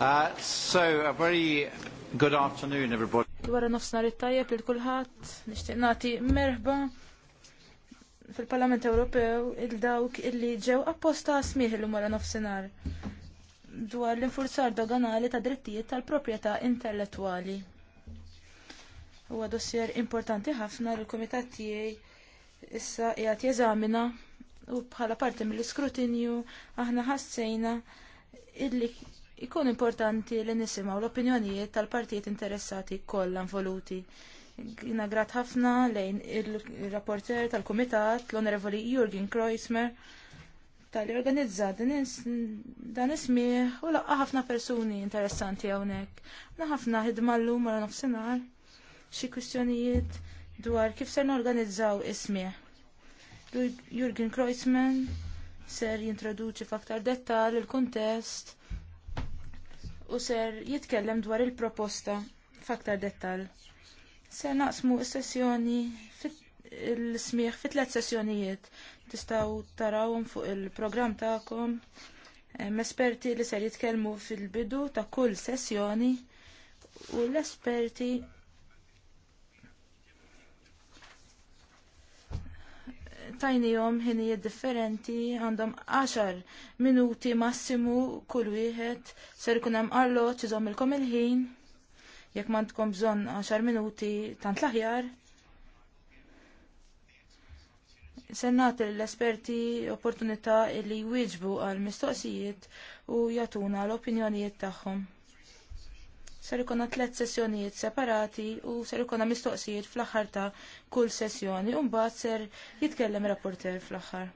Uh, so, a very good afternoon, everybody. Dwar nofsnar it-tajjeb li kulħadd nixtieq nagħti merħba fil-Parlament Ewropew il-dawk illi ġew apposta smieħ illum wara nofsinhar dwar l-infurzar doganali ta' drittijiet tal-proprjetà intellettwali. Huwa dossier importanti ħafna l-Kumitat tiegħi issa qiegħed jeżamina u bħala parti mill-iskrutinju aħna ħassejna illi ikun importanti li nisimgħu l-opinjonijiet tal-partijiet interessati kollha involuti. grat ħafna lejn il-rapporter tal-Kumitat l-Onorevoli Jurgen Kreuzmer tal-li organizza dan ismiħ u laqqa ħafna persuni interessanti hawnhekk. Na ħafna ħidma llum mara nofsinhar xi kwistjonijiet dwar kif se norganizzaw ismiħ. Jürgen Kreuzmann ser jintroduċi f'aktar dettal il-kuntest u ser jitkellem dwar il-proposta f'aktar dettal. Ser naqsmu s-sessjoni il smiħ fit tliet sessjonijiet. Tistgħu tarawhom fuq il-programm tagħkom. Esperti li ser jitkellmu fil-bidu ta' kull sessjoni u l-esperti jom ħinijiet differenti għandhom 10 minuti massimu kull wieħed ser ikun hemm qallot iżommilkom il-ħin jekk m'għandkom bżonn 10 minuti tant l-aħjar. Se nagħti l-esperti opportunità li jwieġbu għal mistoqsijiet u jagħtuna l-opinjonijiet tagħhom ser ikonna tliet sessjonijiet separati u ser ikonna mistoqsijiet fl-aħħar ta' kull sessjoni u mbagħad ser jitkellem rapporter fl-aħħar.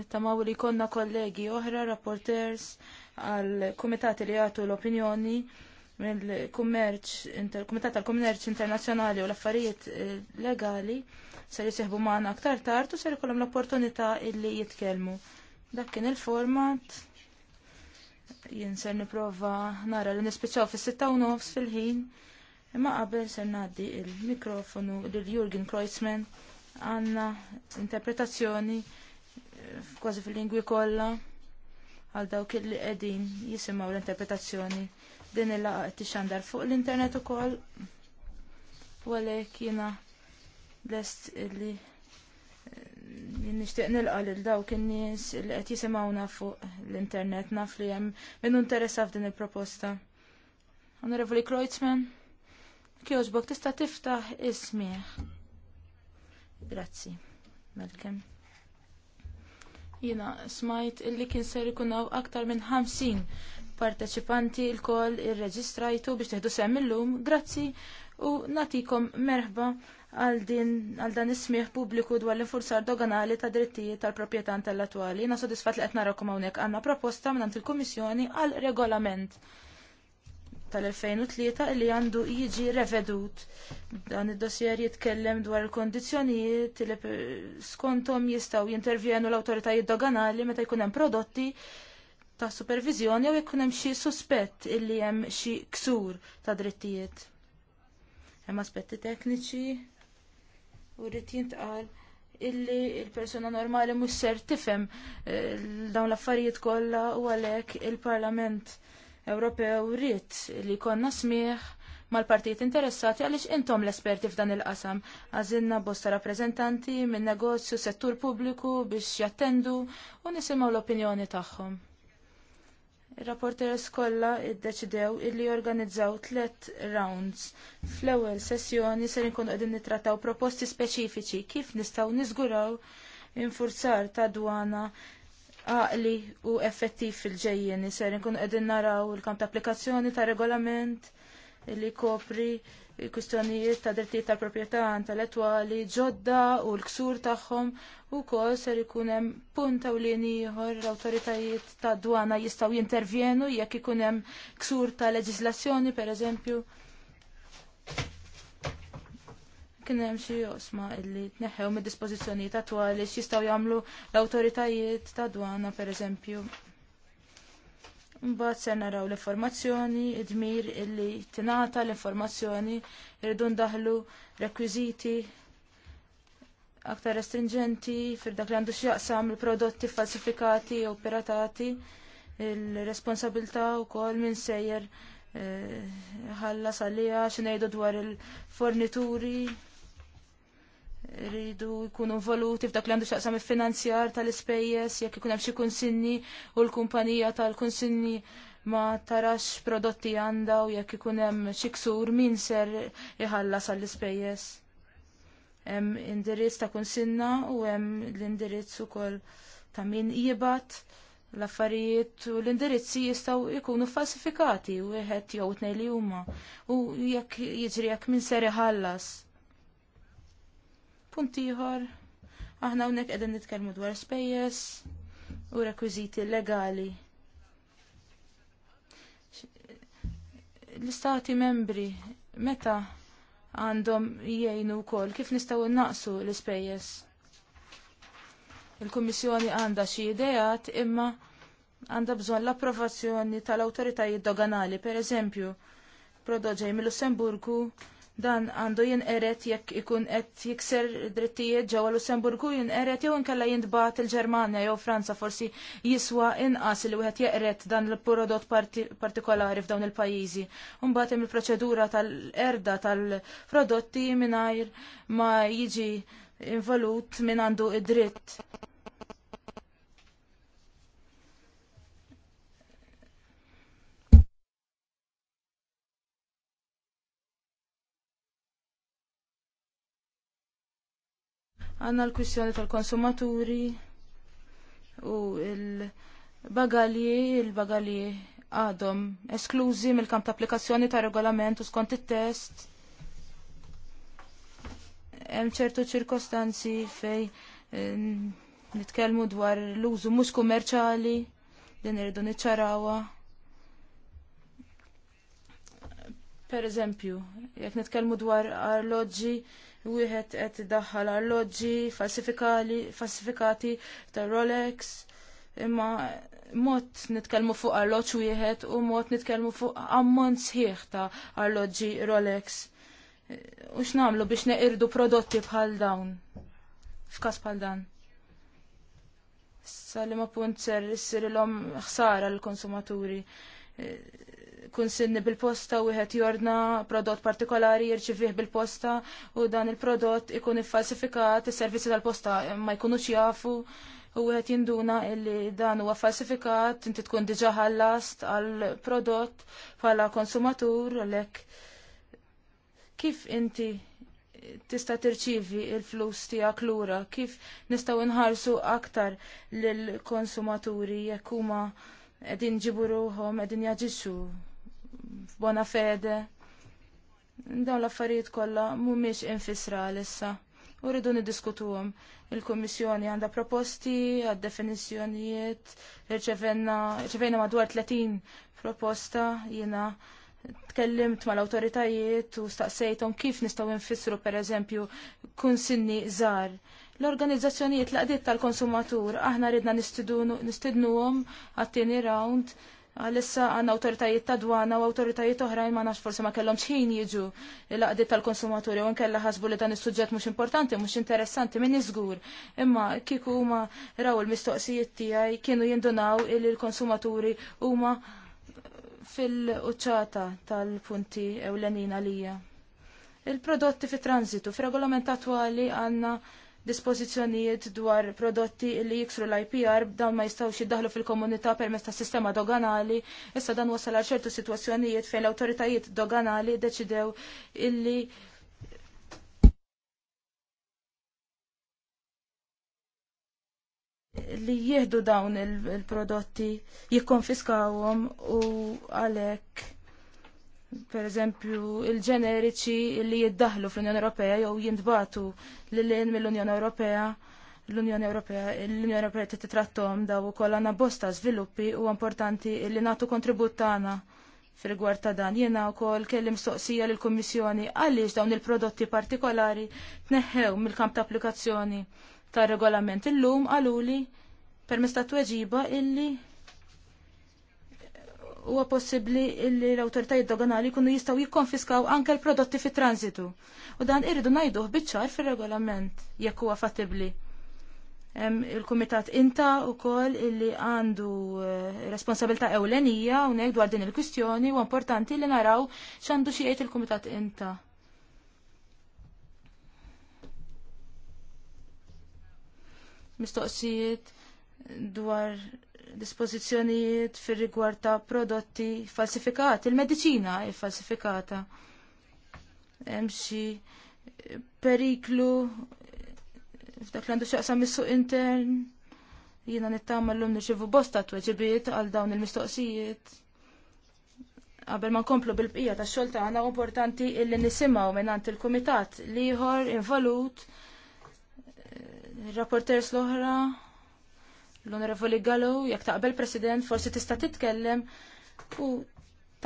Nittamaw li jkollna kollegi oħra, rapporters, għal kumitati li jagħtu l-opinjoni mill-kummerċ, il-Kumitat tal-Kummerċ Internazzjonali u l-Affarijiet eh, Legali ser jisihbu maħna aktar tard u ser ikollhom l-opportunità illi jitkellmu. Dak kien il-format jien ser niprofa nara li nispiċċaw fis-sitta u fil-ħin. Imma qabel ser ngħaddi il-mikrofonu lil Jurgen Kreuzman għandna interpretazzjoni eh, kważi fil-lingwi kollha għal dawk li qegħdin jisimgħu l-interpretazzjoni din il laqgħet qed tixandar fuq l-internet ukoll. U għalhekk jiena lest li nixtieq nilqa' lil dawk in-nies li qed jisimgħuna fuq l-internet naf li hemm minn interessa f'din il-proposta. Onorevoli Kreutzmann, kjożbok tista' tiftaħ ismieħ. Grazzi, Malcolm. Jiena smajt illi kien ser ikun aktar minn 50 parteċipanti lkoll irreġistrajtu biex teħdu semm illum. Grazzi u natikom merħba għal din għal dan ismieħ pubbliku dwar l-infurzar doganali ta' drittijiet tal-proprjetà intellettwali. Jiena sodisfat li qed narakom hawnhekk għandna proposta minn il-Kummissjoni għal regolament tal-2003 li għandu jiġi revedut. Dan id-dossier jitkellem dwar il kundizzjonijiet li skontom jistgħu jintervjenu l-awtoritajiet doganali meta jkun hemm prodotti ta' supervizjoni jew jkun hemm xi suspett illi hemm xi ksur ta' drittijiet. Hemm aspetti tekniċi, u rrid jintqal illi l persuna normali mhux ser tifhem eh, dawn l-affarijiet kollha u għalhekk il-Parlament Ewropew rrid li jkollna smigħ mal-partijiet interessati għaliex intom l-esperti f'dan il-qasam. Għażilna bosta rappreżentanti minn negozju settur pubbliku biex jattendu u nisimgħu l-opinjoni tagħhom. Ir-rapporters kollha ddeċidew illi jorganizzaw tliet rounds. Fl-ewwel sessjoni ser inkunu qegħdin nittrattaw proposti speċifiċi kif nistgħu niżguraw infurzar ta' dwana għaqli u effettiv fil-ġejjeni. Ser inkunu qegħdin naraw il-kamp ta' applikazzjoni ta' regolament li kopri il-kustjonijiet ta' drittijiet tal proprjetà intellettwali ġodda u l-ksur tagħhom ukoll ser ikun hemm punt ewlien ieħor l-awtoritajiet ta' dwana jistgħu jintervjenu jekk ikun hemm ksur ta' leġislazzjoni pereżempju. Kien hemm xi osma illi tneħħew mid-dispożizzjonijiet attwali x'jistgħu jagħmlu l-awtoritajiet ta' dwana pereżempju Mbagħad se naraw l-informazzjoni, id-dmir illi tingħata l-informazzjoni, irridu ndaħlu rekwiżiti aktar restringenti fir dak li għandu x'jaqsam il-prodotti falsifikati jew piratati, il-responsabilità wkoll minn sejjer eh, ħallas e, għalija xi ngħidu dwar il-fornituri rridu jkunu voluti f'dak li għandu xaqsam il-finanzjar tal-ispejjes, jekk ikun hemm xi kunsinni u l-kumpanija tal-kunsinni ma tarax prodotti għandha u jekk ikun hemm xi ksur min ser iħallas għall-ispejjeż. Hemm indirizz ta' kunsinna u hemm l-indirizz ukoll ta' min jibat l-affarijiet u l-indirizzi jistgħu jkunu falsifikati wieħed jew tnejn li huma u jekk jiġri jekk min ser iħallas Punt ieħor, aħna hawnhekk qegħdin nitkellmu dwar spejjeż u rekwiżiti legali. L-istati membri meta għandhom jgħinu wkoll kif nistgħu naqsu l-ispejjeż. Il-Kummissjoni għandha xi ideat imma għandha bżonn l-approvazzjoni tal-awtoritajiet doganali, pereżempju, eżempju, prodoġej mill-Lussemburgu dan għandu jinqeret jekk ikun qed jikser drittijiet ġewwa Lussemburgu jinqeret jew inkella jintbagħat il-Ġermanja jew Franza forsi jiswa inqas li wieħed jeqret dan il-prodott partikolari f'dawn il-pajjiżi. Imbagħad hemm il-proċedura tal-erda tal-prodotti mingħajr ma jiġi involut minn għandu id-dritt Għanna l-kwistjoni tal-konsumaturi u il-bagalji, il-bagalji għadhom esklużi mill-kamp ta' applikazzjoni ta' regolament u skont it-test. Hemm ċertu ċirkostanzi fej eh, nitkellmu dwar l-użu mhux kummerċali din irridu niċċarawha. Per eżempju, jekk nitkellmu dwar arloġġi wieħed qed idaħħal arloġġi falsifikati ta' Rolex imma mod nitkellmu fuq arloġġ wieħed u mod nitkellmu fuq ammont sħiħ ta' arloġġi Rolex. U x'namlu biex neqirdu prodotti bħal dawn? F'każ bħal dan. Sa li ma punt ser issir l-om ħsara l-konsumaturi kun sinni bil-posta u jħet jordna prodott partikolari jirċivih bil-posta u dan il-prodott ikun iffalsifikat, il-servizzi tal-posta ma jkunux jafu u għet jinduna illi dan huwa falsifikat, inti tkun diġa ħallast għal prodott bħala konsumatur għalek. Kif inti tista' tirċivi il-flus tiegħek lura, kif nistgħu nħarsu aktar lill-konsumaturi jekk huma qegħdin ġibu ruhom qegħdin jaġixxu f'bona fede. Dawn l-affarijiet kollha mhumiex infisra issa. U rridu niddiskutuhom. Il-Kummissjoni għandha proposti għad definizzjonijiet, rċevejna madwar 30 proposta jiena tkellimt mal-awtoritajiet u staqsejthom kif nistgħu nfissru pereżempju kun sinni żgħar. L-organizzazzjonijiet laqdiet tal-konsumatur aħna ridna nistidnuhom għat-tieni round Għalissa għanna autoritajiet ta' dwana u autoritajiet oħrajn ma nafx forsi ma kellom xħin jiġu l-qdi tal-konsumaturi u nkella ħasbu li dan is-suġġett mhux importanti, mhux interessanti min iżgur. Imma kieku huma raw il-mistoqsijiet tiegħi kienu jindunaw il l-konsumaturi huma fil-quċċata tal-punti ewlenina lija. Il-prodotti fi transitu, fi regolament attuali għanna dispożizzjonijiet dwar prodotti li jiksru l-IPR dawn ma jistgħux jiddaħlu fil-komunità permezz ta' sistema doganali. Issa dan wasal għal ċertu sitwazzjonijiet fejn l-awtoritajiet doganali deċidew illi li jieħdu dawn il-prodotti jikkonfiskawhom u għalhekk per eżempju, il-ġeneriċi li jiddaħlu fl-Unjoni Ewropea jew jintbatu lil-lin mill-Unjoni Ewropea. L-Unjoni Ewropea, l-Unjoni Ewropea titrattom daw ukoll għandna bosta żviluppi u importanti li nagħtu kontribut tagħna fil gwart ta' dan. Jiena wkoll kelli soqsija lill kummissjoni għaliex dawn il-prodotti partikolari tneħħew mill-kamp ta' applikazzjoni tar regolament illum għaluli permezz ta' tweġiba illi huwa possibbli li l-awtoritajiet doganali jkunu jistgħu jikkonfiskaw anke l-prodotti fit transitu U dan irridu ngħiduh biċ-ċar fir-regolament jekk huwa fattibbli. Il-Kumitat Inta wkoll illi għandu eh, responsabilità ewlenija u ngħid dwar din il-kwistjoni u importanti li naraw x'għandu xi jgħid il-Kumitat Inta. Mistoqsijiet dwar dispożizzjonijiet fir rigward ta' prodotti falsifikati, il-medicina il falsifikata. Hemm xi periklu f'dak li għandu xaqsam mis-suq intern. Jiena nittama l-lum nirċivu bosta tweġibiet għal dawn il-mistoqsijiet. Qabel ma nkomplu bil-bqija ta' xogħol tagħna importanti illi nisimgħu mingħand il-kumitat liħor involut eh, rapporters l-oħra L-Onorevoli Gallo, jekk taqbel President, forsi tista' titkellem u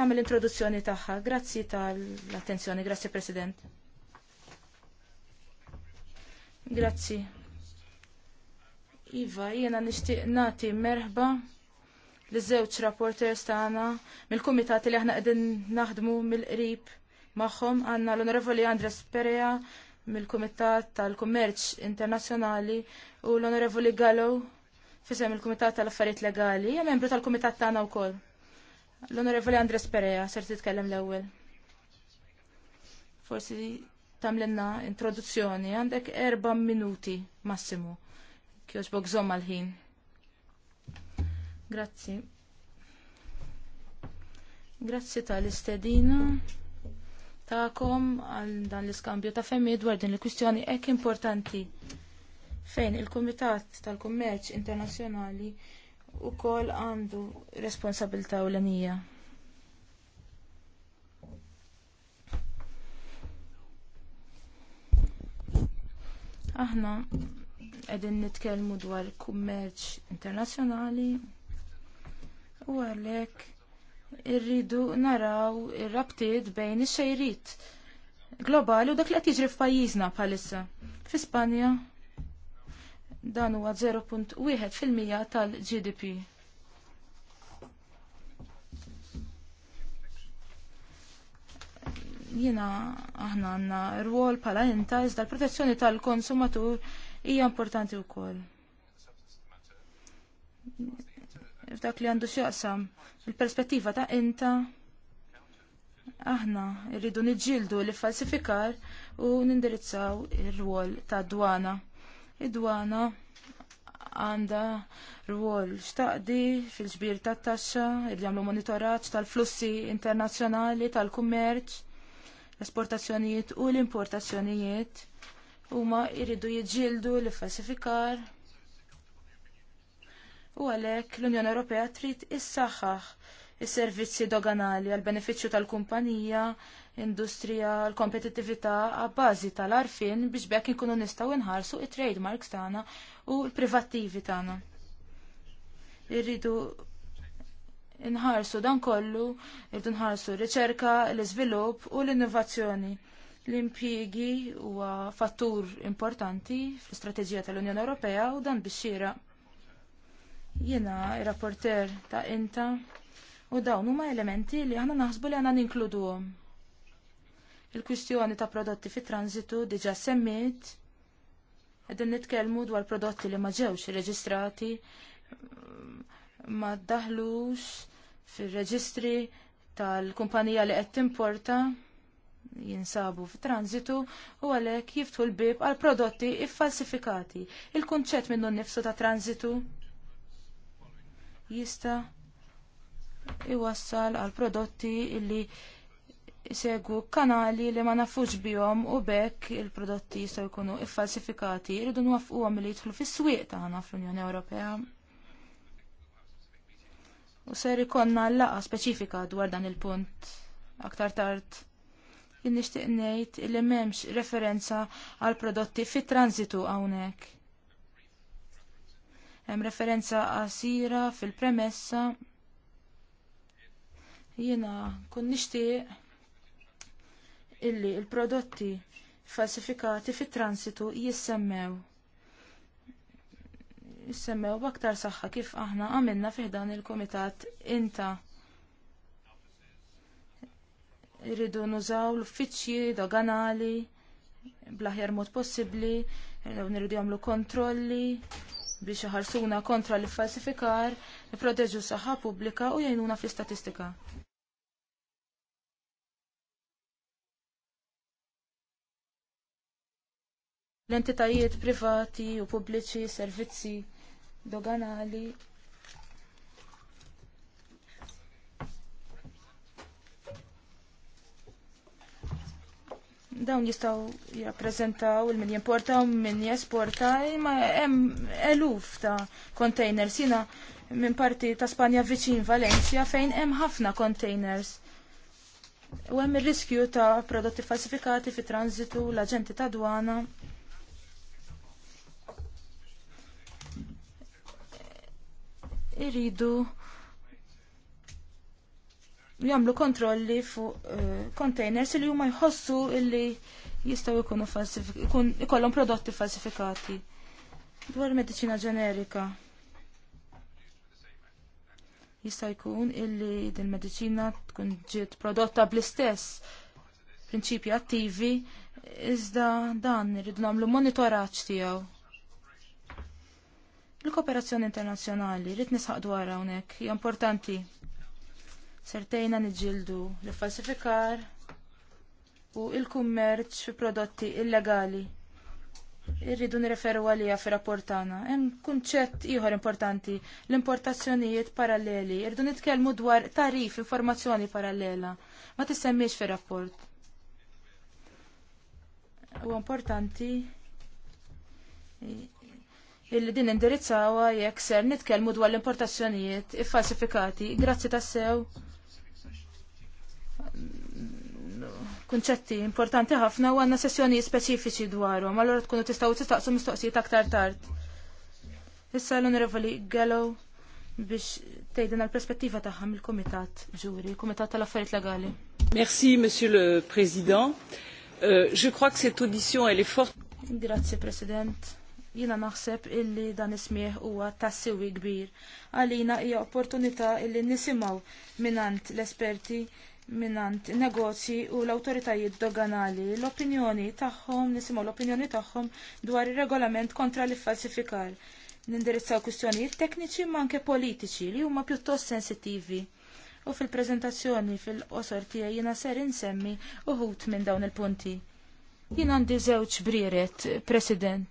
tagħmel introduzzjoni tagħha. Grazzi tal-attenzjoni, grazzi President. Grazzi. Iva, jiena nixtieq nagħti merħba li żewġ rapporters tagħna mill-kumitati li aħna qegħdin naħdmu mill-qrib magħhom għandna l-Onorevoli Andres Perea mill-Kumitat tal-Kummerċ Internazzjonali u l-Onorevoli Gallo fisem il-Kumitat tal-Affarijiet Legali, hija membru tal-Kumitat tagħna wkoll. L-Onorevoli Andres Perea ser titkellem l-ewwel. Forsi tamlenna introduzzjoni, għandek erba minuti massimu. Kjoġbok zom għal-ħin. Grazzi. Grazzi tal-istedina ta'kom għal dan l-iskambju ta' femmi dwar din il-kwistjoni ek importanti fejn il-Kumitat tal-Kummerċ Internazzjonali wkoll għandu responsabilità ewlenija. Aħna qegħdin nitkellmu dwar kummerċ internazzjonali u għalhekk irridu naraw ir-rabtiet bejn ix-xejrit globali u dak li qed jiġri f'pajjiżna bħalissa. Fi Spanja Dan huwa 0.1% tal-GDP. Jiena aħna għandna rwol bħala inta iżda l-protezzjoni tal-konsumatur hija importanti wkoll. F'dak li għandu x'jaqsam il-perspettiva ta' inta aħna rridu niġġieldu li falsifikar u nindirizzaw ir-rwol tad dwana. Id-dwana għanda rwol xtaqdi fil-ġbir tat taxxa li għamlu monitoraċ tal-flussi internazzjonali tal-kummerċ, l-esportazzjonijiet u l-importazzjonijiet huma jridu jiġġieldu l falsifikar u għalhekk l-Unjoni Ewropea trid is-saħħaħ is-servizzi doganali għal benefiċċju tal-kumpanija, industrija, l kompetitività għabbażi tal-arfin biex bekk inkunu nistgħu inħarsu il trademarks tagħna u l-privattivi tagħna. Irridu nħarsu dan kollu, irridu nħarsu r-riċerka, l-iżvilupp u l-innovazzjoni. L-impjiegi huwa fattur importanti fl-istrateġija tal-Unjoni Ewropea u dan biex xieraq. Jiena, il-rapporter ta' Inta, U dawn huma elementi li aħna naħsbu li aħna ninkluduhom. Il-kwistjoni ta' prodotti fit transitu diġà semmit, qegħdin nitkellmu dwar prodotti li ma ġewx irreġistrati, ma daħlux fir-reġistri tal-kumpanija li qed timporta jinsabu fit-transitu u għalhekk jiftu l-bib għal prodotti iffalsifikati. Il-kunċett minnu nnifsu ta' transitu jista' iwassal għal prodotti illi segwu kanali li ma nafux bihom u bekk il-prodotti jistgħu jkunu iffalsifikati jridu nwafquhom li jidħlu fis-swieq tagħna fl-Unjoni Ewropea. U ser ikonna laqa speċifika dwar dan il-punt aktar tard. Jien nixtieq ngħid li m'hemmx referenza għal prodotti fit transitu hawnhekk. Hemm referenza qasira fil-premessa Jiena kun nixtieq illi l prodotti falsifikati fit-transitu jissemmew jissemmew b'aktar saħħa kif aħna għamilna fih dan il kumitat inta. rridu nużaw l-uffiċċji doganali bl-aħjar mod possibbli, nirridu jagħmlu kontrolli biex iħarsuna kontra l-falsifikar, s saħħa pubblika u jgħinuna fl-istatistika. l-entitajiet privati u pubbliċi, servizzi doganali. Dawn jistaw jappreżentaw il-min jimporta u min jesporta, imma hemm eluf ta' containers. Jina minn parti ta' Spanja viċin Valencia fejn hemm ħafna containers. U hemm ir-riskju ta' prodotti falsifikati fi transitu l-aġenti ta' dwana. iridu jagħmlu kontrolli fuq eh, containers li huma jħossu illi jistgħu ikunu ikun ikollhom prodotti falsifikati. Dwar medicina ġenerika jista' jkun illi din mediċina tkun ġiet prodotta bl-istess prinċipji attivi iżda dan irridu nagħmlu monitoraġġ tiegħu. Il-kooperazzjoni internazzjonali, rrit nisħaq dwar hawnhekk, hija importanti. Sertejna niġġieldu l-falsifikar u il-kummerċ fi prodotti illegali. Irridu nirreferu għalija fi rapportana. Hemm kunċett ieħor importanti, l-importazzjonijiet paralleli. Irridu nitkellmu dwar tarif informazzjoni parallela. Ma tissemmiex fi rapport. Huwa importanti illi din indirizzawa jekk ser nitkellmu dwar l-importazzjonijiet iffalsifikati grazzi tassew. Kunċetti importanti ħafna u għandna sessjonijiet speċifiċi dwarhom, allora tkunu tistgħu tistaqsu mistoqsijiet aktar tard. Issa l-Onorevoli Gallo biex tgħidilna l-perspettiva tagħha mill-Kumitat Ġuri, Kumitat tal-Affarijiet Legali. Merci, Monsieur le Président. Euh, je crois que cette audition, elle est forte. Grazie, President Jina naħseb illi dan ismieħ huwa tassiwi kbir. Għalina hija opportunità illi nisimaw minant l-esperti minant negozji u l-autoritajiet doganali l-opinjoni tagħhom, nisimgħu l-opinjoni tagħhom dwar ir-regolament kontra l-iffalsifikar. Nindirizzaw kwistjonijiet tekniċi ma anke politiċi li huma pjuttost sensittivi. U fil-preżentazzjoni fil-qosor tiegħi jiena ser insemmi uħud minn dawn il-punti. Jien għandi żewġ brieret, President.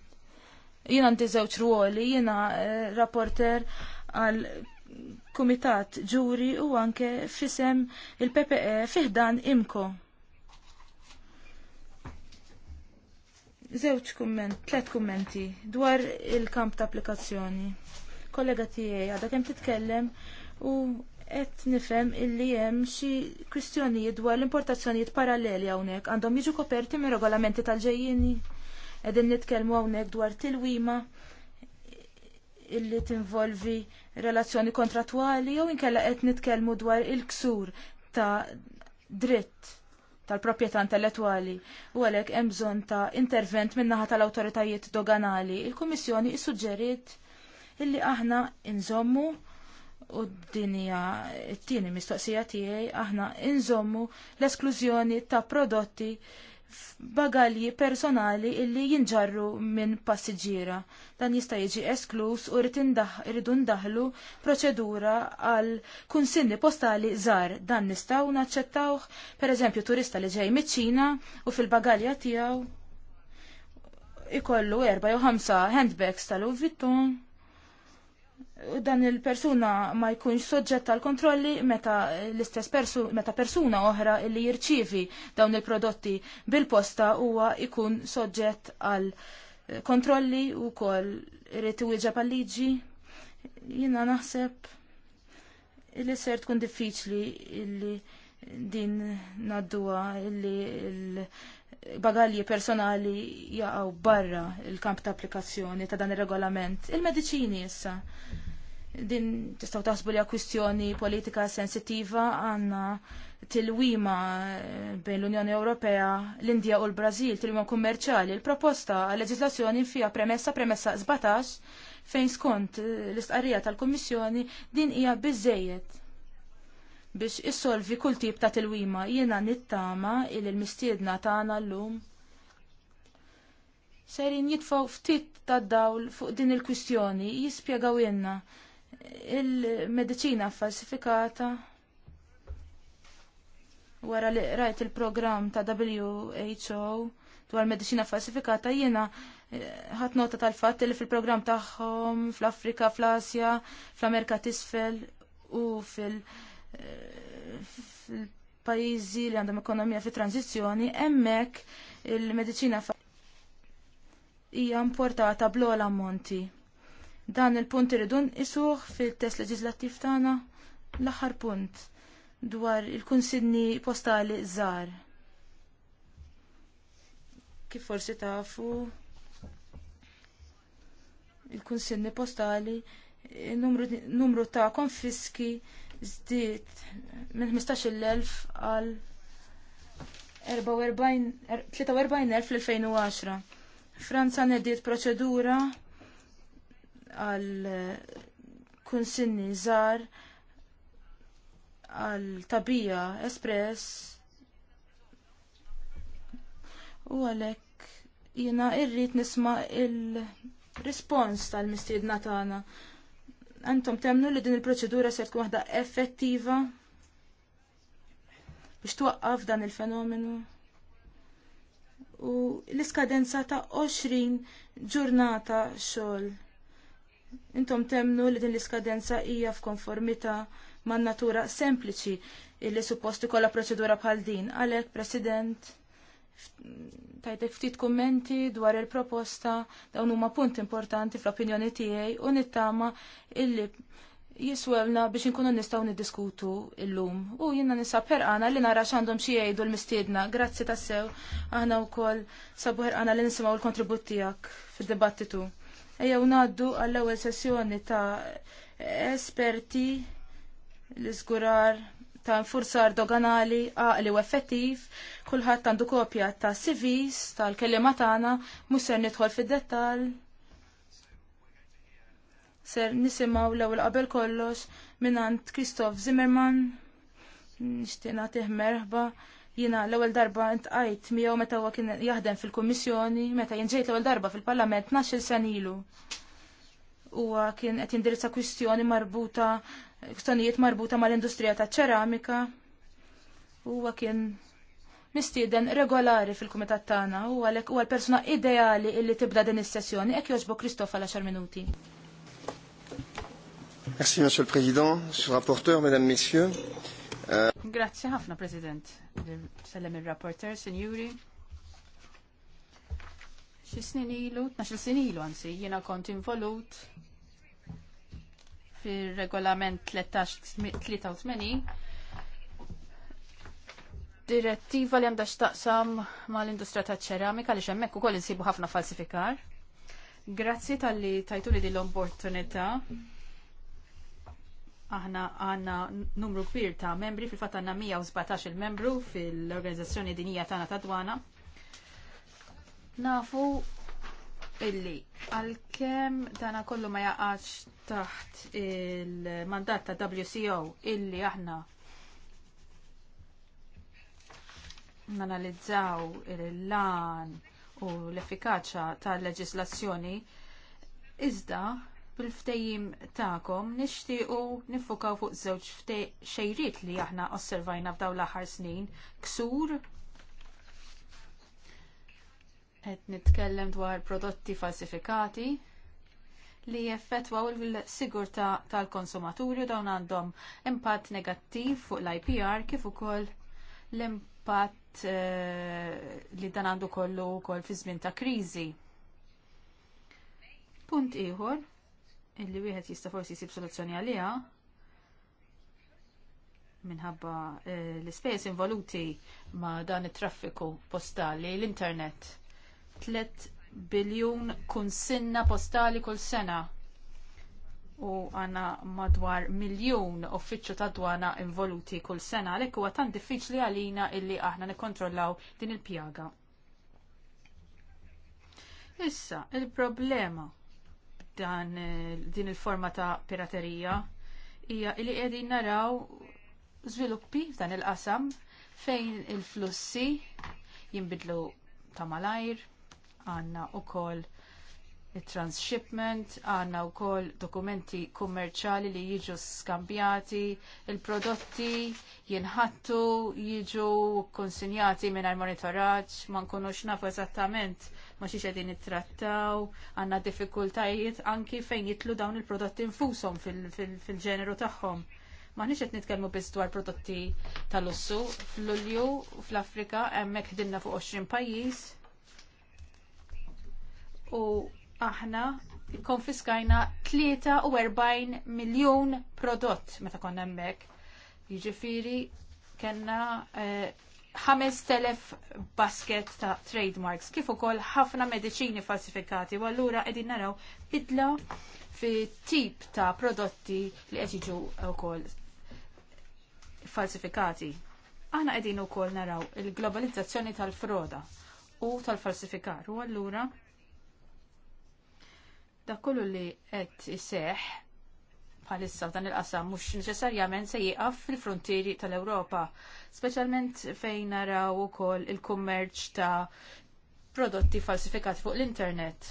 Jina nti żewġ ruoli, jina eh, rapporter għal kumitat ġuri u anke fisem il-PPE fiħdan imko. Zewċ kumment, tlet kummenti dwar il-kamp ta' applikazzjoni. Kollega tiegħi għada kem titkellem u qed nifhem illi hemm xi kwistjonijiet dwar l-importazzjonijiet paralleli hawnhekk għandhom jiġu koperti minn regolamenti tal ġejjini Edin nitkelmu għawnek dwar tilwima illi tinvolvi relazzjoni kontratwali jew inkella qed nitkellmu dwar il-ksur ta' dritt tal-proprjetà intellettwali u għalhekk hemm bżonn ta' intervent min-naħa tal-awtoritajiet doganali. Il-Kummissjoni issuġġeriet illi aħna inżommu u d-dinja t-tieni mistoqsija tiegħi aħna inżommu l-esklużjoni ta' prodotti bagalji personali illi jinġarru minn passiġġiera. Dan jista' jiġi esklus u rridu ndaħlu proċedura għal kunsinni postali żgħar. Dan nistgħu naċċettawh, pereżempju turista li ġej miċ-Ċina u fil-bagalja tiegħu ikollu erba' jew ħamsa handbags tal-Louis dan il-persuna ma jkunx soġġett tal kontrolli meta l-istess persu, meta persuna oħra li jirċivi dawn il-prodotti bil-posta huwa jkun soġġett għal kontrolli u kol irrit wieġa pal-liġi. Jina naħseb li ser tkun diffiċli li din naddua li il bagalji personali jaqgħu barra il-kamp ta' applikazzjoni ta' dan ir regolament il mediċini issa din tistaw taħsbu li kwistjoni politika sensitiva għanna tilwima eh, bejn l-Unjoni Ewropea, l-Indija u l-Brazil, tilwima kummerċali. Il-proposta għal leġislazzjoni fija premessa premessa 17 fejn skont eh, l-istqarrija tal-Kommissjoni din hija biżejjed biex issolvi kull tip ta' tilwima jiena nittama il l-mistiedna tagħna llum serin jitfaw ftit tad dawl fuq din il-kwistjoni jispjegaw jenna il-medicina falsifikata wara li rajt il-programm ta' WHO dwar medicina falsifikata jiena eh, ħat nota tal-fatt li fil-programm tagħhom fl-Afrika, fl-Asja, fl-Amerika t'isfel u fil- eh, pajjiżi li għandhom ekonomija fi tranzizzjoni, hemmhekk il-medicina hija importata bl-ola monti. Dan il-punt irridu isuħ fil-test leġislattiv tagħna l-aħħar punt dwar il-kunsidni postali żgħar. Kif forsi tafu il-kunsidni postali numru, ta' konfiski żdiet minn 15.000 għal 43.000 er-, fl-2010. Franza nediet proċedura għal kunsinni żgħar għal tabija espress u għalhekk jiena rrid nisma il-rispons tal-mistiedna tagħna. Antom temnu li din il-proċedura se tkun waħda effettiva biex twaqqaf dan il-fenomenu. U l-iskadenza ta' 20 ġurnata xogħol. Intom temnu li din l-iskadenza hija f'konformità man natura sempliċi illi supposti kolla proċedura bħal din. Għalek, President, tajtek ftit kummenti dwar il-proposta dawn huma punt importanti fl-opinjoni tiegħi u nittama illi jiswelna biex inkunu nistgħu niddiskutu illum. U jiena nisa perqana li nara x'għandhom xi jgħidu l-mistiedna. Grazzi tassew aħna wkoll sabu ħerqana li nisimgħu l-kontribut tiegħek fid-dibattitu. Ejjew ngħaddu għall-ewwel sessjoni ta' esperti l-iżgurar ta' forsa doganali għaqli u effettiv, kulħadd għandu kopja ta' CVs tal-kelima tagħna, mhux ser nidħol fid-dettall. Ser nisimgħu l-ewwel qabel kollox minn għand Kristof Zimmerman, nixtieq nagħtih merħba Jina l-ewwel darba intqajt miegħu meta huwa kien jaħdem fil-Kummissjoni, meta jien ġejt l-ewwel darba fil-Parlament naxil sen ilu. Huwa kien qed jindirizza kwistjoni marbuta, kwistjonijiet marbuta mal-industrija taċ-ċeramika. Huwa kien mistieden regolari fil-kumitat tagħna, huwa għalhekk huwa l-persuna ideali illi tibda din is-sessjoni. Hekk jogħġbu Kristofa l xar minuti. Merci, Monsieur le Président, Monsieur le Rapporteur, Mesdames, Messieurs. Grazzi ħafna, President. Sellem il-rapporter, senjuri. Xi snin ilu, 12 snin ilu anzi, jiena kont involut fir-regolament 1383 direttiva li għandha x'taqsam mal-industrija taċ-ċeramika li hemmhekk ukoll insibu ħafna falsifikar. Grazzi tal-li tajtuli din l-opportunità Aħna għanna numru kbir ta' membri, fil-fat għanna 117 il-membru fil-organizzazzjoni dinija tagħna ta' dwana. Nafu illi għal-kem dana kollu ma jaqax taħt il-mandat ta' WCO illi aħna nanalizzaw il-lan u l-effikaċa tal-leġislazzjoni iżda bil-ftejjim tagħkom nixtiequ nifukaw fuq żewġ xejriet li aħna osservajna f'dawn l-aħħar snin. Ksur qed nitkellem dwar prodotti falsifikati li jeffettwaw il-sigurtà tal-konsumaturi u dawn għandhom impatt negattiv fuq l-IPR kif ukoll l-impatt eh, li dan għandu kollu wkoll fi żmien ta' kriżi. Punt ieħor illi wieħed jista' forsi jsib soluzzjoni għaliha minħabba eh, l-ispejjeż involuti ma' dan it-traffiku postali l-internet. 3 biljun kunsinna postali kull sena u għandna madwar miljun uffiċċju ta' dwana involuti kull sena għalhekk huwa tant diffiċli għalina illi aħna nikkontrollaw din il-pjaga. Issa, il-problema dan eh, din il-forma ta' piraterija hija li qegħdin naraw żviluppi f'dan il-qasam fejn il-flussi jinbidlu ta' malajr għandna wkoll il-transshipment, għanna u koll dokumenti kummerċali li jiġu skambjati, il-prodotti jinħattu, jiġu konsinjati minn monitoraġġ, ma nkunux nafu eżattament ma xiex qegħdin nittrattaw, għandna diffikultajiet anki fejn jitlu dawn il-prodotti infushom fil-ġeneru tagħhom. Ma nix qed nitkellmu biss dwar prodotti tal-lussu. Fl-Ulju fl-Afrika hemmhekk ħdinna fuq 20 pajjiż u aħna konfiskajna 43 miljon prodott meta konna hemmhekk. Jiġifieri kellna eh, 5000 basket ta' trademarks, kif ukoll ħafna mediċini falsifikati, u allura qegħdin naraw bidla fi tip ta' prodotti li qed jiġu wkoll falsifikati. Aħna qegħdin ukoll naraw il-globalizzazzjoni tal-froda u tal-falsifikar. U allura Da kollu li qed iseħ bħalissa f'dan il-qasam mhux neċessarjament se jieqaf fil-frontieri tal-Ewropa, speċjalment fejn naraw ukoll il-kummerċ ta' prodotti falsifikati fuq l-internet.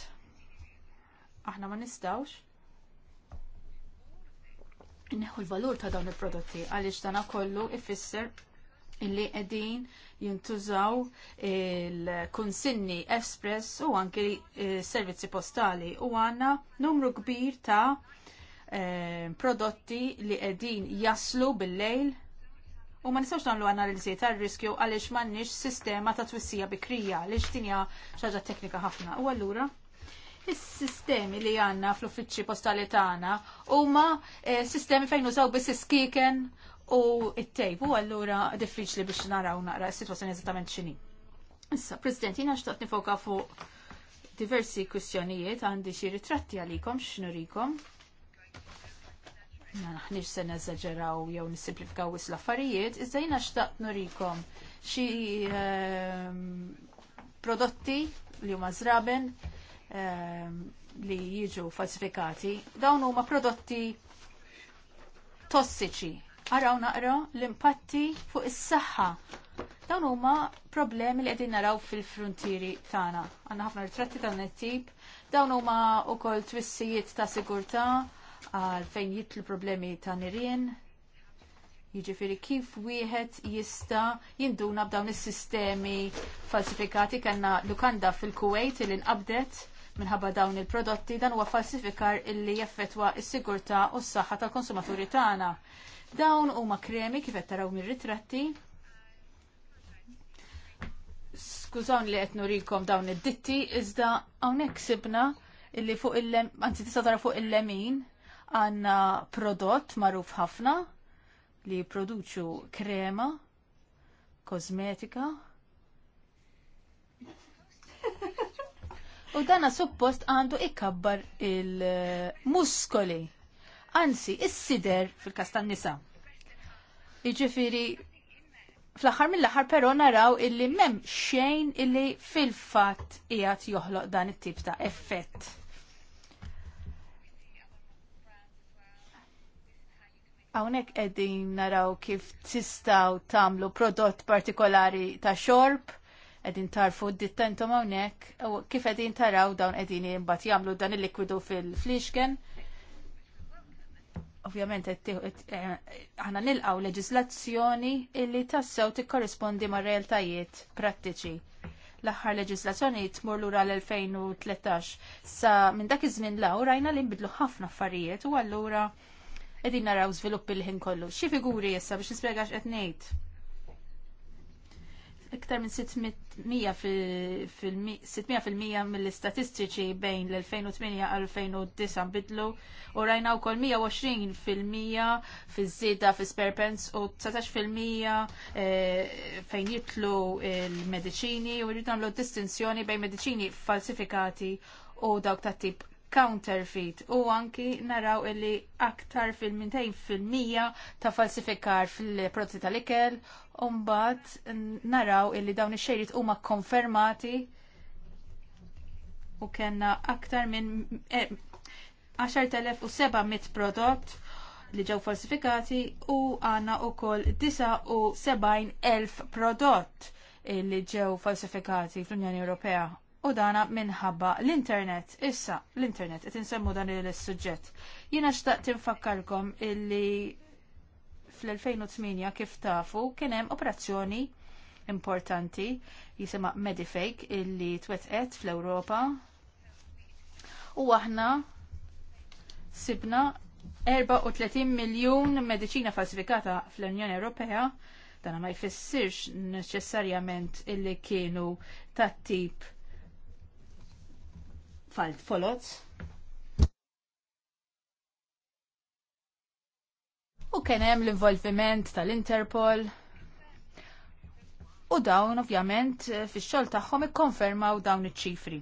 Aħna ma nistawx neħu l-valur ta' dawn il-prodotti għaliex dan kollu ifisser illi qegħdin jintużaw il-konsinni espress u anki servizzi postali u għanna numru kbir ta' eh, prodotti li qegħdin jaslu bil-lejl U ma nistawx nagħmlu analiżi tar-riskju għaliex m'għandniex sistema ta' twissija bikrija għaliex x'tinja xaġa teknika ħafna. U allura is-sistemi li għandna fl-uffiċċji postali tagħna huma eh, sistemi fejn użaw biss iskiken u it għallura allura diffiċli biex naraw naqra s-situazzjoni eżattament x'inhi. Issa, President, jina xtaqt nifoka fuq diversi kwistjonijiet għandi xi ritratti għalikom x'nurikom. Ma naħniex se neżaġeraw jew nisimplifikaw wis l-affarijiet, iżda jiena xtaqt nurikom xi ehm, prodotti li huma żraben ehm, li jiġu falsifikati. Dawn huma prodotti tossiċi Araw naqra l-impatti fuq is-saħħa. Dawn huma problemi li qegħdin naraw fil-frontieri tagħna. Għandna ħafna ritratti dan it-tip. Dawn huma wkoll twissijiet ta' sigurtà għal fejn jitlu problemi ta' nirien. Jiġifieri kif wieħed jista' jinduna b'dawn is-sistemi falsifikati kellna lukanda fil kuwejt li nqabdet minħabba dawn il-prodotti dan huwa falsifikar illi jaffetwa s-sigurtà u s-saħħa tal-konsumaturi tagħna. Dawn huma kremi kif qed taraw mir-ritratti. Skużawni li qed nurikom dawn id-ditti, iżda hawnhekk sibna illi fuq il lemin anzi tista' tara fuq il-lemin għandna prodott magħruf ħafna li produċu krema, kosmetika. U dana suppost għandu ikkabbar il-muskoli anzi, issider fil-kas tan-nisa. Iġifiri, fl-axar mill-axar pero naraw illi mem xejn illi fil-fat ijat joħloq dan it-tip ta' effett. Għawnek edin naraw kif tistaw tamlu prodott partikolari ta' xorb, edin tarfu d-dittentom għawnek, kif edin taraw dawn edin jimbat jamlu dan il-likwidu fil-flixken. fil flixken ovvjament eh, aħna nilqaw leġislazzjoni illi tassew tikkorrispondi ma' realtajiet prattiċi. L-aħħar leġislazzjoni tmur lura l-2013 sa minn dak iż-żmien l rajna li nbidlu ħafna affarijiet u allura qegħdin naraw żviluppi l-ħin kollu. Xi figuri issa biex nispjegax qed ngħid iktar minn 600% mill-istatistiċi bejn l-2008 għal 2009 bidlu u rajna u kol 120% fil zida fi sperpens u 19% eh, fejn jitlu il-medicini u rridu għamlu distinzjoni bejn medicini falsifikati u dawk ta' tip counterfeit u anki naraw illi aktar fil-200% ta' falsifikar fil-prodotti tal-ikel u mbagħad naraw illi dawn ix-xejrit huma konfermati u kellna aktar minn 10,700 eh, prodott li ġew falsifikati u għandna wkoll 79,000 prodott li ġew falsifikati fl-Unjoni Ewropea u dana minħabba l-internet. Issa, l-internet, qed insemmu dan il suġġett Jiena xtaqt tinfakkarkom illi fl-2008 kif tafu kien hemm operazzjoni importanti jisema Medifake illi twetqet fl-Ewropa u aħna sibna 34 miljun mediċina falsifikata fl-Unjoni Ewropea dana ma jfissirx neċessarjament illi kienu tat-tip Falt folot. U kien hemm l-involviment tal-Interpol. U dawn ovvjament fix-xogħol tagħhom ikkonfermaw dawn iċ-ċifri.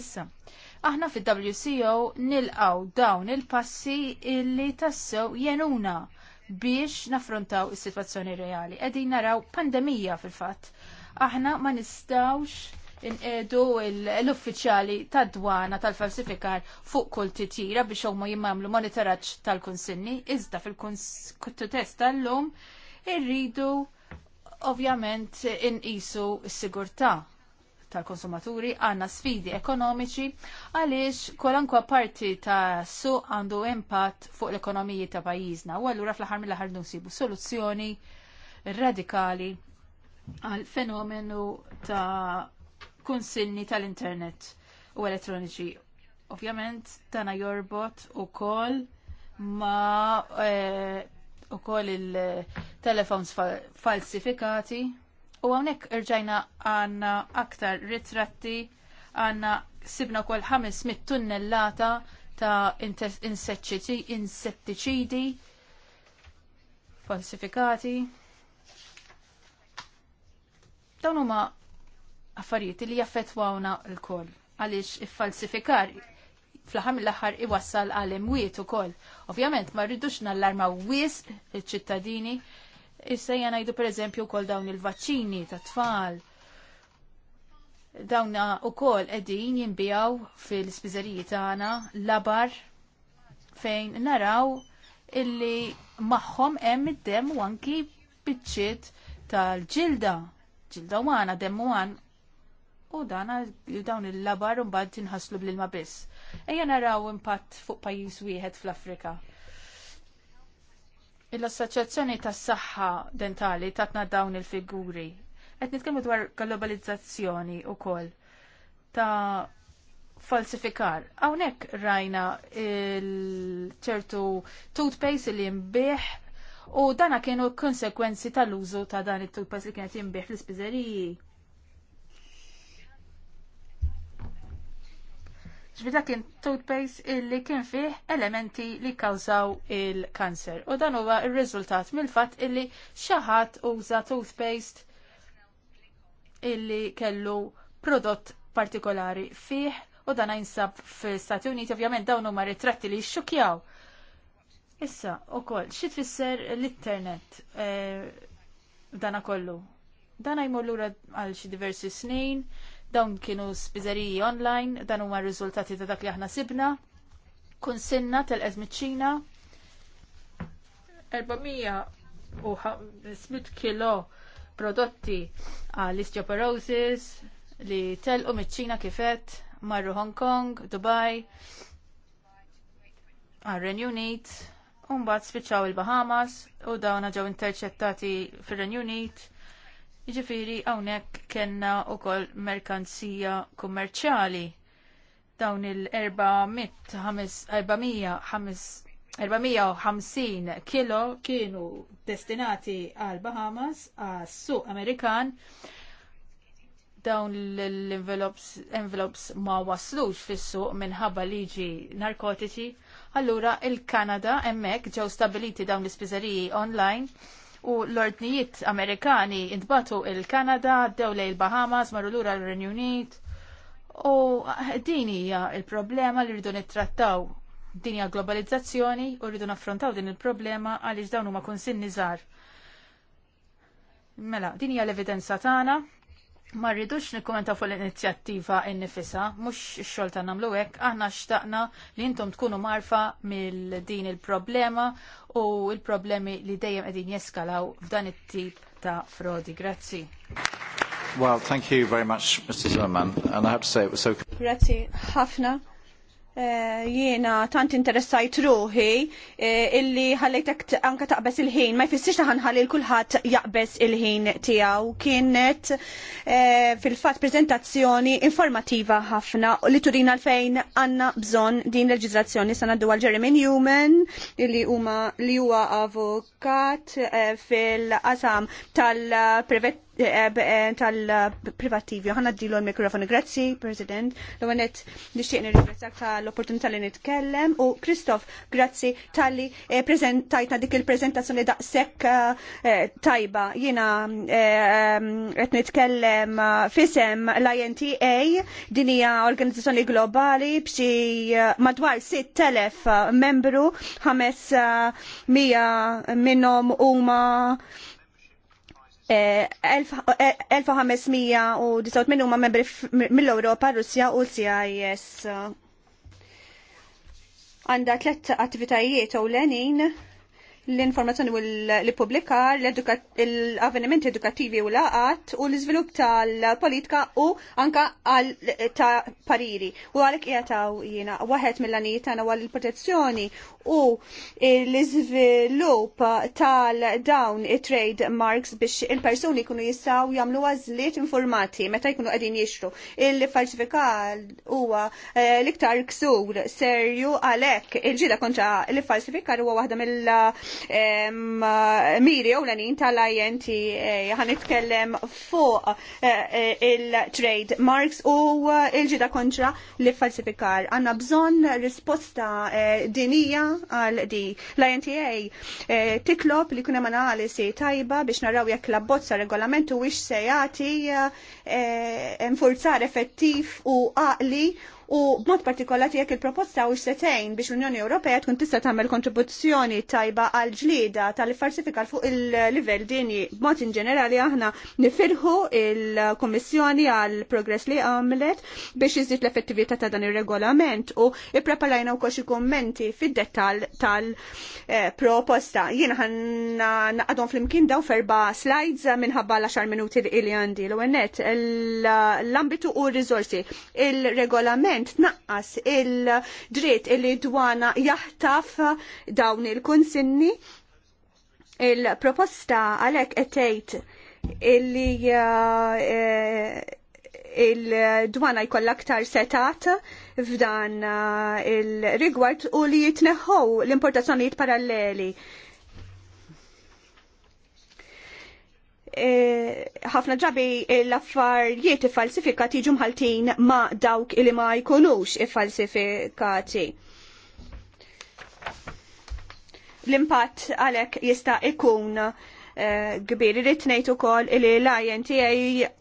Issa, aħna fi wco nilqaw dawn il-passi illi tassew jenuna biex naffrontaw is-sitwazzjoni reali. Qegħdin naraw pandemija fil-fatt. Aħna ma nistawx inqedu l-uffiċjali tad-dwana tal-falsifikar fuq kull titjira biex huma jimmamlu monitoraġġ tal-kunsinni, iżda fil-kuntest tal-lum irridu ovvjament inqisu s-sigurtà tal-konsumaturi għanna sfidi ekonomiċi għaliex kolankwa parti ta' su għandu impatt fuq l-ekonomiji ta' pajjiżna u allura fl-ħar mill-ħar nsibu soluzzjoni radikali għal fenomenu ta' kunsilni tal-internet u elettroniċi. Ovvjament, tana jorbot u kol ma eh, u kol il-telefons eh, falsifikati u għonek irġajna għanna aktar ritratti għanna sibna kol 500 tunnellata ta' insettiċidi falsifikati dawn huma affarijiet li jaffetwawna l-koll għaliex iffalsifikar fl-ħam l-axar iwassal għal imwiet u koll. Ovvjament, ma rridux nallarma wis il-ċittadini, issa jgħanajdu per eżempju koll dawn il vaċċini ta' tfal. Dawna u koll edin jimbijaw fil-spizzerijiet għana labar fejn naraw illi maħħom hemm id-dem u anki biċċiet tal-ġilda. Ġilda u għana, dem u għan u dan dawn il-labar mbagħad tinħaslu bl-ilma biss. Ejja naraw impatt fuq pajjiż wieħed fl-Afrika. Il-Assoċjazzjoni tas-Saħħa Dentali tatna dawn il-figuri. Qed nitkellmu dwar globalizzazzjoni wkoll ta' falsifikar. Hawnhekk rajna ċertu toothpaste li jinbih u dana kienu konsekwenzi tal-użu ta' dan it-toothpaste li kienet jinbih fl-ispiżeriji ġbita kien toothpaste illi kien fih elementi li kawżaw il-kanser. U dan huwa il-riżultat mill-fatt illi xaħat uża toothpaste illi kellu prodott partikolari fih u dan jinsab fil-Stati Uniti, ovvjament dawn huma ritratti li xukjaw. Issa, u koll, xit tfisser l-internet e, dana kollu? Dana jmur lura għal xi diversi snin, Dawn kienu spiżeriji online, dan huma r-riżultati ta' dak li aħna sibna. Kunsinna telqet tal ċina 400 kilo prodotti għal osteoporosis li telqu u ċina kifet marru Hong Kong, Dubai, għal-Renju Unit, un spiċċaw il-Bahamas u dawna ġew interċettati fir-Renju Unit Jiġifieri hawnhekk kellna wkoll merkanzija kummerċjali dawn il-450 kilo kienu destinati għal Bahamas għas suq Amerikan dawn l-envelopes ma waslux fis-suq minħabba liġi narkotiċi. Allura il-Kanada hemmhekk ġew stabiliti dawn l-ispiżeriji online u l-ordnijiet Amerikani intbatu il-Kanada, dew il-Bahamas, marulura l-Renju Unit. U din hija il-problema li rridu nittrattaw din hija globalizzazzjoni u rridu naffrontaw din il-problema għaliex dawn huma kunsinni żgħar. Mela, din hija l-evidenza tagħna Ma rridux nikkumenta fuq l-inizjattiva innifisa, mhux x-xogħol ta' nagħmlu hekk, aħna xtaqna li intom tkunu marfa mill din il-problema u il-problemi li dejjem qegħdin jeskalaw f'dan it-tip ta' frodi. Grazzi. Well, thank you very much, Mr. Zimmerman, and I have to say it was so... Grazzi ħafna Eh, jiena tant interessajt ruħi eh, illi ħallejtek anka taqbes il-ħin, ma jfissirx taħan ħalli l-kulħadd jaqbes il-ħin tiegħu. Kienet eh, fil-fatt prezentazzjoni informativa ħafna li turina l-fejn għandna bżonn din leġiżlazzjoni sa ngħaddu għal Jeremy Newman li huma li huwa avukat fil-qasam tal-privet Eh, tal-privattivi. Għanna d-dilu l mikrofoni, Grazzi, President. L-għanet nishtiq nirriprezzak tal-opportunità li nitkellem. U Kristof, grazzi tal-li eh, prezentajtna dik il-prezentazzjoni sekk eh, tajba. Jina għet nitkellem fisem l-INTA, dinija organizzazzjoni globali bċi madwar 6.000 membru, 500 minnom huma 1500 u huma membri mill-Ewropa, Russja u l-CIS. Għandha tliet attivitajiet ewlenin l-informazzjoni u l-publikar, l-avvenimenti edukattivi u laqat u l-izvilup tal-politika u anka ta' pariri. U għalek jgħataw jina, waħed mill-għaniet għana għal protezzjoni u l-izvilup tal-dawn trade marks biex il-personi kunu jistaw jamlu għazliet informati meta jkunu għedin jixru. Il-falsifikal huwa eh, l-iktar ksur serju għalek il-ġida kontra il-falsifikar huwa waħda mill- miri u l-għanin tal-INT ħanitkellem fuq eh, eh, il-trade marks u eh, il-ġida kontra li falsifikar. Għanna bżon risposta dinija għal di. L-INTA tiklop li kunem analisi tajba biex naraw jekk l-abbozza regolamentu wix sejati enforzar effettiv u għaqli u b'mod partikolari jekk il-proposta u setejn biex l-Unjoni Ewropea tkun tista' tagħmel kontribuzzjoni tajba għal ġlieda tal-farsifikar fuq il-livell dini. B'mod in ġenerali aħna nifirħu il-Kommissjoni għal progress li għamlet biex iżid l-effettività ta' dan ir-regolament u ippreparajna wkoll xi kummenti fid-dettall tal-proposta. Jiena ħanna naqadhom flimkien daw ferba slides minħabba l-10 minuti li għandi l-għennet l-ambitu u r-rizorsi. Il-regolament kontent tnaqqas il-dritt il dwana jaħtaf dawn il-kunsinni. Il-proposta għalek etejt illi eh, il-dwana jkollha aktar setat f'dan eh, il-rigward u li jitneħħu l-importazzjonijiet paralleli. Eh, ħafna ġabi l-affarijiet falsifikati jiġu mħaltin ma dawk li ma jkunux falsifikati. L-impatt għalek jista' ikun eh, kbir. irid ngħid ukoll li l-INTA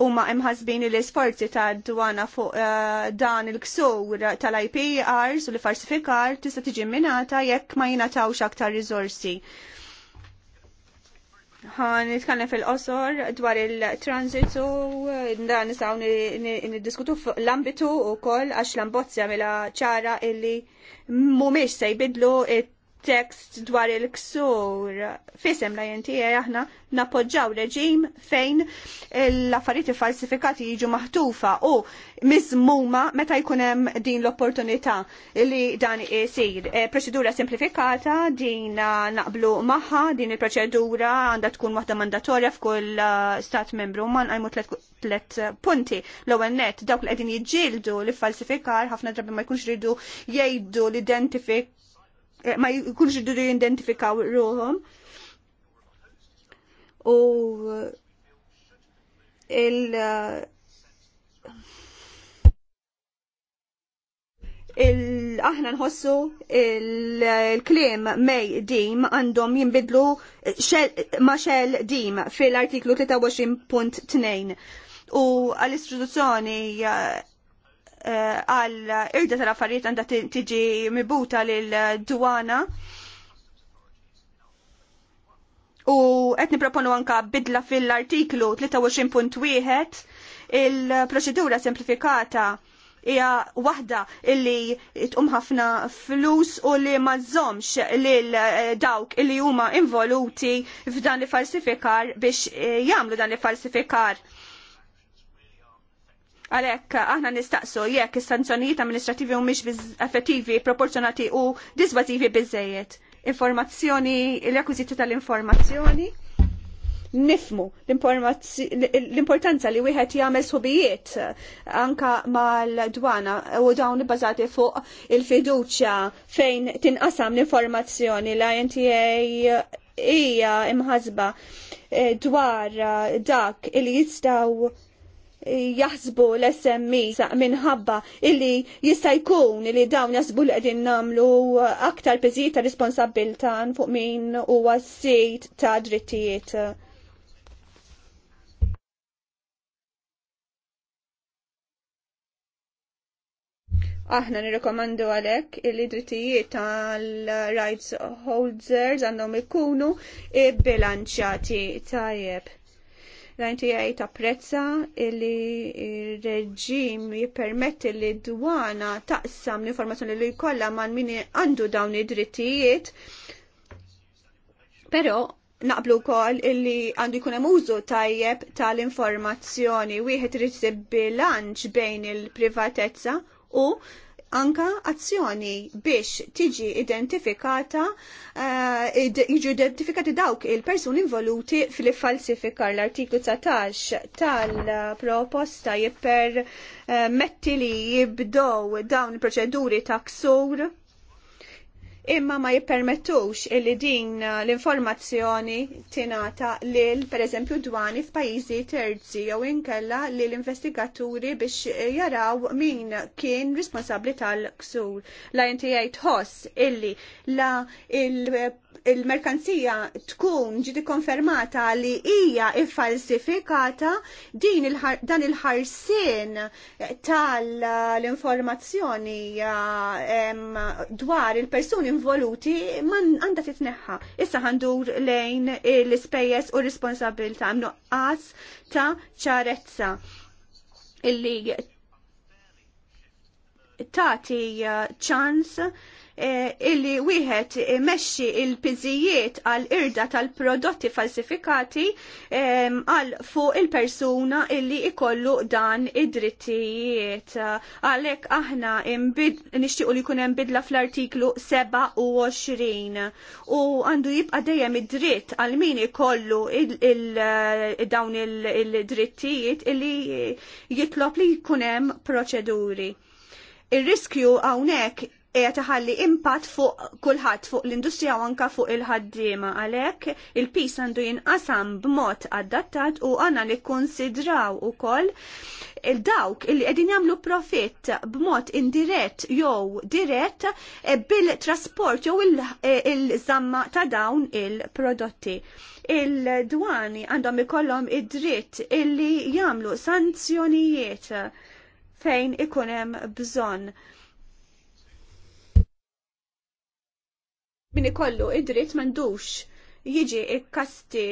huma imħasbin l-isforzi ta' dwana fuq eh, dan il-ksur tal-IPRs u l-falsifikar tista' tiġi minata jekk ma jingħatawx aktar riżorsi ħan nitkellem fil-qosor dwar il-transitu dan nistgħu niddiskutu l-ambitu wkoll għax l-ambozzja mela ċara illi mhumiex se jbidlu it tekst dwar il-ksur fisem la jentija eh, aħna napoġġaw reġim fejn l-affarijiet falsifikati jiġu maħtufa u mizmuma meta jkun hemm din l-opportunità li dan isir. E, proċedura simplifikata din naqblu magħha din il-proċedura għandha tkun waħda mandatorja f'kull eh, stat membru man għajmu tlet punti. L-ewwel net dawk li qegħdin jiġġieldu li falsifikar ħafna drabi ma jkunx ridu jgħidu l-identifik Eh, ma jkunx jridu jindentifikaw ruhom. U eh, il eh, il aħna nħossu il-klim mej dim għandhom jimbidlu ma xel dim fil-artiklu 23.2 u għall-istituzzjoni Eh, għal irda tal-affarijiet għandha tiġi mibuta lil-dwana. U qed proponu anka bidla fil-artiklu 23.1 il-proċedura semplifikata hija waħda illi tqum ħafna flus u li ma żommx lil eh, dawk illi huma involuti f'dan li falsifikar biex eh, jagħmlu dan li falsifikar. Għalhekk aħna nistaqsu jekk is-sanzjonijiet amministrativi mhumiex effettivi, proporzjonati u disbażivi biżejjed. Informazzjoni, l akkużitu tal-informazzjoni nifmu l-importanza li wieħed jagħmel subijiet eh, anka mal-dwana u dawn bbażati fuq il-fiduċja fejn tinqasam l-informazzjoni la NTA hija imħazba eh, dwar eh, dak li jistgħu jaħsbu l-SMI e minħabba illi jista' jkun illi dawn jaħsbu li qegħdin nagħmlu aktar pizzijiet ta' responsabilità fuq min huwa sejt ta' drittijiet. Aħna nirrekomandu għalhekk illi drittijiet tal-rights holders għandhom ikunu bilanċati tajjeb l-għanti għaj ta' prezza li reġim jipermetti li dwana taqsam l-informazzjoni li jkollha man min għandu dawn id-drittijiet. Pero naqblu kol illi għandu jkun hemm użu tajjeb tal-informazzjoni wieħed irid bilanċ bejn il-privatezza u anka azzjoni biex tiġi identifikata eh, jiġu uh, identifikati dawk il-persuni involuti fil-falsifikar l-artiklu 19 tal-proposta jipper uh, metti li jibdow dawn il-proċeduri ta' ksur imma ma jippermettux illi din uh, l-informazzjoni tingħata lil pereżempju dwani f'pajjiżi terzi jew inkella lil investigaturi biex uh, jaraw min kien responsabbli tal-ksur. La inti jgħid ħoss illi la il il-merkanzija tkun ġiti konfermata li hija ifalsifikata din il dan il-ħarsin tal-informazzjoni eh, dwar il-persuni involuti man għanda titneħħa. Issa għandur lejn l-spejjes u responsabilta nuqqas ta' ċarezza illi tati eh, ċans uh, Eh, illi wieħed imexxi il-piżijiet għal irda tal-prodotti falsifikati għal fuq il-persuna illi ikollu dan id-drittijiet. Għalhekk aħna nixtiequ li jkun hemm bidla fl-artiklu 27 u għandu jibqa' dejjem id-dritt għal min ikollu dawn il-drittijiet illi jitlob li jkun hemm proċeduri. Ir-riskju hawnhekk eja taħalli impatt fuq kulħadd fuq l-industrija u anka fuq il-ħaddiema għalhekk il-pis għandu jinqasam b'mod adattat u konsidraw u ukoll il-dawk li qegħdin jagħmlu profitt b'mod indirett jew dirett bil-trasport jew il zamma ta' dawn il-prodotti. Il-dwani għandhom ikollhom id-dritt illi jagħmlu sanzjonijiet fejn ikun hemm bżonn min ikollu id-dritt m'għandux jiġi ikkasti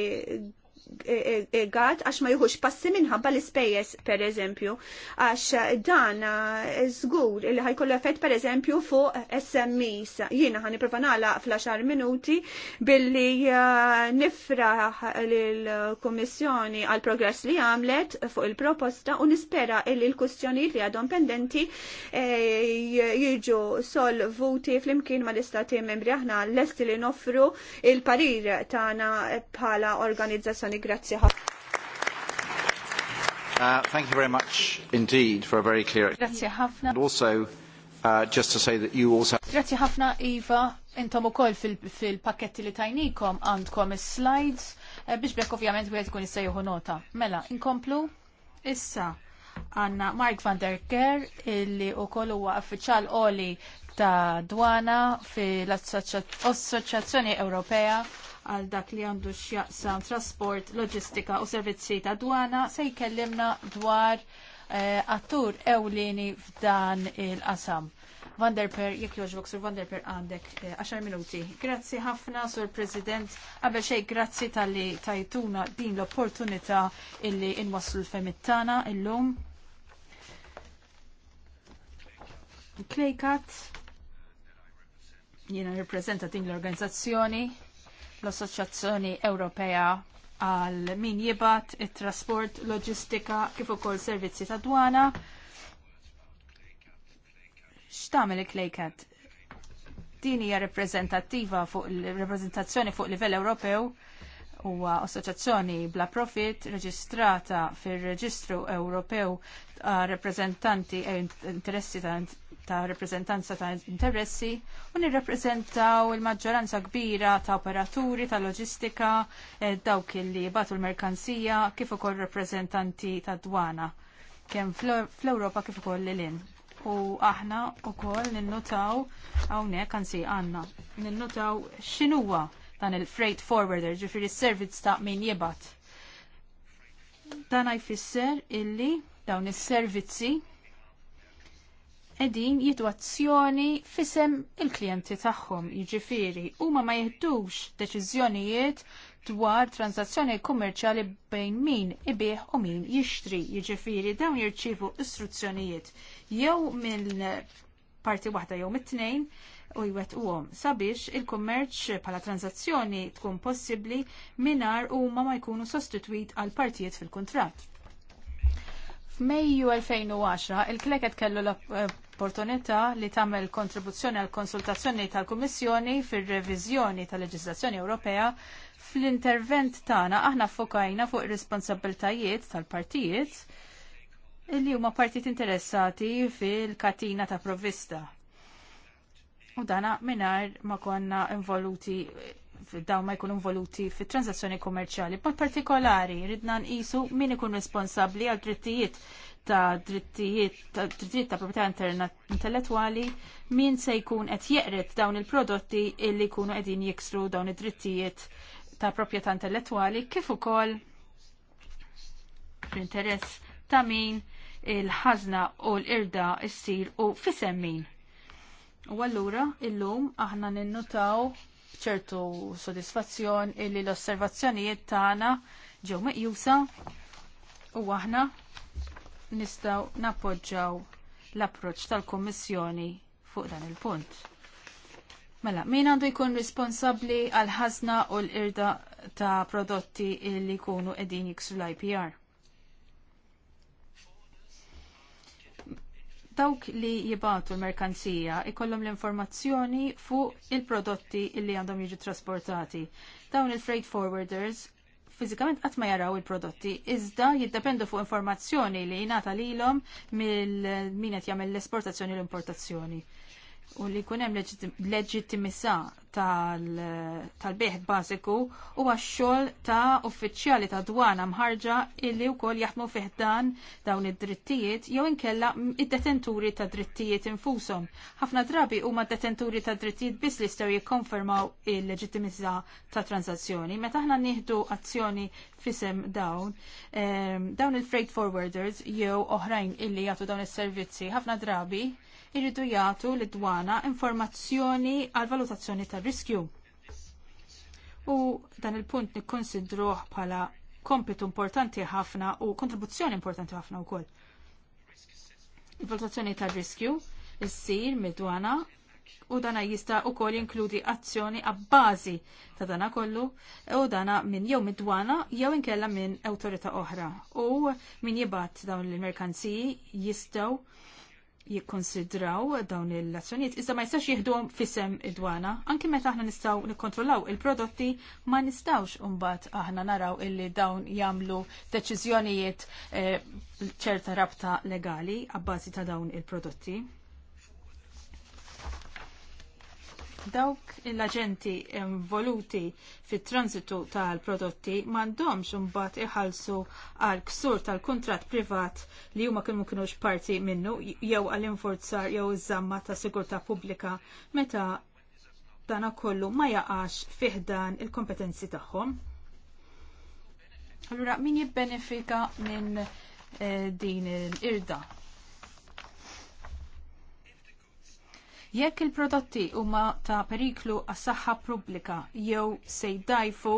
għad għax ma juhux passi minħabba l-spejjes per eżempju għax dan zgur li ħajkollu effett per eżempju fuq SMEs jiena ħani provanala fl-10 minuti billi nifraħ l-Komissjoni għal progress li għamlet fuq il-proposta u nispera illi l-kustjoni li għadhom pendenti jiġu solvuti fl-imkien ma l-istati membri aħna l-esti li noffru il-parir tana bħala organizzazzjoni attenzjoni. Grazzi ħafna. Uh, thank you very much indeed for a very clear ħafna. And also uh, just to say that you also Grazie ħafna Iva, intom ukoll fil-pakketti li tajnikom għandkom is-slides eh, biex bekk ovvjament wieħed ikun jista' jieħu nota. Mela, inkomplu issa għanna Mark van der Ker illi wkoll huwa uffiċjal oli ta' dwana fil-Assoċjazzjoni Ewropea għal dak li għandu x'jaqsam trasport, loġistika u servizzi ta' dwana se jkellimna dwar eh, attur ewlieni f'dan il-qasam. Vanderper, jek joġbok sur Vanderper għandek 10 eh, minuti. Grazzi ħafna sur President, għabel xej grazzi tal-li tajtuna din l-opportunita illi inwaslu l-femittana illum. Klejkat, jena reprezenta din l-organizzazzjoni l-Assoċjazzjoni Ewropea għal min jibat it-trasport, loġistika, kif ukoll servizzi ta' dwana. X'tagħmel il-klejkat? Din hija rappreżentattiva fuq il-rappreżentazzjoni fuq livell Ewropew huwa assoċjazzjoni bla profit reġistrata fir-Reġistru Ewropew ta' rappreżentanti e interessi ta' ta' rappresentanza ta' interessi u nirrappreżentaw il-maġġoranza kbira ta' operaturi ta' loġistika eh, dawk li batu l-merkanzija kif ukoll rappresentanti ta' dwana kemm fl-Ewropa kif ukoll l lin. U aħna ukoll ninnutaw hawnhekk anzi għandna ninnutaw x'inhuwa dan il-freight forwarder ġifieri s-servizz ta' min jibat. Dan jfisser illi dawn is-servizzi edin azzjoni fisem il-klienti tagħhom jiġifieri huma ma jihdux deċiżjonijiet dwar transazzjoni kummerċjali bejn min ibih u min jixtri jiġifieri dawn jirċievu istruzzjonijiet jew minn parti waħda jew mit-tnejn u jwettquhom sabiex il-kummerċ bħala transazzjoni tkun possibbli mingħajr huma ma jkunu sostitwit għal partijiet fil-kuntratt. F'Mejju 2010 il-kleket kellu l-opportunità li tagħmel kontribuzzjoni għal konsultazzjoni tal-Kummissjoni fir-reviżjoni tal-leġiżlazzjoni Ewropea fl-intervent tagħna aħna fokajna fuq ir-responsabiltajiet tal-partijiet li huma partit interessati fil-katina ta' provvista. U dana minar ma konna involuti Daw ma jkunu involuti fit transazzjoni kummerċjali. B'mod partikolari ridna nqisu min ikun responsabbli għal drittijiet ta' drittijiet ta' drittijiet ta' proprjetà intellettwali min se jkun qed jeqret dawn il-prodotti illi jkunu qegħdin jiksru dawn id-drittijiet ta' proprjetà intellettwali kif ukoll fl-interess ta' min il-ħażna u l-irda ssir u fisem U allura illum aħna ninnutaw ċertu sodisfazzjon illi l-osservazzjonijiet tagħna ġew meqjusa u aħna nistgħu nappoġġjaw l-approċċ tal-Kummissjoni fuq dan il-punt. Mela, min għandu jkun responsabli għal ħazna u l-irda ta' prodotti li jkunu edin jiksu l-IPR? dawk li jibatu l-merkanzija ikollhom l-informazzjoni fuq il-prodotti li għandhom jiġu trasportati. Dawn il-freight forwarders fiżikament qatt ma jaraw il-prodotti, iżda jiddependu fuq informazzjoni li jingħata lilhom mill-min qed jagħmel l-esportazzjoni l-importazzjoni u li jkun hemm leġittimità tal-beħ tal bażiku u għax-xogħol ta' uffiċjali ta' dwana mħarġa illi wkoll jaħdmu fih dan dawn id-drittijiet jew inkella id-detenturi ta' drittijiet infushom. Ħafna drabi huma detenturi ta' drittijiet biss li jistgħu jikkonfermaw il-leġittimità ta' transazzjoni. Meta aħna nieħdu azzjoni fisem dawn, ehm, dawn il-freight forwarders jew oħrajn illi jagħtu dawn is-servizzi ħafna drabi irridu jagħtu lid dwana informazzjoni għal valutazzjoni tar-riskju. U dan il-punt nikkonsidruh bħala kompitu importanti ħafna u kontribuzzjoni importanti ħafna wkoll. Il-valutazzjoni tar-riskju issir mid-dwana u dana jista wkoll jinkludi azzjoni għabbażi ta' dana kollu u dana minn jew midwana jew inkella minn awtorita oħra u minn jibat dawn l-merkanziji jistaw jikkonsidraw dawn il-azzjonijiet, iżda ma jistax jieħduhom fissem id-dwana. Anki meta aħna nistgħu nikkontrollaw il-prodotti, ma nistgħux mbagħad aħna naraw illi dawn jagħmlu deċiżjonijiet eh, ċerta rabta legali għabbażi ta' dawn il-prodotti. Dawk l-aġenti involuti fit-transitu tal-prodotti m'għandhomx imbagħad iħallsu għal ksur tal-kuntratt privat li huma kienu kienux parti minnu jew għal infurzar jew iż-żamma ta' sigurtà pubblika meta dan kollu ma jaqax fih dan il-kompetenzi tagħhom. Allura min jibbenefika minn eh, din il-irda Jekk il-prodotti huma ta' periklu għas saħħa pubblika jew se jdajfu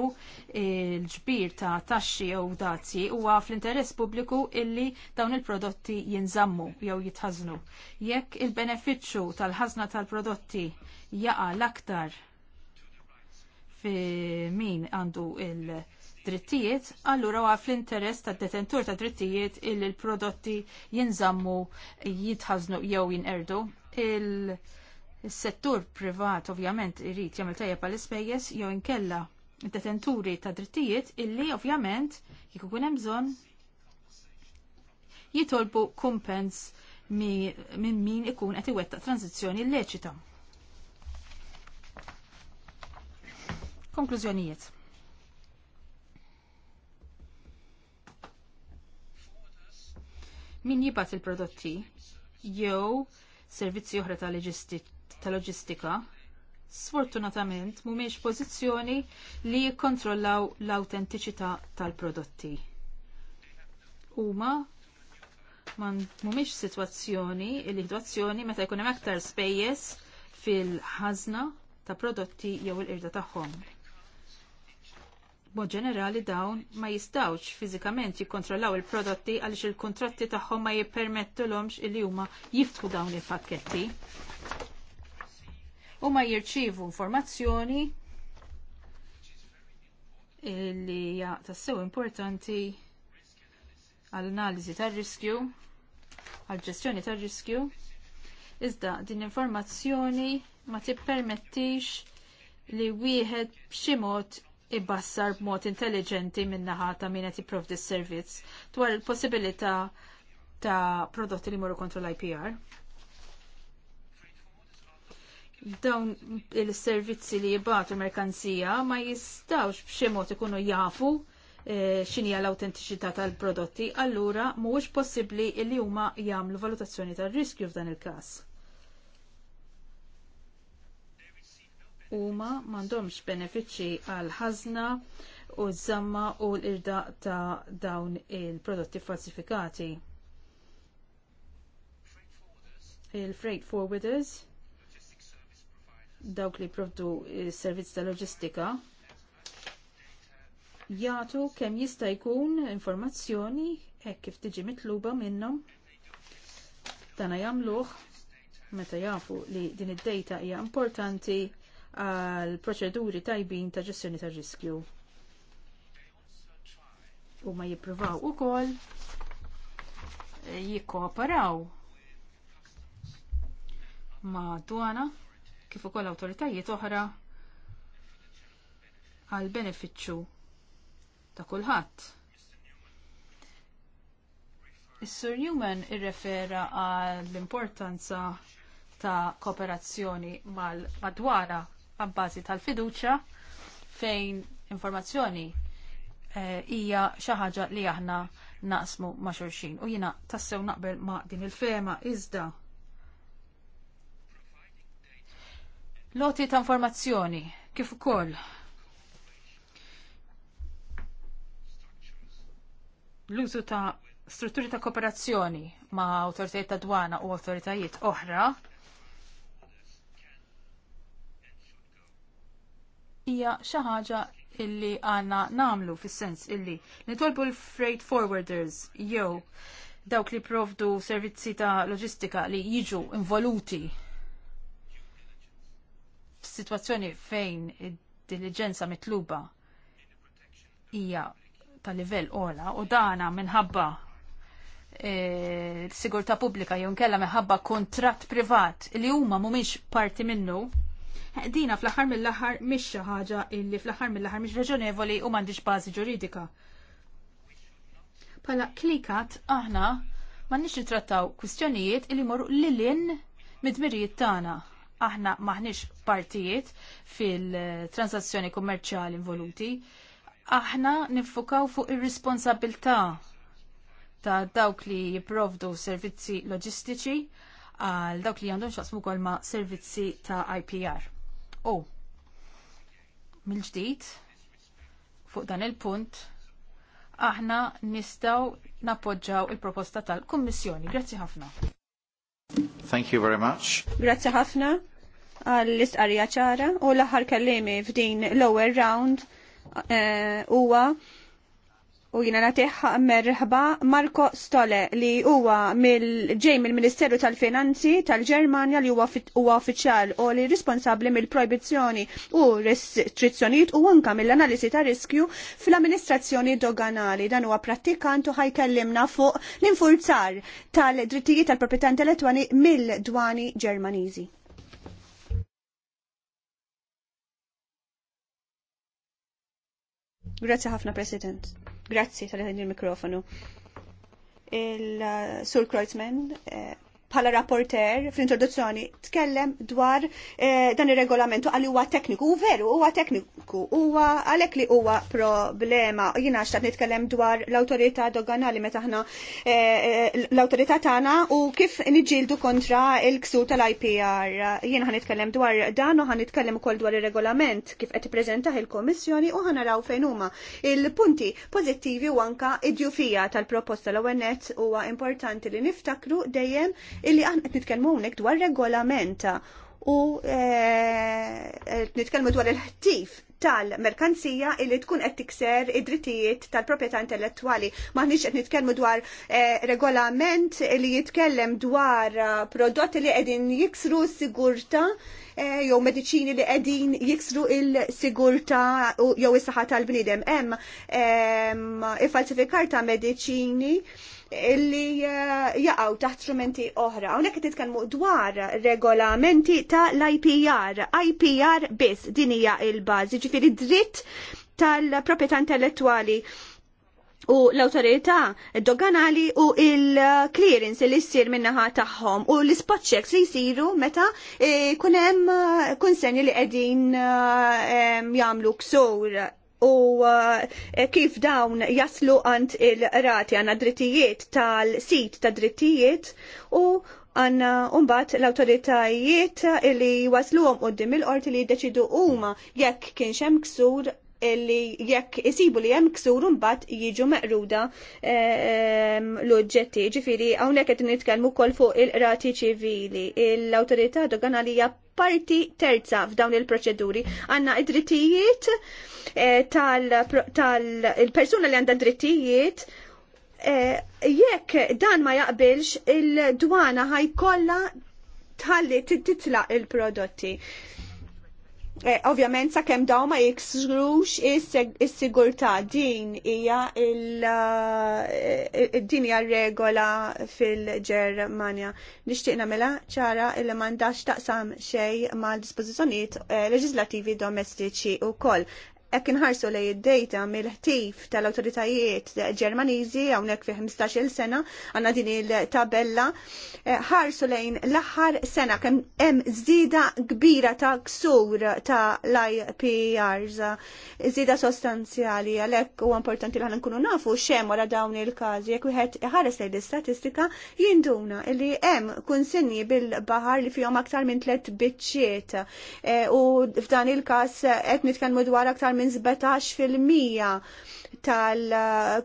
l-ġbir ta' taxxi jew dazzi huwa fl-interess pubbliku illi dawn il-prodotti jinżammu jew jitħażnu. Jekk il-benefiċċju tal-ħażna tal-prodotti jaqa l-aktar fi min għandu il- drittijiet, allura huwa fl-interess tad-detentur ta' drittijiet il l-prodotti jinżammu jitħaznu jew jinqerdu il-settur privat ovvjament irrit jagħmel tajjeb għall ispejjeż jew inkella detenturi ta' drittijiet illi ovvjament jekk ikun hemm bżonn jitolbu kumpens minn min ikun qed iwettaq tranzizzjoni illeċita. Konklużjonijiet. Min jibat il-prodotti jew servizzi oħra ta' loġistika, sfortunatament mhumiex pożizzjoni li jikkontrollaw l-awtentiċità tal-prodotti. Huma mhumiex sitwazzjoni li situazzjoni meta jkun hemm aktar spejjeż fil-ħażna ta' prodotti jew il-qirda tagħhom. Mod ġenerali dawn ma jistawx fiżikament jikkontrollaw il-prodotti għaliex il-kontratti tagħhom ma jippermettulhomx li huma jiftħu dawn il-pakketti. U ma jirċivu informazzjoni li hija tassew importanti għall analiżi tar-riskju, għall ġestjoni tar-riskju. Iżda din informazzjoni ma tippermettix li wieħed b'xi mod ibbassar b'mod intelligenti min-naħa ta' min qed jipprovdi s-servizz dwar il-possibilità ta' prodotti li jmorru kontra l-IPR. Dawn il-servizzi li jibatu merkanzija ma jistawx b'xi mod ikunu jafu e, eh, l-awtentiċità tal-prodotti, allura mhuwiex possibbli li huma jagħmlu valutazzjoni tar-riskju f'dan il-każ. huma m'għandhomx benefiċċji għal ħażna u żamma u l irdaq ta' dawn il-prodotti falsifikati. Il-freight forwarders dawk li s servizz ta' loġistika jagħtu kemm jista' jkun informazzjoni hekk kif tiġi mitluba minnhom dana jagħmluh meta jafu li din id-dejta hija importanti għal proċeduri tajbin ta' ġestjoni tar riskju. U ma jippruvaw ukoll jikkooperaw ma' dwana kif ukoll awtoritajiet oħra għal benefiċċju ta' kulħadd. Is-Sur Newman irrefera għall importanza ta' kooperazzjoni mal-madwara għabbażi tal-fiduċja fejn informazzjoni eh, hija e, xi ħaġa li aħna naqsmu ma' xulxin. U jiena tassew naqbel ma' din il-fema iżda loti ta' informazzjoni kif ukoll l-użu ta' strutturi ta' kooperazzjoni ma' awtoritajiet ta' dwana u awtoritajiet oħra hija xi ħaġa illi għandna nagħmlu fis-sens illi nitolbu l-freight forwarders jew dawk li provdu servizzi ta' loġistika li jiġu involuti f'sitwazzjoni fejn id-diligenza mitluba hija ta' livell ola u dana minħabba e, sigurtà pubblika jew nkella minħabba kuntratt privat li huma mhumiex parti minnu dina fl-aħħar mill-aħħar mhix xi ħaġa illi fl-aħħar mill-aħħar mhix raġonevoli u m'għandix bażi ġuridika. Pala klikat aħna m'għandniex nittrattaw kwistjonijiet illi morru lilin mid-dmirijiet tagħna. Aħna maħniex partijiet fil-transazzjoni kummerċjali involuti. Aħna niffukaw fuq ir-responsabilità ta' dawk li jipprovdu servizzi loġistiċi għal dawk li għandhom xaqsmu kol ma' servizzi ta' IPR. U oh. mill-ġdid fuq dan il-punt aħna nistaw nappoġġaw il-proposta tal-Kummissjoni. Grazzi ħafna. Thank you very much. Grazzi ħafna għall istqarja ċara u l-aħħar kellimi f'din l-ewwel round eh, huwa uh, u jina natiħ merħba Marco Stole li huwa ġej mill-Ministeru tal-Finanzi tal-Ġermanja li huwa uffiċjal u li responsabli mill-proibizzjoni u restrizzjonijiet u anka mill-analisi ta' riskju fl-amministrazzjoni doganali. Dan huwa prattikant u ħajkellimna fuq l-infurzar tal-drittijiet tal-proprjetà intellettwali mill-dwani Ġermaniżi. Grazie ħafna President. Grazzi tal-ħedin il-mikrofonu. Il-Sur uh, Kreuzmann, eh, bħala rapporter fl-introduzzjoni tkellem dwar eh, dan ir-regolamentu għal huwa tekniku. U veru, huwa tekniku, huwa għalhekk li huwa problema. Jina xtaqt nitkellem dwar l-awtorità doganali meta ħna eh, eh l autorità tagħna u kif niġildu kontra il-ksur tal-IPR. Jiena ħan nitkellem dwar dan u ħan nitkellem ukoll dwar ir-regolament kif qed tippreżentah il-Kommissjoni u ħan naraw fejn huma il-punti pożittivi u anka id-djufija tal-proposta l-ONET huwa importanti li niftakru dejjem illi aħna qed nitkellmu hawnhekk dwar regolamenta u e, nitkellmu dwar il-ħtif tal-merkanzija illi tkun qed tikser id-drittijiet tal-proprjetà intellettwali. Maħniex qed nitkellmu dwar e, regolament li jitkellem dwar prodotti li qegħdin jiksru s-sigurta e, jew mediċini li qegħdin jiksru il-sigurta jew is-saħħa tal-bniedem. Hemm ifalsifikar ta' mediċini illi eh, jaqaw taħt strumenti oħra. Unek titkelmu dwar regolamenti ta' l-IPR. IPR din hija il-bazi, ġifiri dritt tal-proprietà intellettuali u l-autorità doganali u il-clearance li jissir minnaħa taħħom u l-spot checks li jisiru meta eh, kunem eh, konsenni li għedin jamlu ksur u eh, kif dawn jaslu għand il-rati għanna drittijiet tal-sit ta' drittijiet u għanna umbat l-autoritajiet li wasluhom qoddim il-qorti li jiddeċidu huma jekk kien xem ksur li jekk isibu li hemm ksur mbagħad jiġu meqruda eh, l-oġġetti. Ġifieri hawnhekk qed nitkellmu wkoll fuq il-qrati ċivili. L-awtorità doganalija parti terza f'dawn il-proċeduri. Għandna id-drittijiet eh, tal-persuna li għandha drittijiet eh, jekk dan ma jaqbilx il-dwana ħajkollha tħalli titlaq il-prodotti. Eh, ovvjament sa' kem daw ma jiksrux is-sigurta din hija eh, eh, din hija regola fil-Ġermanja. Nixtieq nagħmilha ċara li mandax taqsam xej mal dispożizzjonijiet leġislativi domestiċi wkoll. Ek inħarsu lej id-dejta mill-ħtif tal-autoritajiet ġermaniżi hawnhekk fi 15-il sena għandna din il-tabella eh, ħarsu lejn l-aħħar sena kemm hemm żieda kbira ta' ksur ta' l-IPRs, żieda sostanzjali għalhekk huwa importanti li ħana nkunu nafu xemm wara dawn il-każi jekk wieħed ħares lejn l-istatistika jinduna li hemm kunsinni bil-baħar li fihom aktar minn tliet biċċiet eh, u f'dan il-każ qed nitkellmu dwar aktar minn 17% tal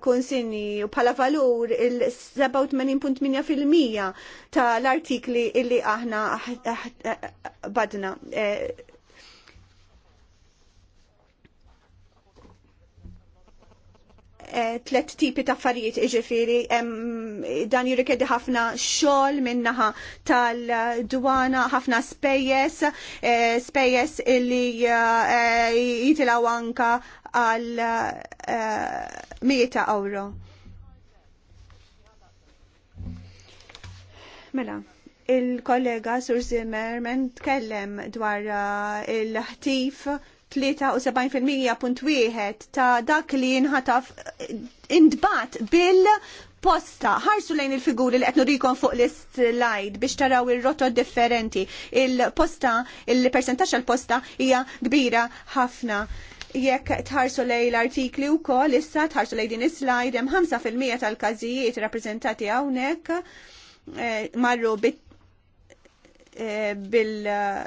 konsini u pala valur il-87.8% tal-artikli illi aħna badna. Eh, Eh, tlet tipi ta' affarijiet iġifiri dan jirrikedi ħafna xogħol minnaħa tal-dwana, ħafna spejjes, eh, spejjes illi eh, jitilaw anka għal 100 euro. Mela, il-kollega Sur Zimmerman tkellem dwar il-ħtif 73.1 ta' dak li jinħataf eh, indbat bil posta ħarsu lejn il-figuri li qed nurikom fuq l-slide biex taraw ir-rotot differenti. Il-posta, il-persentax tal-posta hija kbira ħafna. Jekk tħarsu lej l-artikli u koll, issa tħarsu lej din is-slide, hemm 5% tal-każijiet rappreżentati hawnhekk eh, marru bit eh, bil eh,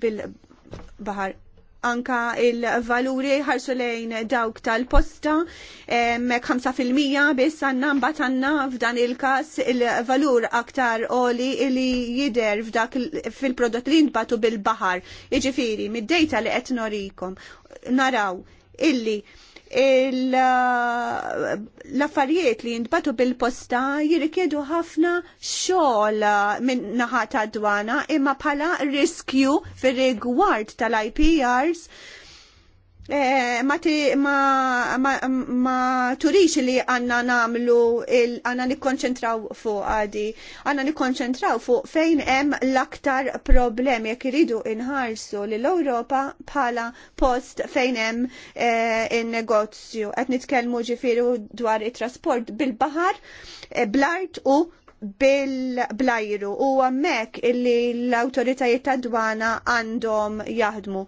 bil-bahar anka il-valuri ħarsu lejn dawk tal-posta, mek 5% biss għanna mbat għanna f'dan il-każ il-valur aktar oli li jider f'dak fil-prodott li jindbatu bil bahar Jiġifieri mid-dejta li qed norikom naraw illi Eh, l-affarijiet li jintbatu bil-posta jirrikjedu ħafna xogħol eh, minn naħa dwana imma bħala riskju fir-rigward tal-IPRs Eh, ma, ma, ma, ma turix li għanna namlu, għanna nikkonċentraw fuq għadi, għanna nikkonċentraw fuq fejn hemm l-aktar problemi jekk iridu inħarsu li l-Ewropa bħala post fejn hemm eh, in-negozju. Qed nitkellmu ġifiru dwar it-trasport bil-baħar, eh, bl-art u bil-blajru u għammek illi l-autoritajiet tad-dwana għandhom jaħdmu.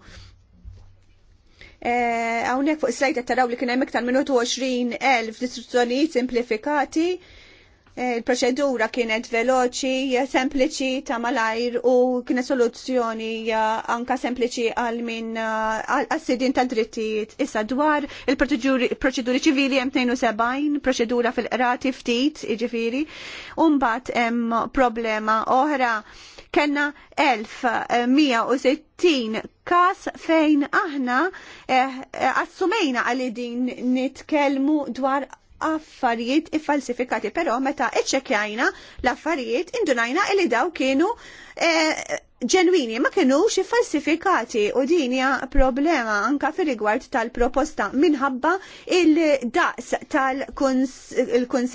Eh, hawnhekk fuq slajda taraw li kien hemm iktar minn 20,000 distruzzjonijiet simplifikati. Eh, il-proċedura kienet veloċi, sempliċi ta' malajr u kienet soluzzjoni anka sempliċi għal min eh, għal-sidin ta' drittijiet. Issa dwar il-proċeduri ċivili hemm 72, proċedura fil-qrati ftit, iġifiri, u mbagħad hemm problema oħra kena 1160 kas fejn aħna eh, eh, assumejna għalli din nitkelmu dwar affarijiet iffalsifikati, pero meta iċċekjajna l-affarijiet indunajna li daw kienu eh, ġenwini, ma kienu iffalsifikati u dinja problema anka fir rigward tal-proposta minħabba il-daqs tal-konsinna. -kons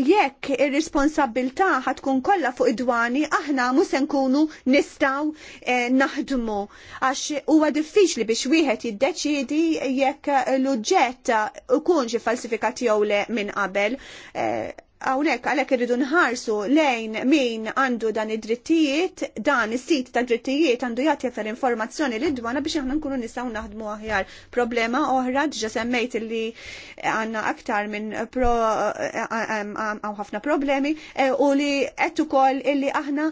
jekk ir-responsabilta ħatkun kollha fuq id-dwani, aħna mhux se nkunu nistgħu eh, naħdmu għax huwa diffiċli biex wieħed jiddeċiedi jekk l-oġġett ikun xi falsifikat jew le minn qabel. Eh, Hawnhekk għalhekk irridu nħarsu lejn min għandu dan id-drittijiet, dan is-sit ta' drittijiet għandu jagħti jaffer informazzjoni li dwana biex aħna nkunu nistgħu naħdmu aħjar. Problema oħra ġa semmejt li għandna aktar minn pro għaw ħafna problemi e, u li qed ukoll illi aħna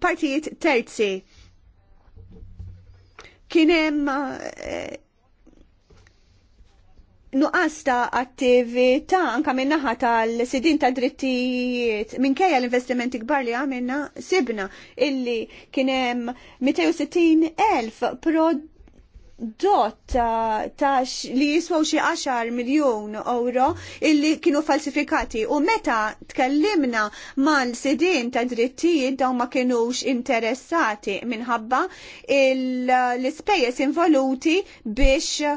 partijiet terzi. Kien hemm e, nuqqas ta' attività anka min-naħa tal-sidin ta' drittijiet minkejja l-investimenti kbar li għamilna sibna illi kienem 260.000 prod dot ta' li jiswaw xi 10 miljon euro illi kienu falsifikati u meta tkellimna mal-sidin ta' drittijiet daw ma kienux interessati minħabba l-ispejjeż involuti biex uh,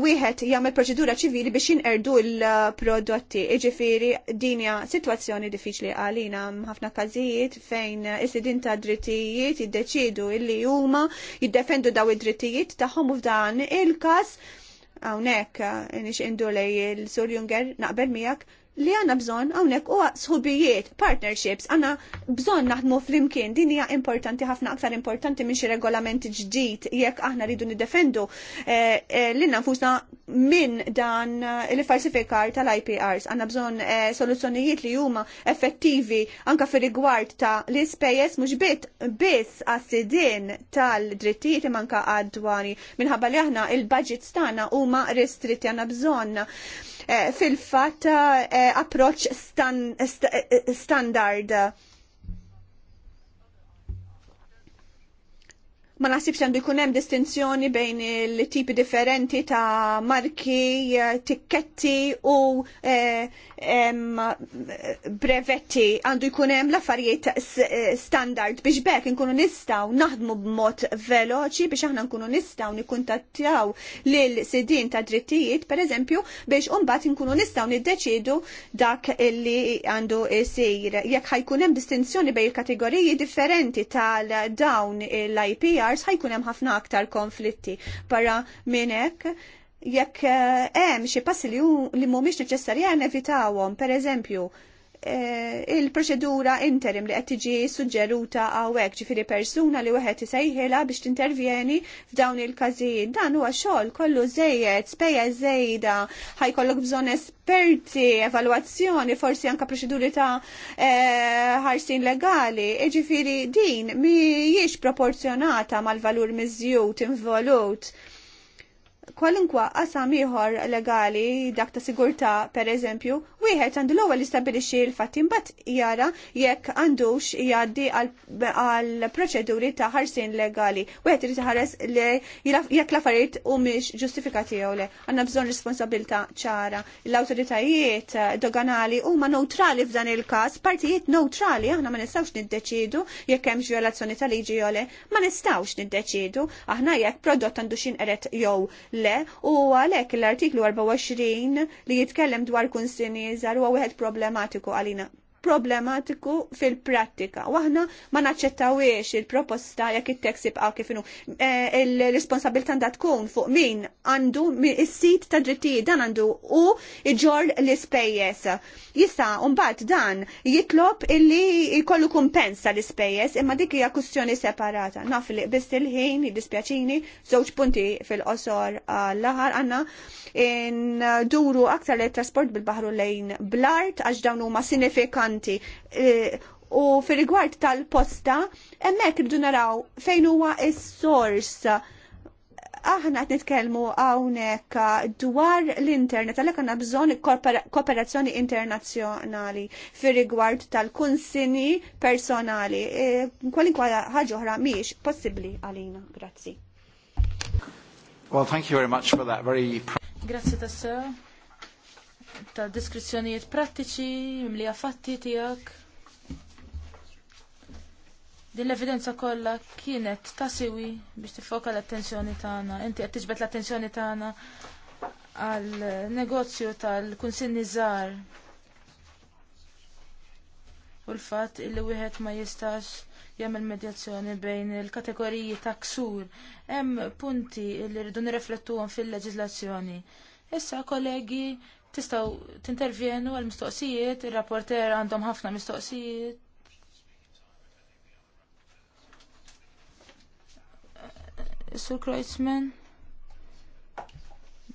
wieħed jagħmel proċedura ċivili biex jinqerdu l-prodotti. Iġifieri dinja sitwazzjoni diffiċli għalina ħafna każijiet fejn is-sidin ta' drittijiet jiddeċidu illi huma jiddefendu daw id-drittijiet l-anijiet taħħom u f'dan il-każ hawnhekk eh, nix indu lej il-Sur Junger naqbel miegħek li għanna bżon għawnek u sħubijiet, partnerships, għanna bżon naħdmu flimkien. din hija importanti ħafna aktar importanti minn xi regolamenti ġdid jekk aħna ridu nidefendu eh, eh li nafusna minn dan il-falsifikar eh, tal-IPRs. Għanna bżon eh, soluzzjonijiet li huma effettivi anka fir rigward ta' l-ispejjeż mhux bit biss għas-sidin tal-drittijiet manka għad dwani minħabba li aħna il-budgets tagħna huma restritti għandna bżonn Eh, fil-fatt eh, approċ eh, standard ma nasibx għandu jkun hemm distinzjoni bejn il-tipi differenti ta' marki, eh, tikketti u eh, em, brevetti. Għandu jkun hemm l-affarijiet eh, standard biex bekk nkunu nistgħu naħdmu b'mod veloċi biex aħna nkunu nistgħu nikkuntattjaw lil sidin ta' drittijiet, pereżempju, biex imbagħad nkunu nistgħu niddeċidu dak li għandu jsir. Jekk ħajkun hemm distinzjoni bejn il-kategoriji differenti tal-dawn l-IPR SARS ħajkun hemm ħafna aktar konflitti para minn hekk jekk eh, hemm xi passi li, mhumiex neċessarja nevitawhom, pereżempju, Eh, il-proċedura interim li qed tiġi suġġeruta hawnhekk ġifiri persuna li wieħed isejħilha biex tintervjeni f'dawn il kazin Dan huwa xogħol kollu żejjed, spejja żejda, ħajkollok bżonn esperti, evalwazzjoni, forsi anke proċeduri ta' eh, ħarsin legali. Ġifieri din mhijiex proporzjonata mal-valur miżjud involut kwalunkwa qasam ieħor legali dak ta' sigurtà pereżempju wieħed għandu l-ewwel stabilixxi l-fatt imbagħad jara jekk għandux jgħaddi għal proċeduri ta' ħarsien legali. Wieħed irid iħares li jekk l-affarijiet humiex ġustifikati jew le. Għandna bżonn responsabilità ċara. L-awtoritajiet doganali huma neutrali f'dan il-każ, partijiet neutrali aħna ma nistgħux niddeċidu jekk hemmx violazzjoni ta' liġi jew le. Ma nistgħux niddeċidu aħna jekk prodott għandu xinqeret jew le u għalhekk l-artiklu 24 li jitkellem dwar kunsinijiet iżgħar huwa wieħed problematiku għalina problematiku fil-prattika. Waħna ma naċċettawiex il-proposta jekk it-tekst jibqa' kif eh, il-responsabilità għandha tkun fuq min għandu is-sit ta' drittijiet dan għandu u iġor l-ispejjeż. Jista' mbagħad dan jitlob illi jkollu kumpensa l ispejjeż imma dik hija kwistjoni separata. Naf li biss il-ħin jiddispjaċini żewġ punti fil-qosor l-aħar għandna in duru aktar li trasport bil-baħru lejn blart għax dawn huma sinifikanti importanti. E, u fil-rigward tal-posta, emmek rridu naraw fejn huwa is-sors aħna qed nitkellmu hawnhekk dwar l-internet għalhekk għandna bżonn kooperazzjoni internazzjonali fir-rigward tal-kunsini personali. E, kwalinkwa ħaġa oħra mhix possibbli għalina. Grazzi. Well, thank you very much for that very Grazie tassew ta' diskrizzjonijiet prattiċi, mlija fatti tiegħek. Din l-evidenza kollha kienet ta' siwi biex tifoka l-attenzjoni tagħna. Inti qed tiġbed l-attenzjoni tagħna għal negozju tal kunsin żgħar. U l-fatt illi wieħed ma jistax jagħmel medjazzjoni bejn il-kategoriji ta' ksur. Hemm punti li rridu nirreflettuhom fil-leġiżlazzjoni. Issa kollegi Tistgħu tintervjenu għall mistoqsijiet ir-rapporter għandhom ħafna mistoqsijiet. Sur Kreuzman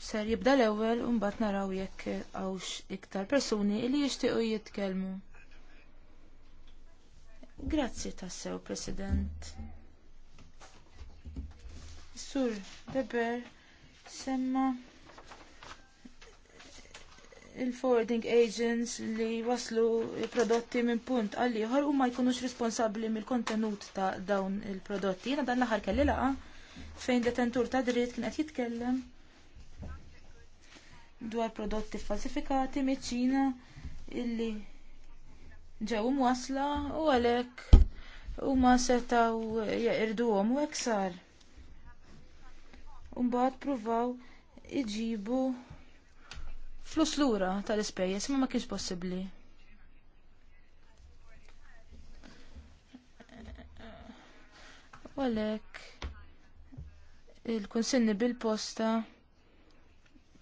ser jibda l-ewwel u mbagħad naraw jekk għawx iktar persuni li jixtiequ jitkellmu. Grazzi tassew, President. Sur Deber semma' il-forwarding agents li waslu prodotti minn punt għal ieħor u ma jkunux responsabbli mill-kontenut ta' dawn il-prodotti. Jiena dan l-aħħar kelli laqa fejn detentur ta' dritt kien qed jitkellem dwar prodotti falsifikati miċ-Ċina illi ġew wasla u għalhekk huma setgħu jeqirduhom u hekk sar. Umbagħad pruvaw iġibu flus lura tal-ispejjeż ma ma kienx possibbli. Walek il-konsenni bil-posta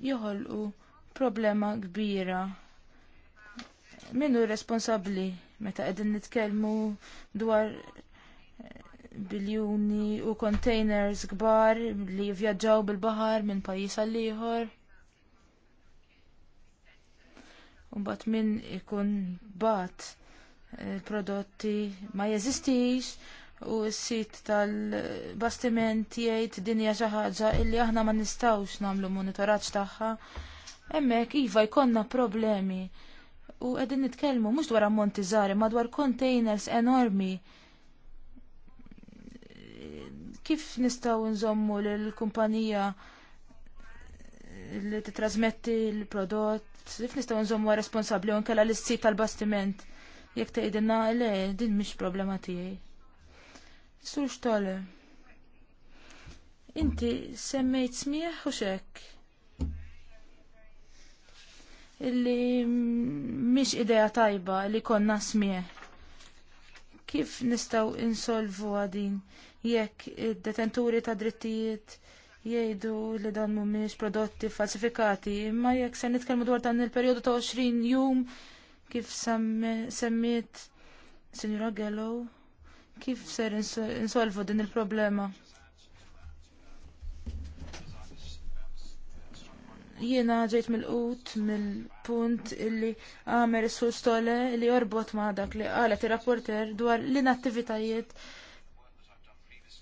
joħolqu problema kbira. hu responsabbli meta qegħdin nitkellmu dwar eh, biljuni u containers kbar li vjaġġaw bil-baħar minn pajjiż għal ieħor. Umbat min ikun bat eh, prodotti ma jeżistix u s-sit tal-bastiment jgħid din hija xi ħaġa illi aħna ma nistgħux nagħmlu monitoraċ tagħha. Hemmhekk iva jkollna problemi u qegħdin nitkellmu mhux dwar ammonti żgħar madwar containers enormi. Kif nistgħu nżommu lill kumpanija li titrasmetti l-prodott kif nistgħu nżommu responsabbli u nkella l-issit tal-bastiment. Jekk tgħidilna le din mhix problema tiegħi. Sur xtale. Inti semmejt smieħ u xek. Illi mhix idea tajba li konna smieħ kif nistaw insolvu għadin jekk id-detenturi ta' drittijiet jgħidu li dan mhumiex prodotti falsifikati, imma jekk se nitkellmu dwar dan il-perjodu ta' 20 jum kif semmiet Signora Gellow, kif ser insolvu din il-problema? Jiena ġejt mill-qut mill-punt illi għamer is sustole stole li jorbot ma' dak li qalet ir-rapporter dwar l-inattivitajiet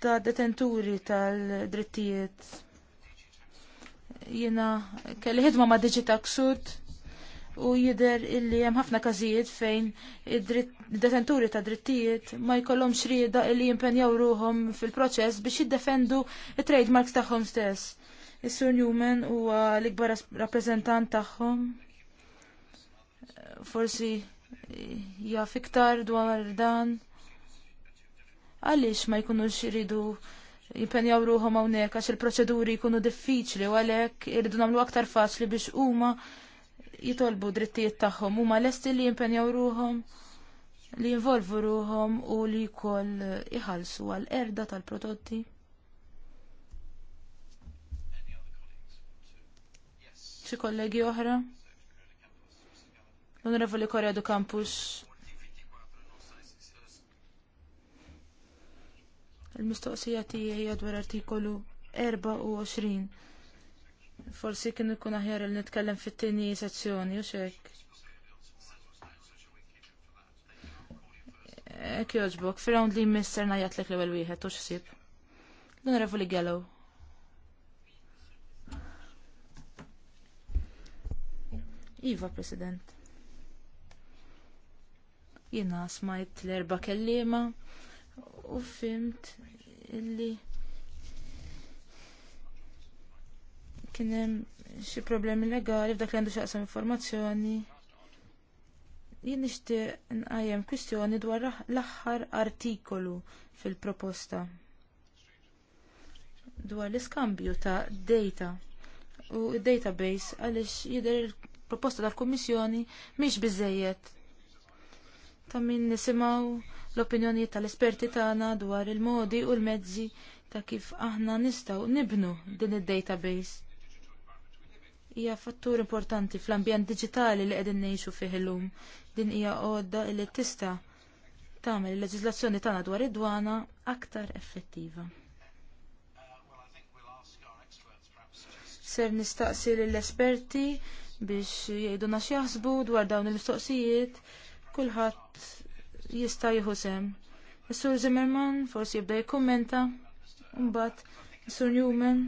ta' detenturi tal-drittijiet. Jiena kelli ħidma ma' Digitax Sud u jidher illi hemm ħafna każijiet fejn id detenturi ta' drittijiet ma jkollhom xrieda illi jimpenjaw ruhom fil-proċess biex jiddefendu it-trademarks tagħhom stess. Is-Sur Newman huwa l-ikbar rappreżentant tagħhom. Forsi jaf iktar dwar dan Għaliex ma jkunux jridu jipenjaw ruhom hawnhekk għax il-proċeduri jkunu diffiċli u għalhekk irridu nagħmlu aktar faċli biex huma jitolbu drittijiet tagħhom huma lesti li jimpenjaw ruhom li jinvolvu ruhom u li jkoll iħallsu għall erda tal-prodotti. Xi kollegi oħra? L-Onorevoli Korea du Campus Il-mistoqsija tiegħi hija dwar artikolu 24. Forsi kien ikun aħjar li nitkellem fit-tieni sezzjoni u xek. Ek joġbok, fil li mister najatlek l-ewel wieħed, u xsib. L-onorevu li Iva, President. Jena smajt l-erba kellima u fimt illi kien hemm xi problemi legali f'dak li għandu xaqsam informazzjoni. Jien nixtieq nqajjem kwistjoni dwar l-aħħar artikolu fil-proposta dwar l-iskambju ta' data u database għaliex jidher il-proposta tal-Kummissjoni mhix biżżejjed ta' min nisimgħu l-opinjonijiet tal-esperti tagħna dwar il-modi u l-mezzi ta' kif aħna nistgħu nibnu din id-database. Hija fattur importanti fl-ambjent digitali li qegħdin ngħixu fih illum. Din hija għodda li tista' tagħmel il-leġiżlazzjoni tagħna dwar id-dwana aktar effettiva. Ser nistaqsi lill esperti biex jgħiduna xi jaħsbu dwar dawn il-mistoqsijiet kulħadd jista' jieħu sem. Is-Sur Zimmerman forsi jibda jikkummenta mbagħad is-Sur Newman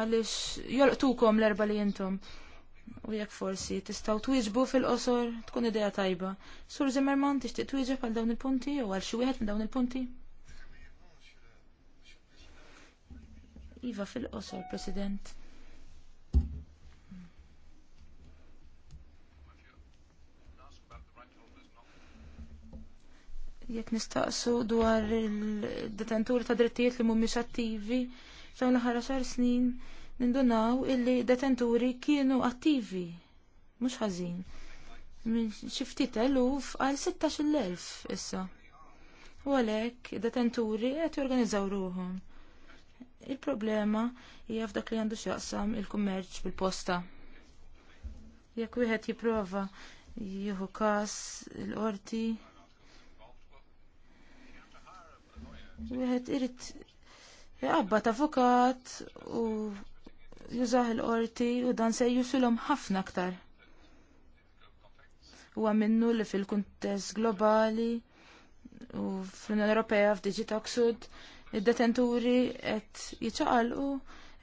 għaliex jolqtukom l-erba li intom. U jekk forsi tistgħu twieġbu fil-qosor tkun idea tajba. Sur Zimmerman tixtieq twieġeb għal dawn il-punti jew għal xi wieħed minn dawn il-punti? Iva fil-qosor, President. jekk nistaqsu dwar il-detenturi ta' drittijiet li mhumiex attivi f'dawn l-aħħar xar snin nindunaw illi detenturi kienu attivi mhux ħażin. Minn xi ftit eluf għal 16,000 issa. U għalhekk detenturi qed jorganizzaw ruhom. Il-problema hija f'dak li għandu x'jaqsam il-kummerċ bil-posta. Jekk wieħed jipprova jieħu każ il-qorti wieħed irid ta' avukat u jużah il-qorti u dan se jusulom ħafna aktar. Huwa minnu li fil-kuntest globali u fl-Unjoni Ewropea f'Diġi Toxud id-detenturi qed jiċċaqalqu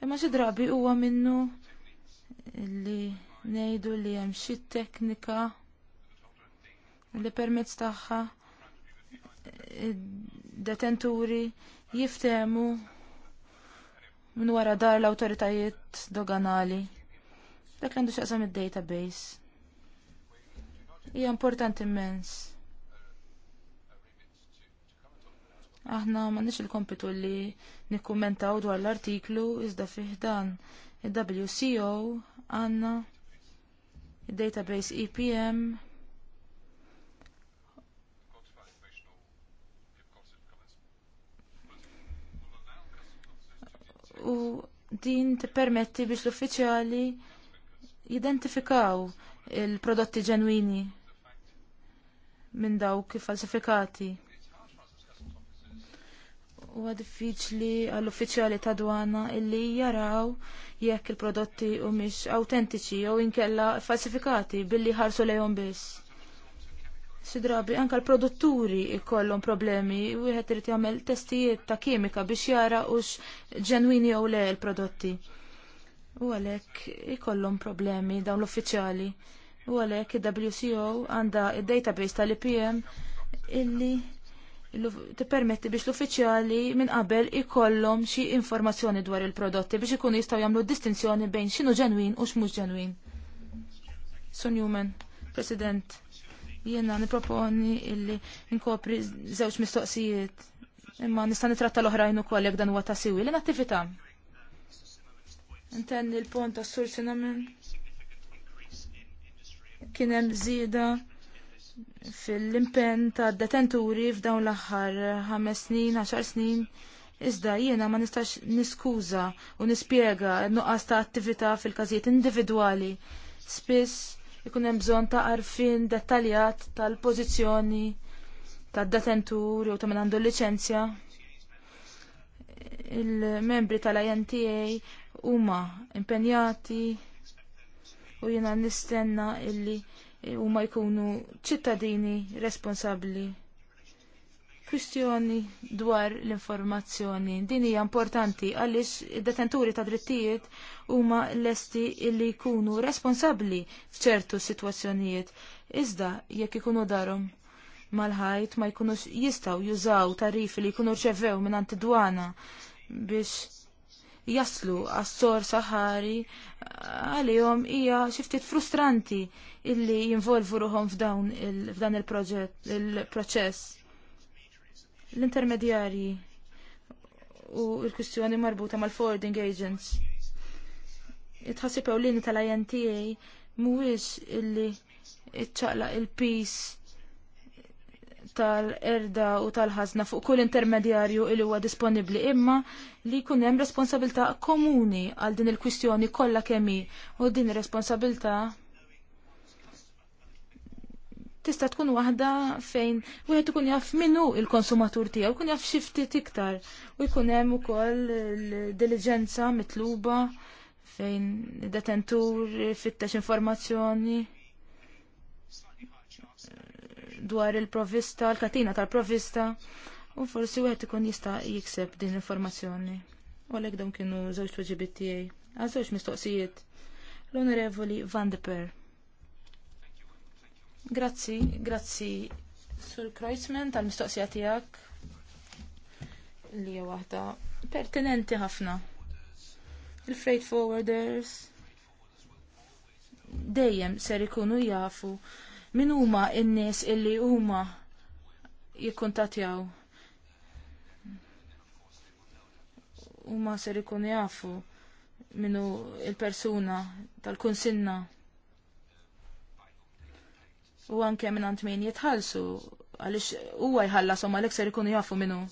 imma xi drabi huwa minnu li ngħidu li hemm xi teknika li permezz tagħha detenturi jiftemu minn wara dar l awtoritajiet doganali. Dak għandu xaqsam id-database. Hija importanti immens. Aħna m'għandniex il-kompitu li nikkumentaw dwar l-artiklu iżda fih dan il-WCO għandna il-database EPM u din tippermetti biex l-uffiċjali jidentifikaw il-prodotti ġenwini minn dawk falsifikati. Huwa diffiċli għall-uffiċjali ta' dwana illi jaraw jekk il-prodotti u miex autentiċi jew inkella falsifikati billi ħarsu lejhom biss. Si drabi anke l-produtturi jkollhom problemi, wieħed irid jagħmel testijiet ta' kimika biex jara ux ġenwini jew le l-prodotti. U għalhekk ikollhom problemi dawn l-uffiċjali. U għalhekk il-WCO għandha id-database tal-IPM illi tippermetti biex l-uffiċjali minn qabel ikollhom xi informazzjoni dwar il-prodotti biex ikunu jistgħu jagħmlu distinzjoni bejn x'inhu ġenwin u x'mhux ġenwin. Sun Newman, President Jiena niproponi illi nkopri żewġ mistoqsijiet. Imma nista' nitratta l-oħrajn ukoll jekk dan huwa ta' siwi. L-attività. Intenni l-pont tas sur cinnamon. Kien hemm żieda fil-impenn ta' detenturi f'dawn l-aħħar ħames snin, għaxar snin, iżda jiena ma nistax niskuża u nispjega n nuqqas ta' attività fil-każijiet individwali. Spiss ikun hemm bżonn ta' arfin dettaljat tal-pożizzjoni tad-detentur jew ta' min għandu liċenzja. Il-membri tal-INTA huma impenjati u jiena nistenna illi huma jkunu ċittadini responsabbli kwistjoni dwar l-informazzjoni. Din hija importanti għaliex id-detenturi ta' drittijiet huma lesti illi jkunu responsabbli f'ċertu sitwazzjonijiet iżda jekk ikunu darhom mal-ħajt ma jkunux jistaw jużaw tarifi li jkunu rċevew minn antidwana biex jaslu għas-sor saħari għalihom hija xi ftit frustranti illi jinvolvu f'dawn f'dan il-proċess. L-intermedjarji u l-kwistjoni marbuta mal-forwarding agents Itħassib ewlieni tal-INTA mhuwiex illi iċċaqla il-pis tal-erda u tal-ħazna fuq kull intermedjarju illi huwa disponibbli imma li jkun hemm responsabilità komuni għal din il-kwistjoni kollha kemm hi u din ir-responsabilità tista' tkun waħda fejn wieħed ikun jaf minnu il-konsumatur tiegħu, jkun jaf xi ftit iktar u jkun hemm ukoll diligenza mitluba fejn detentur fittex informazzjoni dwar il-provista, l-katina tal-provista, u forsi wieħed ikun jista' jikseb din l-informazzjoni. U għalek dawn kienu żewġ tweġibiet tiegħi. Għal mistoqsijiet. L-Onorevoli Van de Per. Grazzi, grazzi Sur Kreuzman tal-mistoqsija tiegħek li hija waħda pertinenti ħafna il-freight forwarders dejjem ser ikunu jafu min huma n-nies illi huma jikkuntatjaw. Huma ser ikunu jafu minu il-persuna tal-kunsinna. U anke minn għand min jitħallsu għaliex huwa jħallasom għalhekk ser ikunu jafu minnu.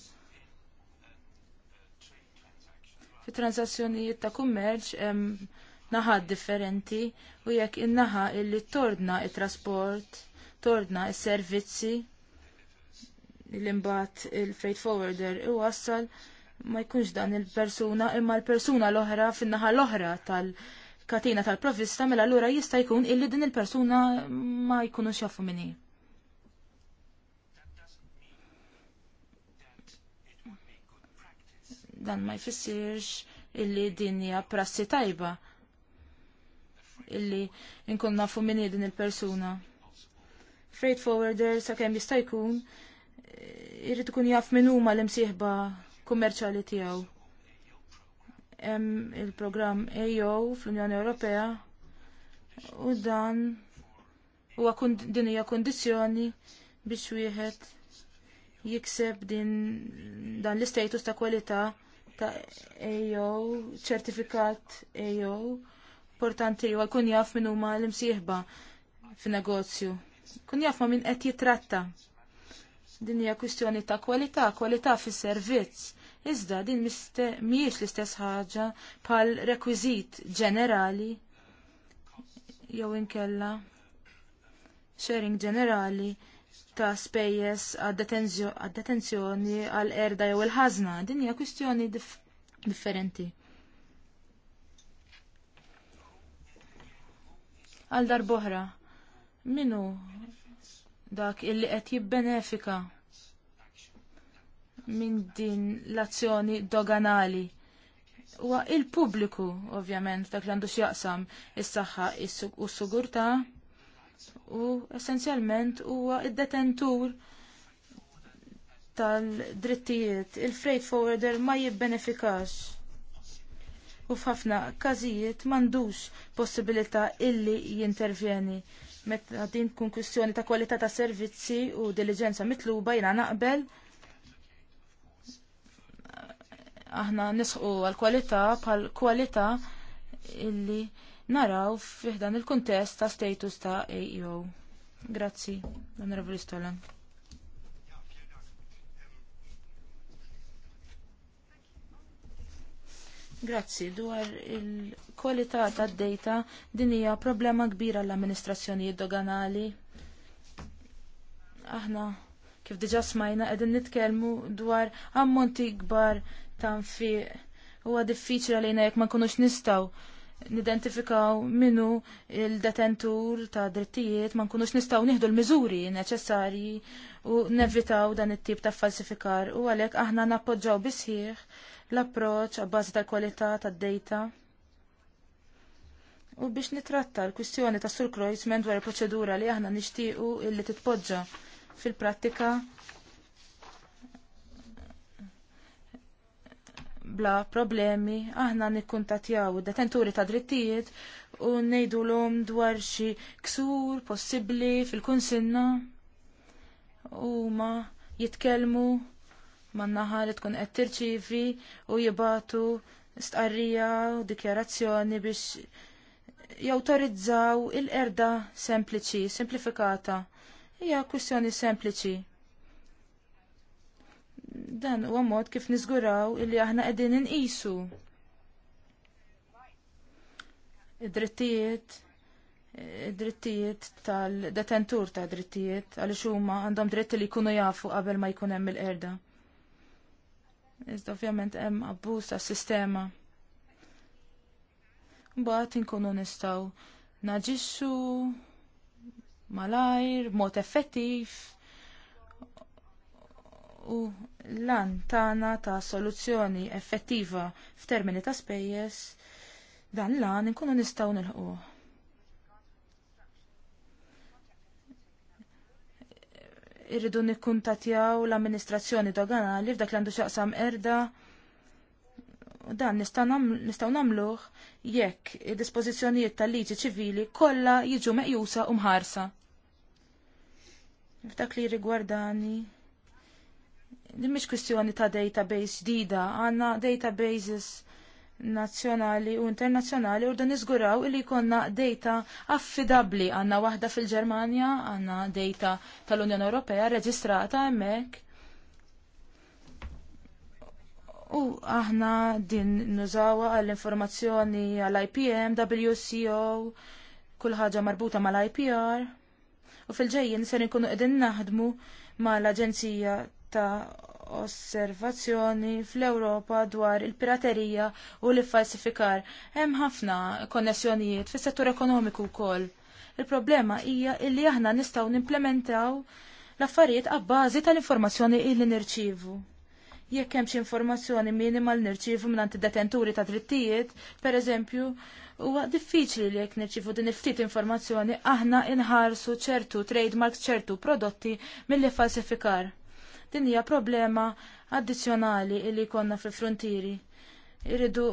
Fi transazzjonijiet ta' kummerċ hemm naħad differenti u jekk in-naħa illi tordna t trasport tordna s servizzi il imbagħad il-freight forwarder iwassal ma jkunx dan il-persuna imma l-persuna l-oħra fin-naħa l-oħra tal-katina tal-provista mela allura jista' jkun illi din il-persuna ma jkunux jafu minni. dan ma jfissirx illi din hija prassi tajba illi nkun nafu minn din il-persuna. Freight forwarder sa kemm jista' jkun jrid ikun jaf minn huma l-imsieħba kummerċjali tiegħu. Hemm il-programm EO fl-Unjoni Ewropea u dan huwa din hija kundizzjoni biex wieħed jikseb din dan l-istatus ta' kwalità ta' EO, ċertifikat EO, importanti u jkun jaf minn huma l-imsieħba fin-negozju. Kun jaff ma minn qed jitratta. Din hija kwistjoni ta' kwalità, kwalità fis-servizz. Iżda din mhijiex l-istess ħaġa bħal rekwiżit ġenerali jew inkella sharing ġenerali ta' spejjeż għad-detenzjoni għal erda jew il-ħażna. Din hija kwistjoni differenti. Għal darboħra, minu dak illi qed jibbenefika minn din l-azzjoni doganali. Huwa il-pubbliku, ovvjament, dak li għandu x'jaqsam is-saħħa u s-sigurtà. is saħħa u s sigurtà u essenzjalment huwa id-detentur tal-drittijiet. Il-freight forwarder ma jibbenefikax. U f'ħafna każijiet m'għandux possibilità illi jintervjeni. Meta din tkun kwistjoni ta' kwalità ta' servizzi u diligenza mitluba jiena naqbel aħna nisqu għal kwalità bħal kwalità illi naraw fiħdan il-kuntest ta' status ta' AEO. Grazzi, l-Onorevoli Stolen. Grazzi, dwar il-kwalità tad data din hija problema kbira l-amministrazzjonijiet doganali. Aħna kif diġa smajna qegħdin nitkellmu dwar ammonti kbar ta' nfiq huwa diffiċli għalina jekk ma nkunux nistgħu nidentifikaw minu il-detentur ta' drittijiet ma nkunux nistaw nieħdu l-miżuri neċessarji u nevitaw dan it-tip ta' falsifikar u għalhekk aħna nappoġġaw bisħiħ l-approċċ għabbażi tal-kwalità tad-dejta. U biex nitratta l-kwistjoni ta' Sur Kreuzman dwar il-proċedura li aħna nixtiequ illi titpoġġa fil-prattika bla problemi, aħna nikkuntatjaw detenturi ta' drittijiet u nejdu l-om dwar xi ksur possibli fil-kunsinna u ma jitkelmu man-naħa li tkun qed tirċivi u jibatu stqarrija u dikjarazzjoni biex jawtorizzaw il-erda sempliċi, semplifikata. Hija kwistjoni sempliċi dan huwa mod kif niżguraw illi aħna qegħdin inqisu id-drittijiet id-drittijiet tal-detentur ta' drittijiet għaliex huma għandhom dritti li jkunu jafu qabel ma jkun hemm il-qerda. Iżda ovvjament hemm abbuż tas-sistema. Mbagħad inkunu nistgħu naġixxu malajr, mod effettiv, u lan tagħna ta' soluzzjoni effettiva f'termini ta' spejjeż dan lan inkunu nistgħu nilħu. Irridu nikkuntatjaw l-amministrazzjoni doganali f'dak li għandu xaqsam erda u dan nistgħu nagħmluh jekk id-dispożizzjonijiet tal-liġi ċivili kollha jiġu meqjusa u mħarsa. F'dak li rigwardani din mhix kwistjoni ta' database ġdida, għandna databases nazzjonali u internazzjonali u dan iżguraw li jkollna data affidabbli għandna waħda fil-Ġermanja, għandna data tal-Unjoni Ewropea reġistrata hemmhekk. U aħna din nużawa għall-informazzjoni għall-IPM, WCO, kull ħaġa marbuta mal-IPR. U fil-ġejjin ser nkunu qegħdin naħdmu mal-Aġenzija ta' osservazzjoni fl-Ewropa dwar il-piraterija u l-falsifikar. Hemm ħafna konnessjonijiet fis-settur ekonomiku wkoll. Il-problema hija illi aħna nistgħu nimplementaw l-affarijiet għabbażi tal-informazzjoni illi nirċivu jekk hemm xi informazzjoni minima li nirċievu minn detenturi ta' drittijiet, pereżempju, huwa diffiċli li jekk nirċievu din il-ftit informazzjoni aħna inħarsu ċertu trademarks ċertu prodotti milli falsifikar. Din hija problema addizzjonali li jkollna fil-frontieri. Irridu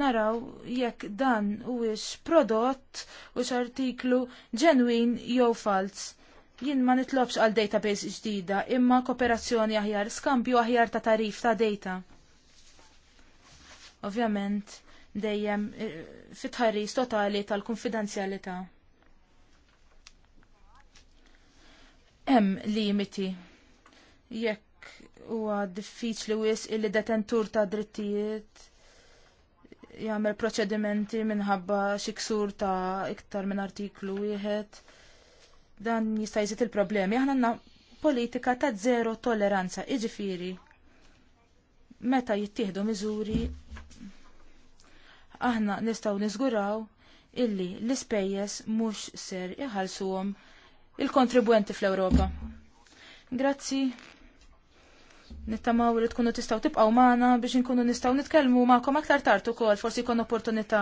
naraw jekk dan huwiex prodott u artiklu ġenwin jew fals. Jien ma nitlobx għal database ġdida, imma kooperazzjoni aħjar, skambju aħjar ta' tarif ta' data. Ovvjament, dejjem eh, fit tħarriż totali tal-konfidenzjalità. Hemm limiti jekk huwa diffiċli wis illi detentur ta' drittijiet jagħmel proċedimenti minħabba xi ksur ta' iktar minn artiklu wieħed dan jista' jżid il-problemi. Aħna għandna politika ta' zero tolleranza, iġifieri meta jittieħdu miżuri aħna nistgħu niżguraw illi l-ispejjeż mhux ser iħallsuhom il-kontribwenti fl-Ewropa. Grazzi nittamaw li tkunu tistaw tibqaw maħna biex nkunu nistaw nitkelmu maħkom aktar tartu kol, forsi kon opportunità.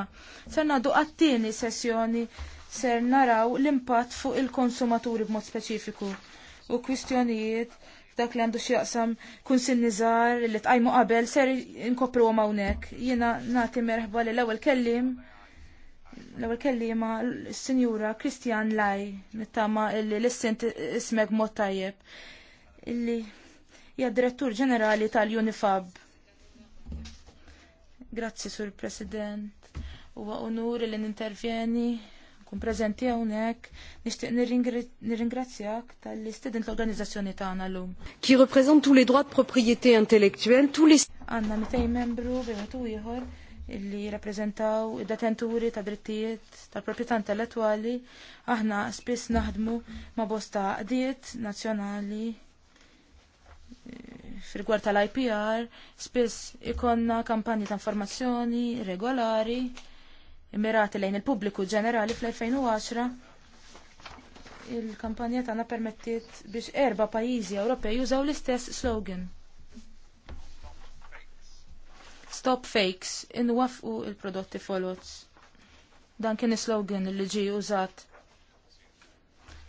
Ser nadu għattini sessjoni ser naraw l-impatt fuq il-konsumaturi b'mod speċifiku u kwistjonijiet dak li għandu xieqsam kun sinnizar li tqajmu qabel ser nkopru għom hawnhekk. Jiena nagħti merħba li l-ewwel kellim l-ewwel kellima s-Sinjura Kristjan Laj nittama illi l sint ismek mod tajjeb illi hija direttur ġenerali tal-Unifab. Grazzi, Sur President. Huwa onur li nintervjeni kun prezenti hawnhekk, nixtieq nirringrazzjak tal-li l-organizzazzjoni tagħna llum. Ki représente tous les droits de propriété intellectuelle, tous les Għandna mitej membru bimatu ieħor illi jirrappreżentaw id-detenturi ta' drittijiet tal-proprjetà intellettwali, aħna spiss naħdmu ma' bosta qdiet nazzjonali fil-gwar tal-IPR, spiss ikonna kampanji ta' informazzjoni regolari, immirati lejn il-pubbliku ġenerali fl-2010. Il-kampanja tagħna permettiet biex erba pajjiżi Ewropej jużaw l-istess slogan. Stop fakes, inwafqu il-prodotti folots. Dan kien is-slogan li ġie użat.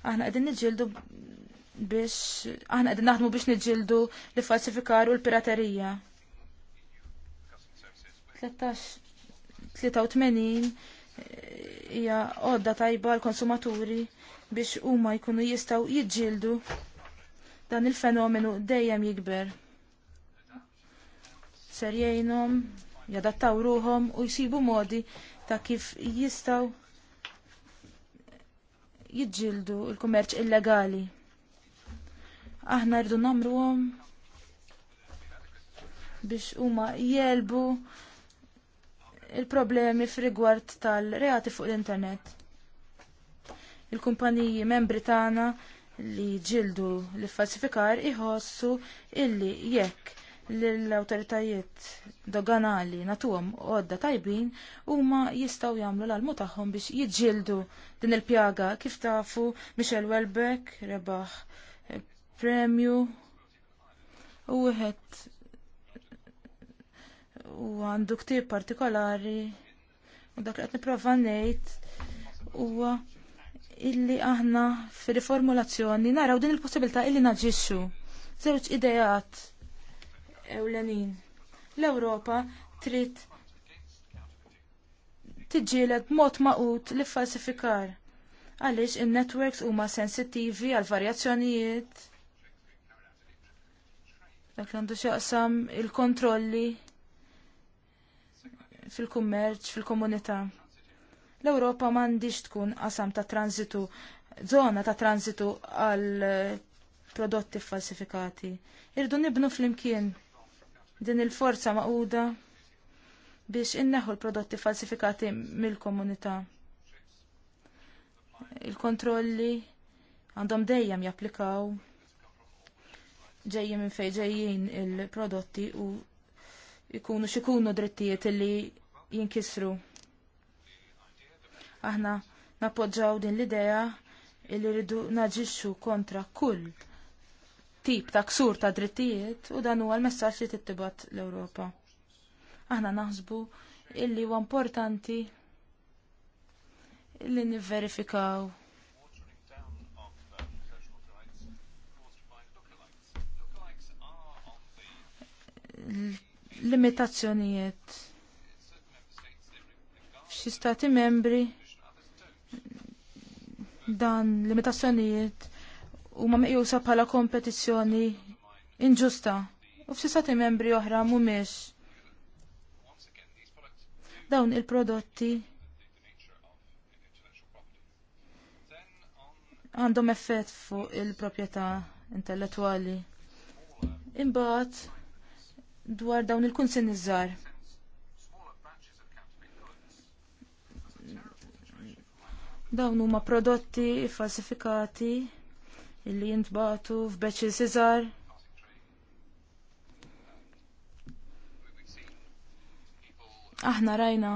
Aħna qegħdin niġġieldu biex aħna qegħdin naħdmu biex niġġieldu li falsifikar u l-piraterija. 83 eh, hija għodda tajba l-konsumaturi biex huma jkunu jistgħu jiġġieldu dan il-fenomenu dejjem jikber. Ser jgħinhom jadattaw ruhom u jsibu modi ta' kif jistgħu jiġġieldu l-kummerċ illegali aħna rridu nagħmluhom biex huma jelbu il-problemi f'rigward tal-reati fuq l-internet. Il-kumpaniji membri tagħna li ġildu li falsifikar iħossu illi jekk l-autoritajiet doganali natuhom għodda tajbin huma jistgħu jagħmlu l-almu tagħhom biex jiġġieldu din il-pjaga kif tafu Michel Welbeck rebaħ premju u wieħed u għandu ktieb partikolari u dak li qed nipprova ngħid huwa illi aħna fir-riformulazzjoni naraw din il-possibilità illi naġixxu żewġ idejat ewlenin. L-Ewropa trid tiġġieled mod maqut li falsifikar għaliex in-networks huma sensittivi għal varjazzjonijiet dak għandu xaqsam il-kontrolli fil-kummerċ, fil-komunità. L-Ewropa m'għandix tkun qasam ta' transitu, zona ta' transitu għal prodotti falsifikati. Irdu nibnu fl-imkien din il-forza maquda biex inneħu l-prodotti falsifikati mill-komunità. Il-kontrolli għandhom dejjem japplikaw ġejjin minn fejn ġejjin il-prodotti u jkunu xikunu drittijiet li jinkisru. Aħna nappoġġaw din l-idea li rridu naġixxu kontra kull tip ta' ksur ta' drittijiet u dan huwa l-messaġġ li tittibat l-Ewropa. Aħna naħsbu illi huwa importanti illi nivverifikaw limitazzjonijiet. F'xi stati membri dan limitazzjonijiet huma meqjusa bħala kompetizzjoni inġusta u f'xi stati membri oħra mhumiex. Dawn il-prodotti għandhom effett fuq il-proprjetà intellettwali. Imbagħad dwar dawn il-kunsin iż Dawn huma prodotti falsifikati illi jintbatu f'beċi iżgħar. Aħna rajna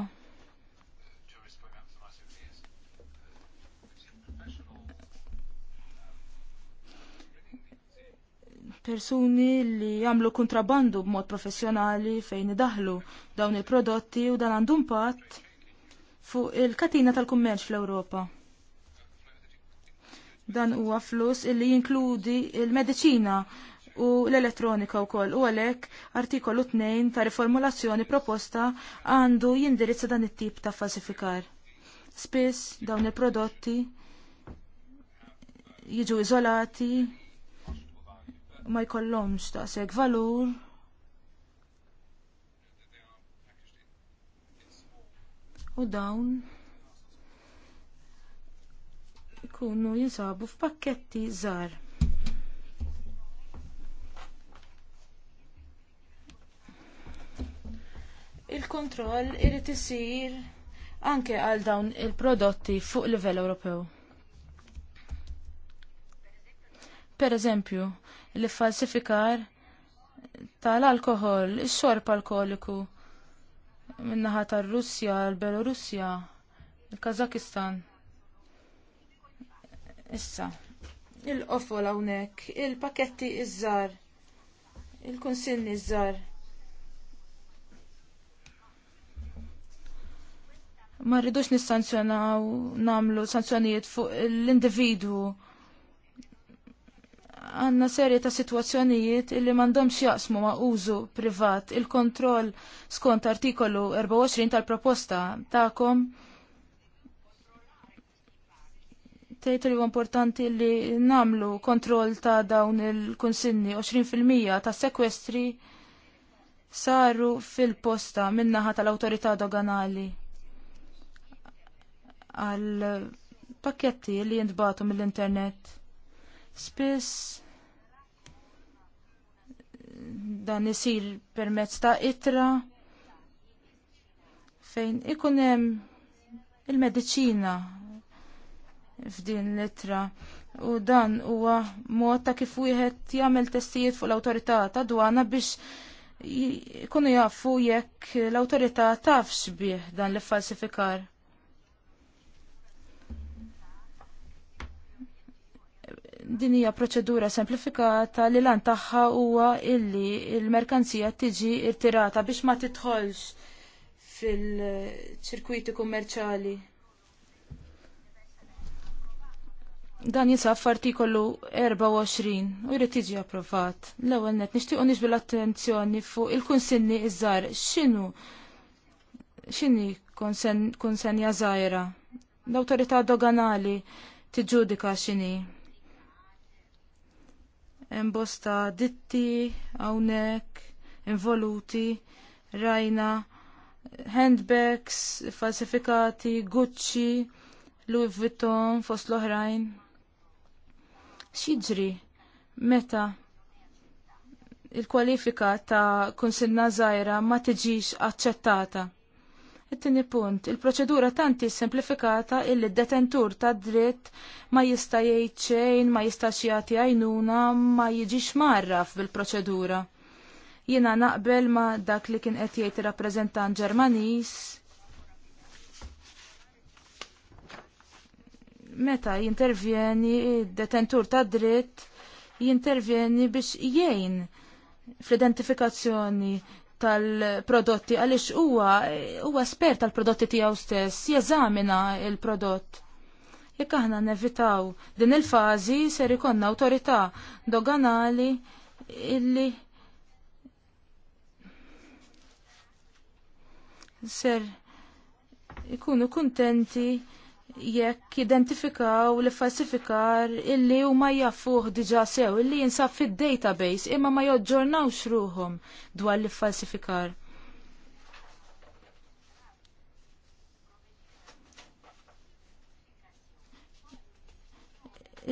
persuni li jamlu kontrabandu b'mod professjonali fejn idaħlu dawn il-prodotti u dan għandu impatt fuq il-katina tal-kummerċ fl-Ewropa. Dan huwa flus illi jinkludi il-mediċina u l-elettronika u koll u għalek artikolu 2 ta' riformulazzjoni proposta għandu jindirizza dan it-tip ta' falsifikar. Spiss dawn il-prodotti jiġu izolati ma jkollhomx daqshekk valur. U dawn ikunu jinsabu f'pakketti żgħar. Il-kontroll irid isir anke għal dawn il-prodotti fuq livell Ewropew. Per eżempju, li falsifikar tal-alkohol, is xorb alkoholiku min-naħa tar-Russja, l-Belorussja, il-Kazakistan. Issa, il-qofol hawnhekk, il-paketti iż-żar, il-kunsinni iż-żar. Ma rridux nissanzjonaw nagħmlu sanzjonijiet fuq l-individwu għanna serje ta' situazzjonijiet illi mandomx jaqsmu ma' użu privat il-kontroll skont artikolu 24 tal-proposta ta'kom tejt li importanti li namlu kontroll ta' dawn il-konsinni 20% ta' sekwestri saru fil-posta minnaħa tal-autorità doganali għal pakketti li jintbatu mill-internet. Spiss dan isir permezz ta' itra fejn ikun hemm il-mediċina f'din l-itra u dan huwa mod ta' kif wieħed jagħmel testijiet fuq l-awtorità ta' dwana biex jkunu jafu jekk l-awtorità tafx bih dan l-falsifikar. din hija proċedura semplifikata li lan tagħha huwa illi il-merkanzija tiġi irtirata biex ma titħolx fil-ċirkwiti kummerċali. Dan jinsab f'artikolu 24 u jrid tiġi approvat. L-ewwel net nixtiequ nixbu l-attenzjoni fuq il-kunsinni iż-żgħar x'inhu x'inhi konsenja żgħira. L-awtorità doganali tiġġudika x'inhi imbosta ditti hawnhekk involuti rajna handbags falsifikati, Gucci, Louis Vuitton fost l-oħrajn. X'jiġri meta il-kwalifika ta' kunsilna żgħira ma tiġix aċċettata. It-tieni punt, il-proċedura tanti simplifikata illi d-detentur ta' dritt ma jista' jgħid xejn, ma jistax jagħti għajnuna, ma jiġix marraf bil-proċedura. Jiena naqbel ma dak li kien qed jgħid rappreżentant Ġermaniż. Meta jintervjeni d-detentur ta' dritt jintervjeni biex jgħin fl-identifikazzjoni tal-prodotti għaliex huwa huwa espert tal-prodotti tiegħu stess, jeżamina il-prodott. Jekk aħna nevitaw din il-fażi ser ikonna awtorità doganali illi ser ikunu kuntenti jekk identifikaw li falsifikar illi huma jaffuħ diġà sew illi jinsab fid-database imma ma joġġornawx ruhom dwar li falsifikar.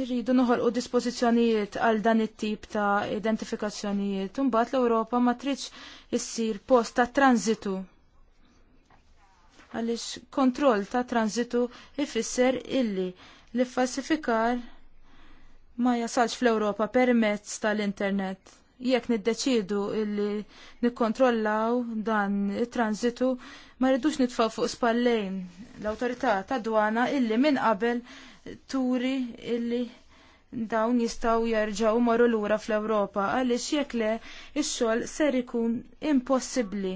Irridu noħolqu dispożizzjonijiet għal dan it-tip ta' identifikazzjonijiet. Imbagħad l-Ewropa ma tridx issir post ta' tranzitu għaliex kontroll ta' tranzitu ifisser illi li falsifikar ma jasalx fl-Ewropa permezz tal-internet. Jekk niddeċidu illi nikkontrollaw dan it-tranzitu ma rridux nitfaw fuq spallejn l-awtorità ta' dwana illi minn qabel turi illi dawn jistaw jerġaw marru lura fl-Ewropa għaliex jekk le ix xogħol ser ikun impossibbli.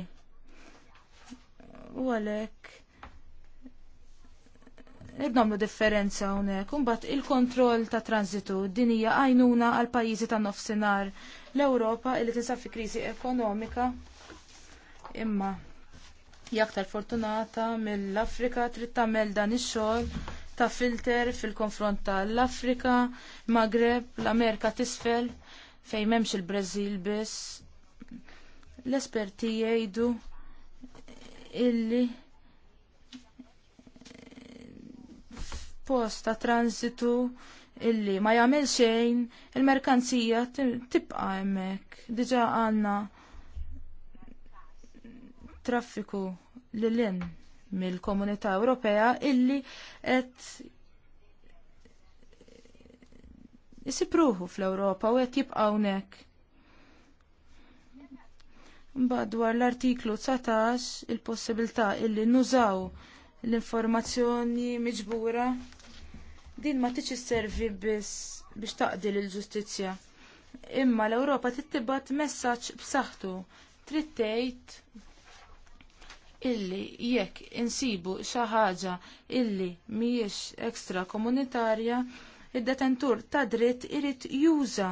U għalhekk Rid differenza hawnhekk. unbat il-kontroll ta' transitu din hija għajnuna għal pajjiżi ta' nofsinhar l-Ewropa illi tinsab fi kriżi ekonomika imma hija fortunata mill-Afrika trid tagħmel dan ix-xogħol ta' filter fil-konfront tal-Afrika, Maghreb, l-Amerika t'isfel fejn m'hemmx il-Brażil biss. L-esperti jgħidu illi post ta' transitu illi ma jagħmel xejn, il-merkanzija tibqa' hemmhekk. Diġà għandna traffiku lil hemm mill-Komunità Ewropea illi qed isipruħu fl-Ewropa u qed jibqgħu hawnhekk. Mbagħad dwar l-artiklu 19 il-possibilità illi nużaw l-informazzjoni miġbura din ma tiċi servi biss biex taqdi l-ġustizzja. Imma l-Ewropa tittibat messaġġ b'saħħtu trid tgħid illi jekk insibu xi ħaġa illi mhijiex ekstra komunitarja, id-detentur ta' dritt irid juża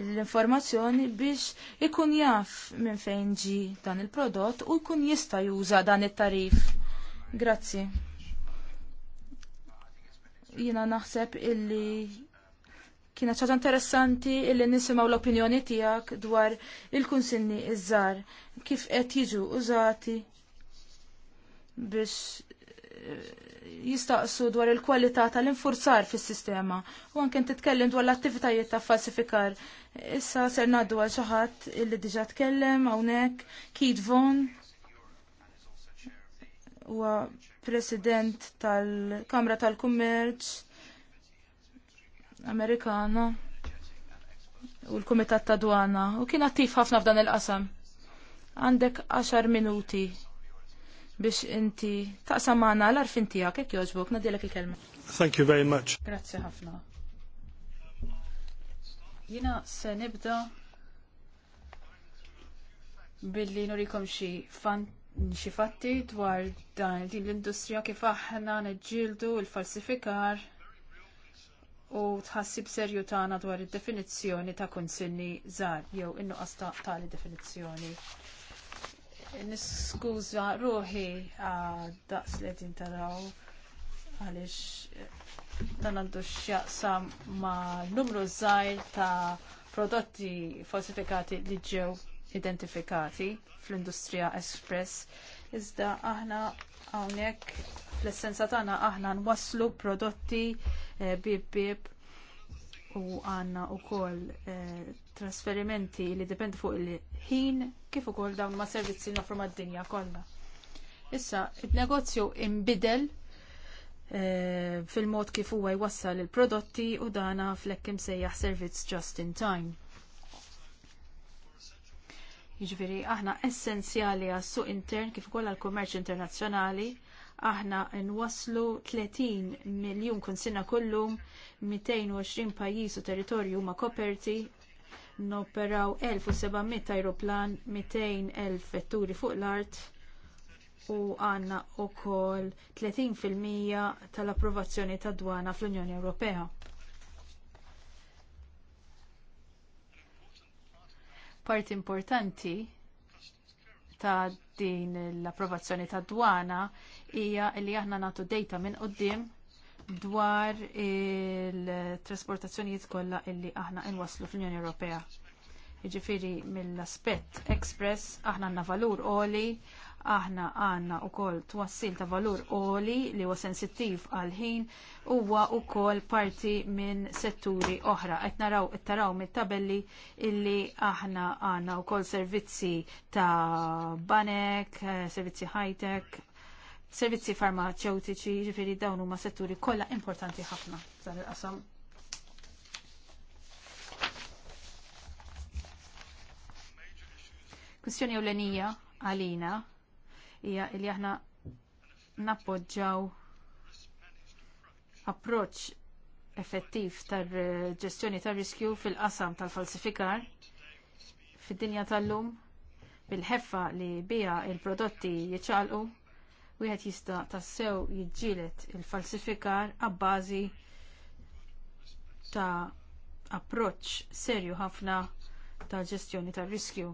l-informazzjoni biex ikun jaf minn fejn ġie dan il-prodott u jkun jista' juża dan it-tarif. Grazzi. Jina naħseb illi kienet ħaġa interessanti illi nisimgħu l-opinjoni tiegħek dwar il-kunsinni iż-żar kif qed jiġu użati biex eh, jistaqsu dwar il-kwalità tal-infurzar fis-sistema u anke titkellem dwar l-attivitajiet ta' falsifikar. Issa ser ngħaddu għal xi ħadd illi diġà tkellem hawnhekk Kid Von huwa president tal-Kamra tal-Kummerċ Amerikana u l-Kumitat ta' Dwana u kien attiv ħafna f'dan il-qasam. Għandek 10 minuti biex inti taqsam għana l-arfin tiegħek hekk jogħġbok nadilek il-kelma. Thank you very much. Grazzi ħafna. Jina se nibda billi nurikom xi fant xi fatti dwar dan din l-industrija kif aħna neġġieldu l-falsifikar u tħassib serju tagħna dwar id-definizzjoni ta' kunsinni żgħar jew in ta' tali definizzjoni. Niskuża ruħi daqs li qegħdin taraw għaliex dan għandu x'jaqsam ma' numru żgħir ta' prodotti falsifikati li ġew identifikati fl-industrija espress, iżda aħna hawnhekk fl-essenza tagħna aħna nwasslu prodotti e, bib bib u għandna wkoll eh, trasferimenti li dipendi fuq il-ħin kif ukoll dawn ma' servizzi nofru mad-dinja kollha. Issa, il-negozju imbidel eh, fil-mod kif huwa jwassal il-prodotti u dana flekk imsejjaħ servizz just in time. Jiġifieri aħna essenzjali għas-suq intern kif ukoll għall-kummerċ internazzjonali. Aħna nwasslu 30 miljun konsina kullum 220 pajjiż u territorju huma koperti noperaw 1700 ajruplan, 200,000 vetturi fuq l-art u għandna wkoll 30% tal-approvazzjoni tad dwana fl-Unjoni Ewropea. Parti importanti ta' din l-approvazzjoni ta' dwana hija li aħna nagħtu data minn qoddim dwar il-trasportazzjonijiet kollha illi aħna inwasslu fl-Unjoni Ewropea. Jiġifieri mill-aspett express aħna għandna valur għoli aħna għandna wkoll twassil ta' valur għoli li huwa sensittiv għal ħin huwa wkoll parti minn setturi oħra. Qed naraw taraw mit-tabelli illi aħna għandna wkoll servizzi ta' banek, eh, servizzi high-tech, servizzi farmaceutiċi, ġifieri dawn huma setturi kollha importanti ħafna dan il-qasam. Kwistjoni ewlenija għalina hija li aħna nappoġġjaw approċċ effettiv tal-ġestjoni tar riskju fil-qasam tal-falsifikar fid-dinja tal-lum bil-ħeffa li biha l prodotti jiċċaqalqu wieħed jista' tassew jiġġielet il-falsifikar abbażi ta' approċċ serju ħafna ta' ġestjoni tar riskju.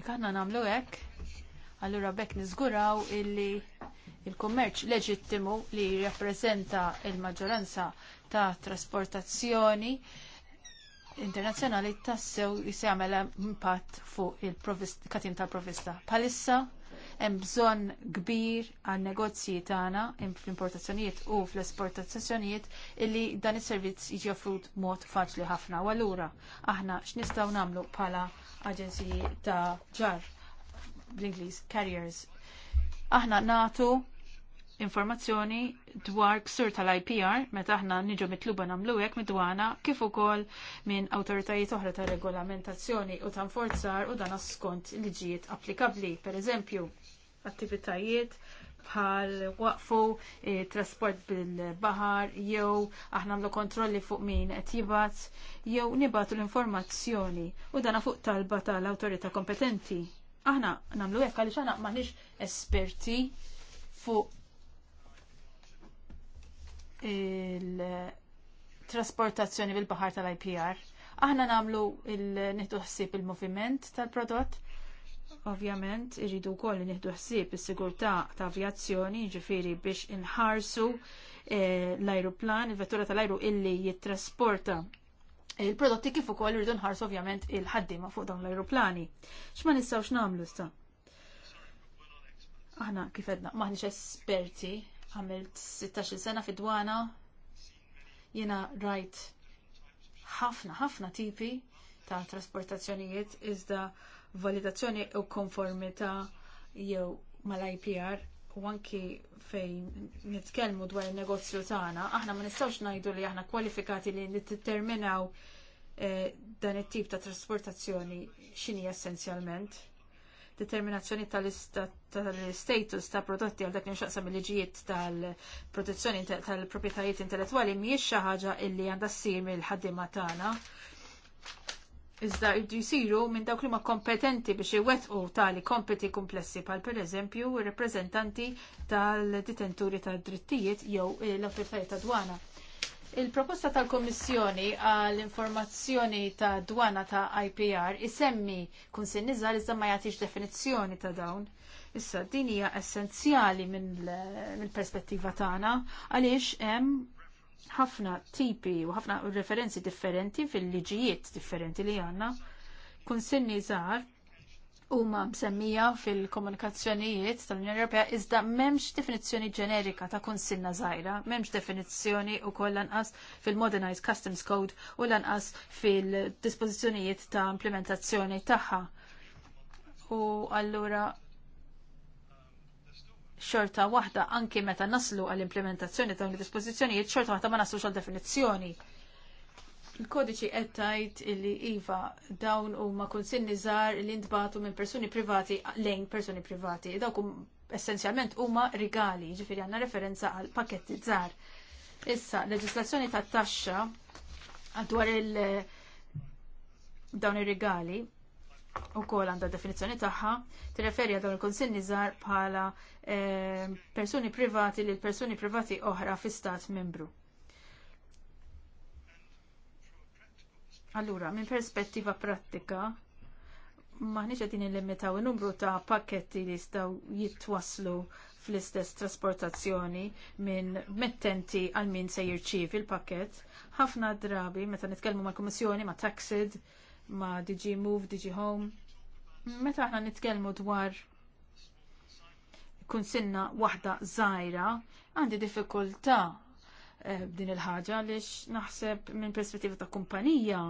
Jekk aħna nagħmlu hekk, Allura bekk niżguraw illi il-kummerċ leġittimu li jirrappreżenta l maġġoranza ta' trasportazzjoni internazzjonali tassew jisjamela impatt fuq il-katin ta' provista. Palissa, hemm bżonn kbir għan negozji tagħna fl-importazzjonijiet u fl-esportazzjonijiet illi dan is-servizz jiġi offrut mod faċli ħafna. U allura aħna x'nistgħu nagħmlu bħala aġenziji ta' ġar bl-Inglis carriers. Aħna natu informazzjoni dwar ksur tal-IPR meta aħna niġu mitluba nagħmlu hekk midwana kif ukoll minn awtoritajiet oħra ta' regolamentazzjoni u ta' forzar u dan skont liġijiet applikabbli. Pereżempju, attivitajiet bħal waqfu e, trasport bil-bahar, jew aħna għamlu kontrolli fuq min qed jibgħat, jew nibatu l-informazzjoni u dana fuq talba tal-awtorità kompetenti aħna namlu hekk għaliex aħna m'aħniex esperti fuq il-trasportazzjoni bil-baħar tal-IPR. Aħna namlu il nihdu ħsieb il-moviment tal-prodott. Ovvjament, irridu wkoll nihdu ħsieb is-sigurtà ta' avjazzjoni, ġifiri biex inħarsu eh, l-ajruplan, il-vettura tal-ajru illi jittrasporta il-prodotti kif ukoll irridu nħarsu ovvjament il-ħaddiema fuq dawn l aeroplani X'ma nistgħux nagħmlu sta? Aħna kif edna maħniex esperti, għamilt 16 sena fidwana. dwana jiena rajt ħafna ħafna tipi ta' trasportazzjonijiet iżda validazzjoni u konformità jew mal-IPR u anki fejn nitkellmu dwar il-negozju tagħna, aħna ma nistgħux ngħidu li aħna kwalifikati li niddeterminaw eh, dan it-tip ta' trasportazzjoni x'inhi essenzjalment. Determinazzjoni tal-status ta' prodotti għal dak li nxaqsam il-liġijiet tal-protezzjoni tal-proprjetajiet intellettwali mhijiex xi ħaġa illi għandha ssir mill-ħaddiema tagħna Iżda jdu jsiru minn dawk li ma kompetenti biex iwettqu tali kompeti komplessi bħal pereżempju rappreżentanti tal-detenturi tad-drittijiet jew l-awtoritajiet tad dwana. Il-proposta tal kummissjoni għall informazzjoni ta' dwana ta' IPR isemmi kun se iżda ma jagħtix definizzjoni ta' dawn. Issa din hija essenzjali mill-perspettiva tagħna għaliex hemm ħafna tipi u ħafna referenzi differenti fil-liġijiet differenti li għandna. Kunsinni żgħar huma msemmija fil-komunikazzjonijiet tal-Unjoni Ewropea iżda m'hemmx definizzjoni ġenerika ta' kunsinna żgħira, m'hemmx definizzjoni wkoll lanqas fil-Modernized Customs Code u lanqas fil dispozizjonijiet ta' implementazzjoni tagħha. U allura xorta waħda anki meta naslu għall-implementazzjoni ta' dispożizzjonijiet xorta waħda ma naslux għal definizzjoni. Il-kodiċi qed tgħid illi iva dawn huma kunsinni żgħar li ntbatu minn persuni privati lejn persuni privati. Dawk essenzjalment huma rigali, ġifieri għandna referenza għal paketti żgħar. Issa, leġislazzjoni tat taxxa dwar il- dawn ir-rigali u kol għanda definizjoni taħħa, tirreferi għadawn il konsin zar bħala eh, persuni privati li l-persuni privati oħra fi stat membru. Allura, minn perspettiva pratika, maħniċa din il-limitaw il-numru ta' pakketti li staw jitwaslu fl-istess trasportazzjoni minn mettenti għal min se jirċivi il-pakket. ħafna drabi, meta nitkellmu mal-Komissjoni, ma' Taxid, ma' DG Move, DG Home. Meta aħna nitkellmu dwar kun sinna waħda żgħira, għandi diffikultà eh, b'din il-ħaġa għaliex naħseb minn perspettiva ta' kumpanija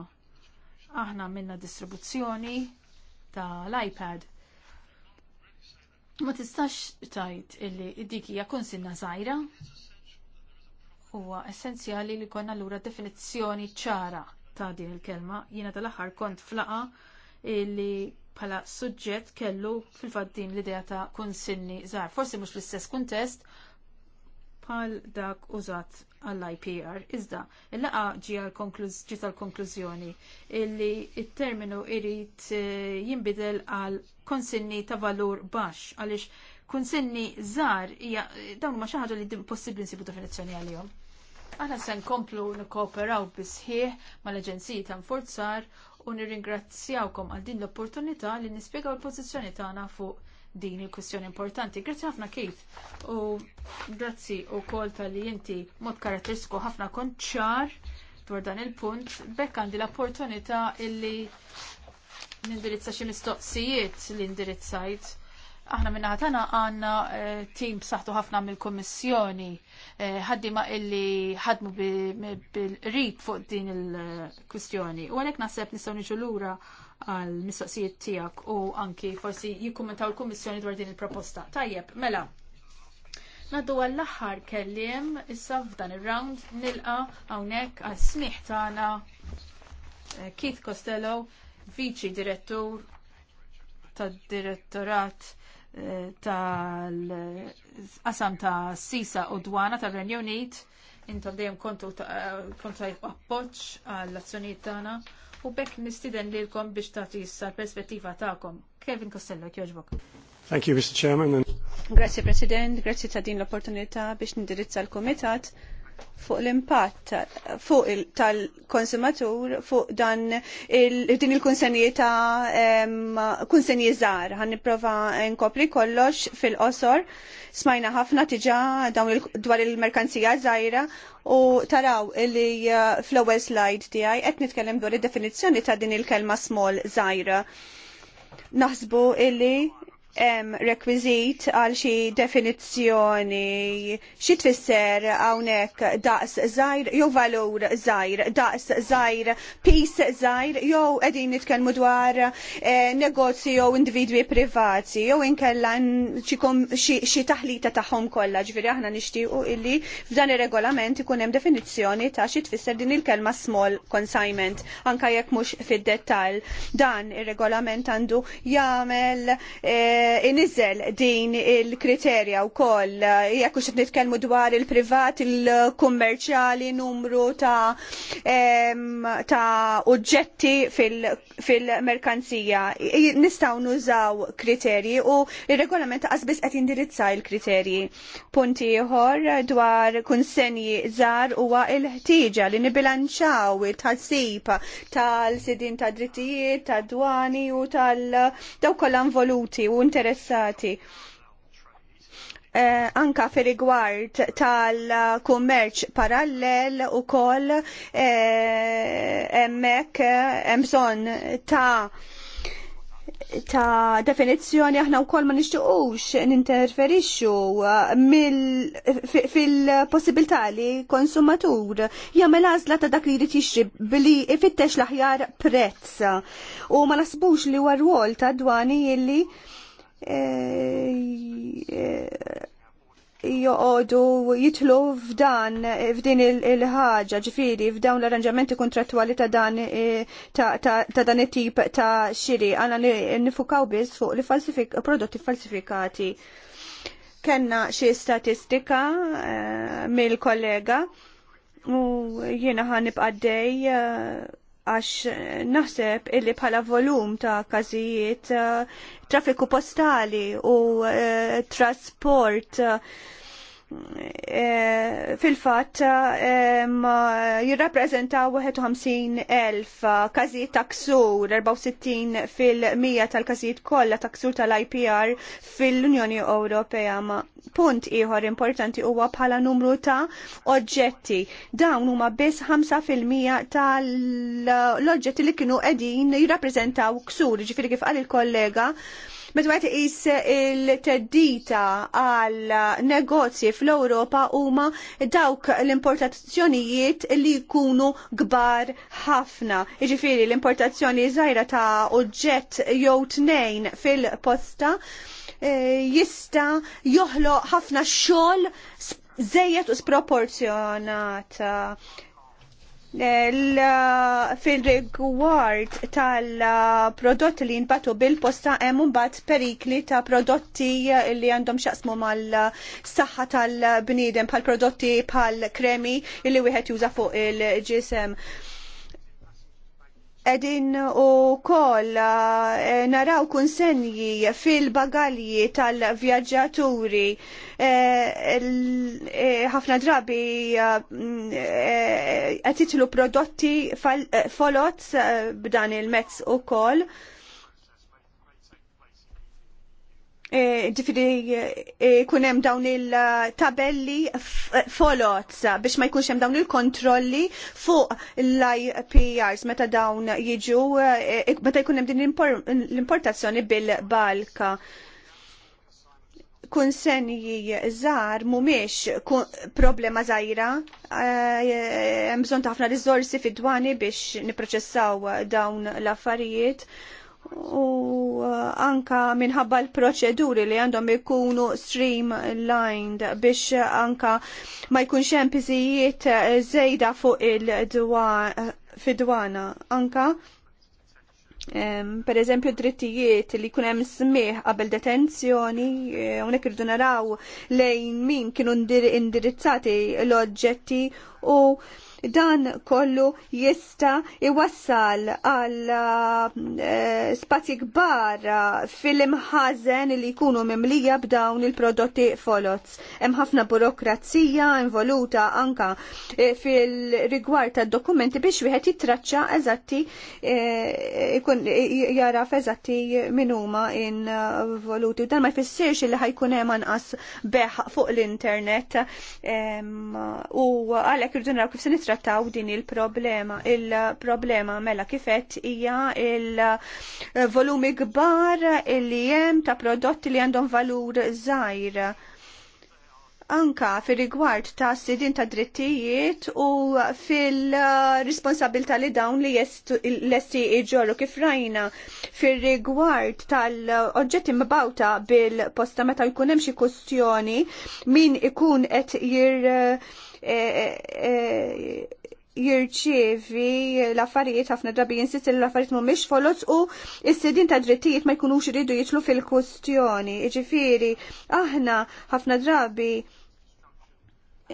aħna minna distribuzzjoni tal-iPad. Ma tistax tajt illi dik hija kun sinna żgħira. Huwa essenzjali li konna lura definizzjoni ċara ta' din il-kelma. Jiena tal-aħħar kont flaqa li bħala suġġett kellu fil faddin l-idea ta' kunsinni żgħar. Forsi mhux fl-istess kuntest bħal dak użat għall-IPR. Iżda, il laqgħa ġi tal-konklużjoni li t terminu jrid eh, jinbidel għal konsinni ta' valur baxx għaliex kunsinni żgħar eh, dawn ma xi ħaġa li possibbli nsibu definizzjoni jom Aħna se nkomplu nikkooperaw bisħieħ mal-Aġenziji ta' Nfurzar u nirringrazzjawkom għal din l-opportunità li nispjegaw il-pożizzjoni tagħna fuq din il-kwestjoni importanti. Grazzi ħafna Kate u grazzi u kol tal-li inti mod karatteristiku ħafna kont ċar dwar dan il-punt, bekk għandi l-opportunità illi nindirizza xi mistoqsijiet li indirizzajt Aħna minna ħatana għanna eh, tim b'saħħtu ħafna mill-Kommissjoni eh, ma illi ħadmu bil-rib fuq din il-kwistjoni. U għalek naħseb nistaw niġu lura għal mistoqsijiet tijak u anki forsi jikkommentaw l-Kommissjoni dwar din il-proposta. Tajjeb, mela, Naddu għall aħħar kellim issa f'dan ir-round nilqa hawnhekk għal smih tagħna eh, Keith Costello, Viċi Direttur tad-Direttorat tal-qasam ta' sisa u dwana tar renju Unit intom dejjem kontu kontra appoġġ għall azzjonijiet tagħna u bekk nistiden lilkom biex tagħti issa l-perspettiva tagħkom. Kevin Costello, kjoġbok. Thank you, Mr. Chairman. Grazie, President. Grazie ta' din l-opportunità biex nindirizza l-Komitat fuq l-impatt fuq tal-konsumatur fuq dan din il-kunsenji ta' kunsenji żgħar. Ħan nipprova nkopri kollox fil-qosor. Smajna ħafna tiġa dwar il-merkanzija żgħira u taraw li eh, fl-ewwel slide tiegħi qed nitkellem dwar id-definizzjoni ta' din il-kelma small żgħira. Naħsbu illi hemm rekwiżit għal xi definizzjoni xi tfisser hawnhekk daqs żgħir jew valur żgħir, daqs żgħir, pis żgħir jew qegħdin nitkellmu dwar eh, negozji jew individwi privati jew inkella xi taħlita tagħhom kollha, ġifieri aħna nixtiequ illi f'dan ir-regolament ikun hemm definizzjoni ta' xi tfisser din il-kelma small consignment anke jekk mhux fid-dettall. Dan ir-regolament għandu jagħmel eh, Eh, inizzel din il-kriterja u koll, eh, jekk ux nitkelmu dwar il-privat, il-kummerċali, numru ta', ta oġġetti fil-merkanzija. Nistaw nużaw kriterji u il-regolament għazbis qed indirizza il-kriterji. Punti ieħor dwar kunsenji żar huwa il-ħtieġa li nibilanċaw il-tħassib tal-sidin ta' drittijiet, ta' dwani u tal dawkollan kollha involuti u interessati eh, anka fi rigward tal-kummerċ parallel u kol emmek eh, emson eh, ta' ta' definizzjoni aħna u kol ma nishtuqux ninterferixxu eh, fil-possibilità li konsumatur jagħmel għażla ta' dak li jrid jixri billi ifittex l-aħjar prezz u ma nasbux li huwa rwol ta' dwani illi E, e, joqodu jitlu f'dan f'din il-ħaġa ġifiri f'dawn l-arranġamenti kontrattuali ta' dan ta' dan it-tip ta' xiri għana nifukaw biss fuq li prodotti falsifikati. Kenna xi statistika eh, mill-kollega u jiena ħan nibqaddej eh, għax eh, naħseb illi bħala volum ta' każijiet eh, traffiku postali u eh, trasport Eh, fil-fat e, jirrapprezentaw 51.000 każijiet ta' ksur, 64 fil-100 tal-każijiet kollha ta' ksur tal-IPR fil-Unjoni Ewropea. Ma punt ieħor importanti huwa bħala numru ta' oġġetti. Dawn huma biss 5% tal-oġġetti li kienu qegħdin jirrappreżentaw ksur, ġifieri kif qal il-kollega Meta wieħed is il-teddita għal negozji fl-Ewropa huma dawk l-importazzjonijiet li jkunu kbar ħafna. Jiġifieri l-importazzjoni żgħira ta' oġġett jew tnejn fil-posta eh, jista joħlo ħafna xogħol żejjed u sproporzjonata fil-rigward tal-prodotti li jinbatu bil-posta hemm mbagħad perikli ta' prodotti li għandhom xaqsmu mal-saħħa tal-bniedem bħal prodotti bħal kremi li wieħed juża fuq il-ġisem. Edin u koll eh, naraw kunsenji fil-bagalji tal-vjaġġaturi eh, eh, ħafna drabi għatitlu prodotti folots b'dan il-mezz u koll. Eh, ġifiri eh, eh, kunem dawn il-tabelli folozza biex ma jkunx hemm dawn il-kontrolli fuq l-IPRs meta dawn jiġu meta jkun hemm din l-importazzjoni bil-balka kunsenji żgħar mhumiex problema żgħira, hemm bżonn ta' ħafna riżorsi fid-dwani biex nipproċessaw dawn l-affarijiet u uh, anka minħabba l-proċeduri li għandhom ikunu streamlined biex uh, anka ma jkunx hemm piżijiet uh, żejda fuq il-dwana anka per eżempju drittijiet li kunem smih qabel detenzjoni, eh, unek irridu naraw lejn min kienu indirizzati l-oġġetti u Dan kollu jista iwassal għal eh, spazji kbar eh, fil-imħazen li jkunu mimlija b'dawn il-prodotti folots. Hemm ħafna burokrazija involuta anka eh, fil-rigward ta' dokumenti biex wieħed jitraċċa eżatti jaraf eżatti min huma involuti. Dan ma jfissirx li ħajkun hemm anqas beħ fuq l-internet u għalhekk irdu naraw kif se trattaw din il-problema. Il-problema mela kifet hija il-volumi kbar li jem ta' prodotti li għandhom valur żgħir anka fil rigward ta' sidin ta' drittijiet u fil-responsabilta li dawn li l-essi iġorru kif rajna fil rigward tal-oġġetti mbawta bil-posta meta jkun hemm xi kustjoni min ikun qed jir Eh, eh, jirċievi l-affarijiet ħafna drabi jinsit l-affarijiet mhumiex folot u s-sidin ta' drittijiet ma jkunux iridu jitlu fil-kustjoni. Iġifiri, aħna ħafna drabi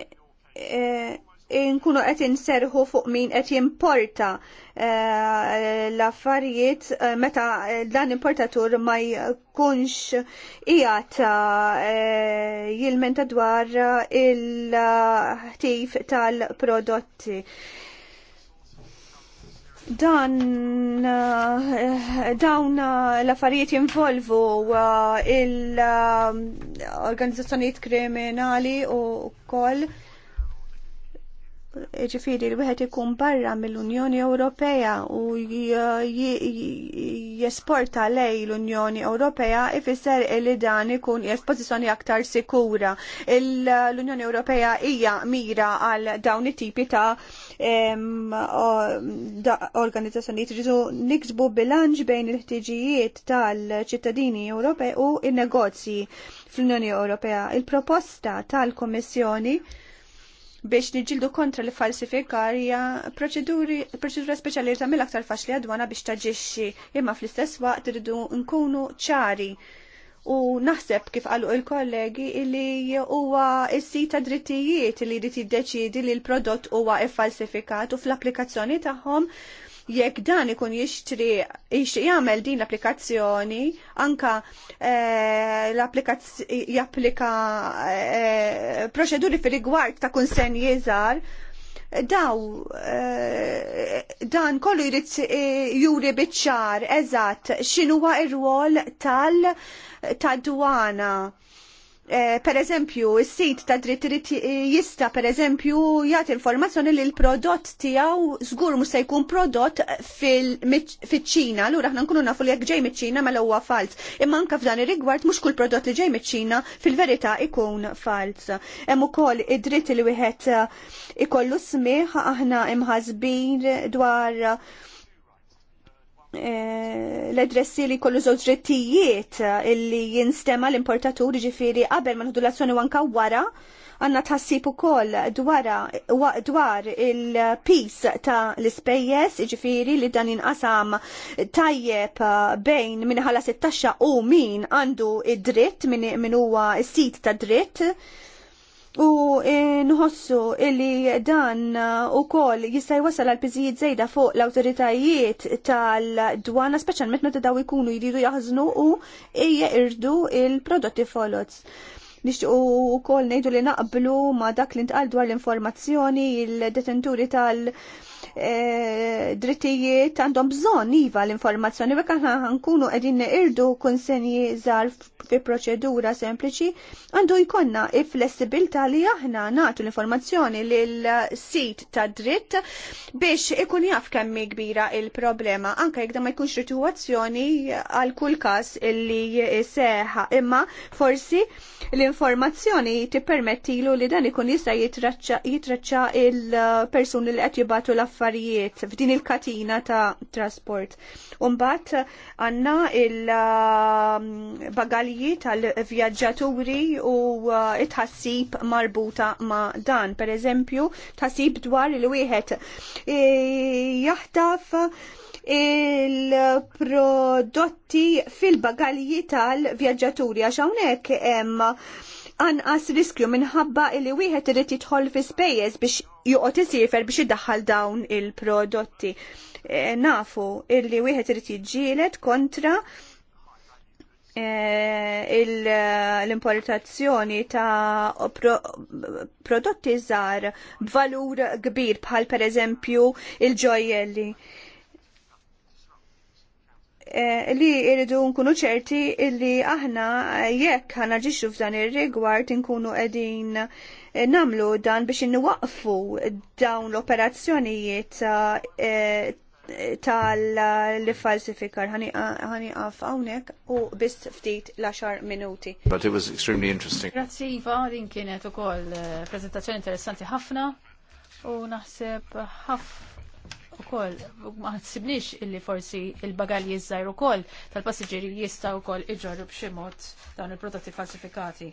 eh, nkunu qed inserħu fuq min qed jimporta eh, l-affarijiet eh, meta dan importatur ma jkunx qiegħed eh, jilmenta dwar il-ħtif tal-prodotti. Dan dawn l-affarijiet jinvolvu il-organizzazzjonijiet kriminali u koll ġifiri li wieħed ikun barra mill-Unjoni Ewropea u jesporta lej l-Unjoni Ewropea ifisser li dan ikun espożizzjoni aktar sikura. L-Unjoni Ewropea hija mira għal dawn it-tipi ta' organizzazzjonijiet ġizu niksbu bilanċ bejn il-ħtiġijiet tal-ċittadini Ewropej u n negozji fl-Unjoni Ewropea. Il-proposta tal komissjoni biex niġildu kontra li falsifikarja proċedura speċjali li tagħmel aktar faċli għadwana biex taġixxi imma fl-istess waqt irridu nkunu ċari u naħseb kif qalu il-kollegi li huwa s-sit ta' drittijiet li jrid jiddeċiedi li l-prodott huwa ffalsifikat u fl-applikazzjoni tagħhom jekk dan ikun jixtri jagħmel din l-applikazzjoni anka eh, l-applikazzjoni japplika eh, proċeduri fil rigward ta' kunsen jeżar daw eh, dan kollu jrid juri biċ-ċar eżatt x'inhuwa r-rwol tal-dwana. tal dwana Eh, per eżempju, il-sit ta' dritt jista per eżempju jagħti informazzjoni li l-prodott tiegħu żgur mhux se jkun prodott fiċ-Ċina, allura aħna nkunu nafu li jekk ġej miċ-Ċina mela huwa fals. Imma anke f'dan ir-rigward mhux kull prodott li ġej miċ-Ċina fil-verità ikun fals. Hemm ukoll id-dritt li wieħed ikollu smigħ, aħna imħasbin dwar l-edressi li kollu żewġ drittijiet eh, illi jinstema l importaturi ġifiri qabel ma nħdu l-azzjoni wanka wara għanna tħassib ukoll dwar il-pis ta' l spejjes ġifiri li dan inqasam tajjeb eh, bejn minn ħala 16 u min għandu id-dritt minn huwa s-sit ta' dritt U e, nħossu illi dan e, u kol jistaj wasal għal piżijiet zejda fuq l-autoritajiet tal-dwana, specialment meta daw ikunu jridu jaħznu u ija irdu il-prodotti folots. Nixtiqu u kol nejdu li naqblu ma dak li ntqal dwar l-informazzjoni, il-detenturi tal- Eh, drittijiet għandhom bżonn iva l-informazzjoni bekk nkunu qegħdin irdu kunsenji żgħar fi proċedura sempliċi għandu jkollna il-flessibilità li aħna nagħtu l-informazzjoni lil sit ta' dritt biex ikun jaf kemm kbira il-problema anke jekk ma jkunx ritwazzjoni għal kull każ illi seħa imma forsi l-informazzjoni tippermettilu li dan ikun jista' jitraċċa il-persuni li qed jibatu l-affarijiet affarijiet f'din il-katina ta' trasport. Umbat għanna il-bagalji um, tal-vjaġġaturi u uh, it-ħassib marbuta ma' dan. Per eżempju, tħassib dwar il-wieħed jaħtaf il-prodotti fil-bagalji tal-vjaġġaturi għax hawnhekk hemm anqas riskju minħabba li wieħed irid jidħol fi spejjeż biex joqgħod isifer biex iddaħħal dawn il-prodotti. E, nafu illi wieħed irid jiġġieled kontra e, l-importazzjoni ta' prodotti żgħar b'valur kbir bħal pereżempju il-ġojjelli. l ġojjelli Eh, li iridu nkunu ċerti li aħna eh, jekk ħanaġixxu f'dan ir-rigward inkunu qegħdin eh, namlu dan biex inwaqfu dawn l-operazzjonijiet tal-falsifikar ħani għaf għawnek u bist ftit l-10 minuti. But it was extremely interesting. Grazzi Iva, din kienet u koll prezentazzjoni interessanti ħafna u naħseb ħafna ukoll ma ħadsibniex illi forsi il-bagalji żgħir ukoll tal-passiġġieri jista' wkoll iġorru b'xi mod dawn il-prodotti falsifikati.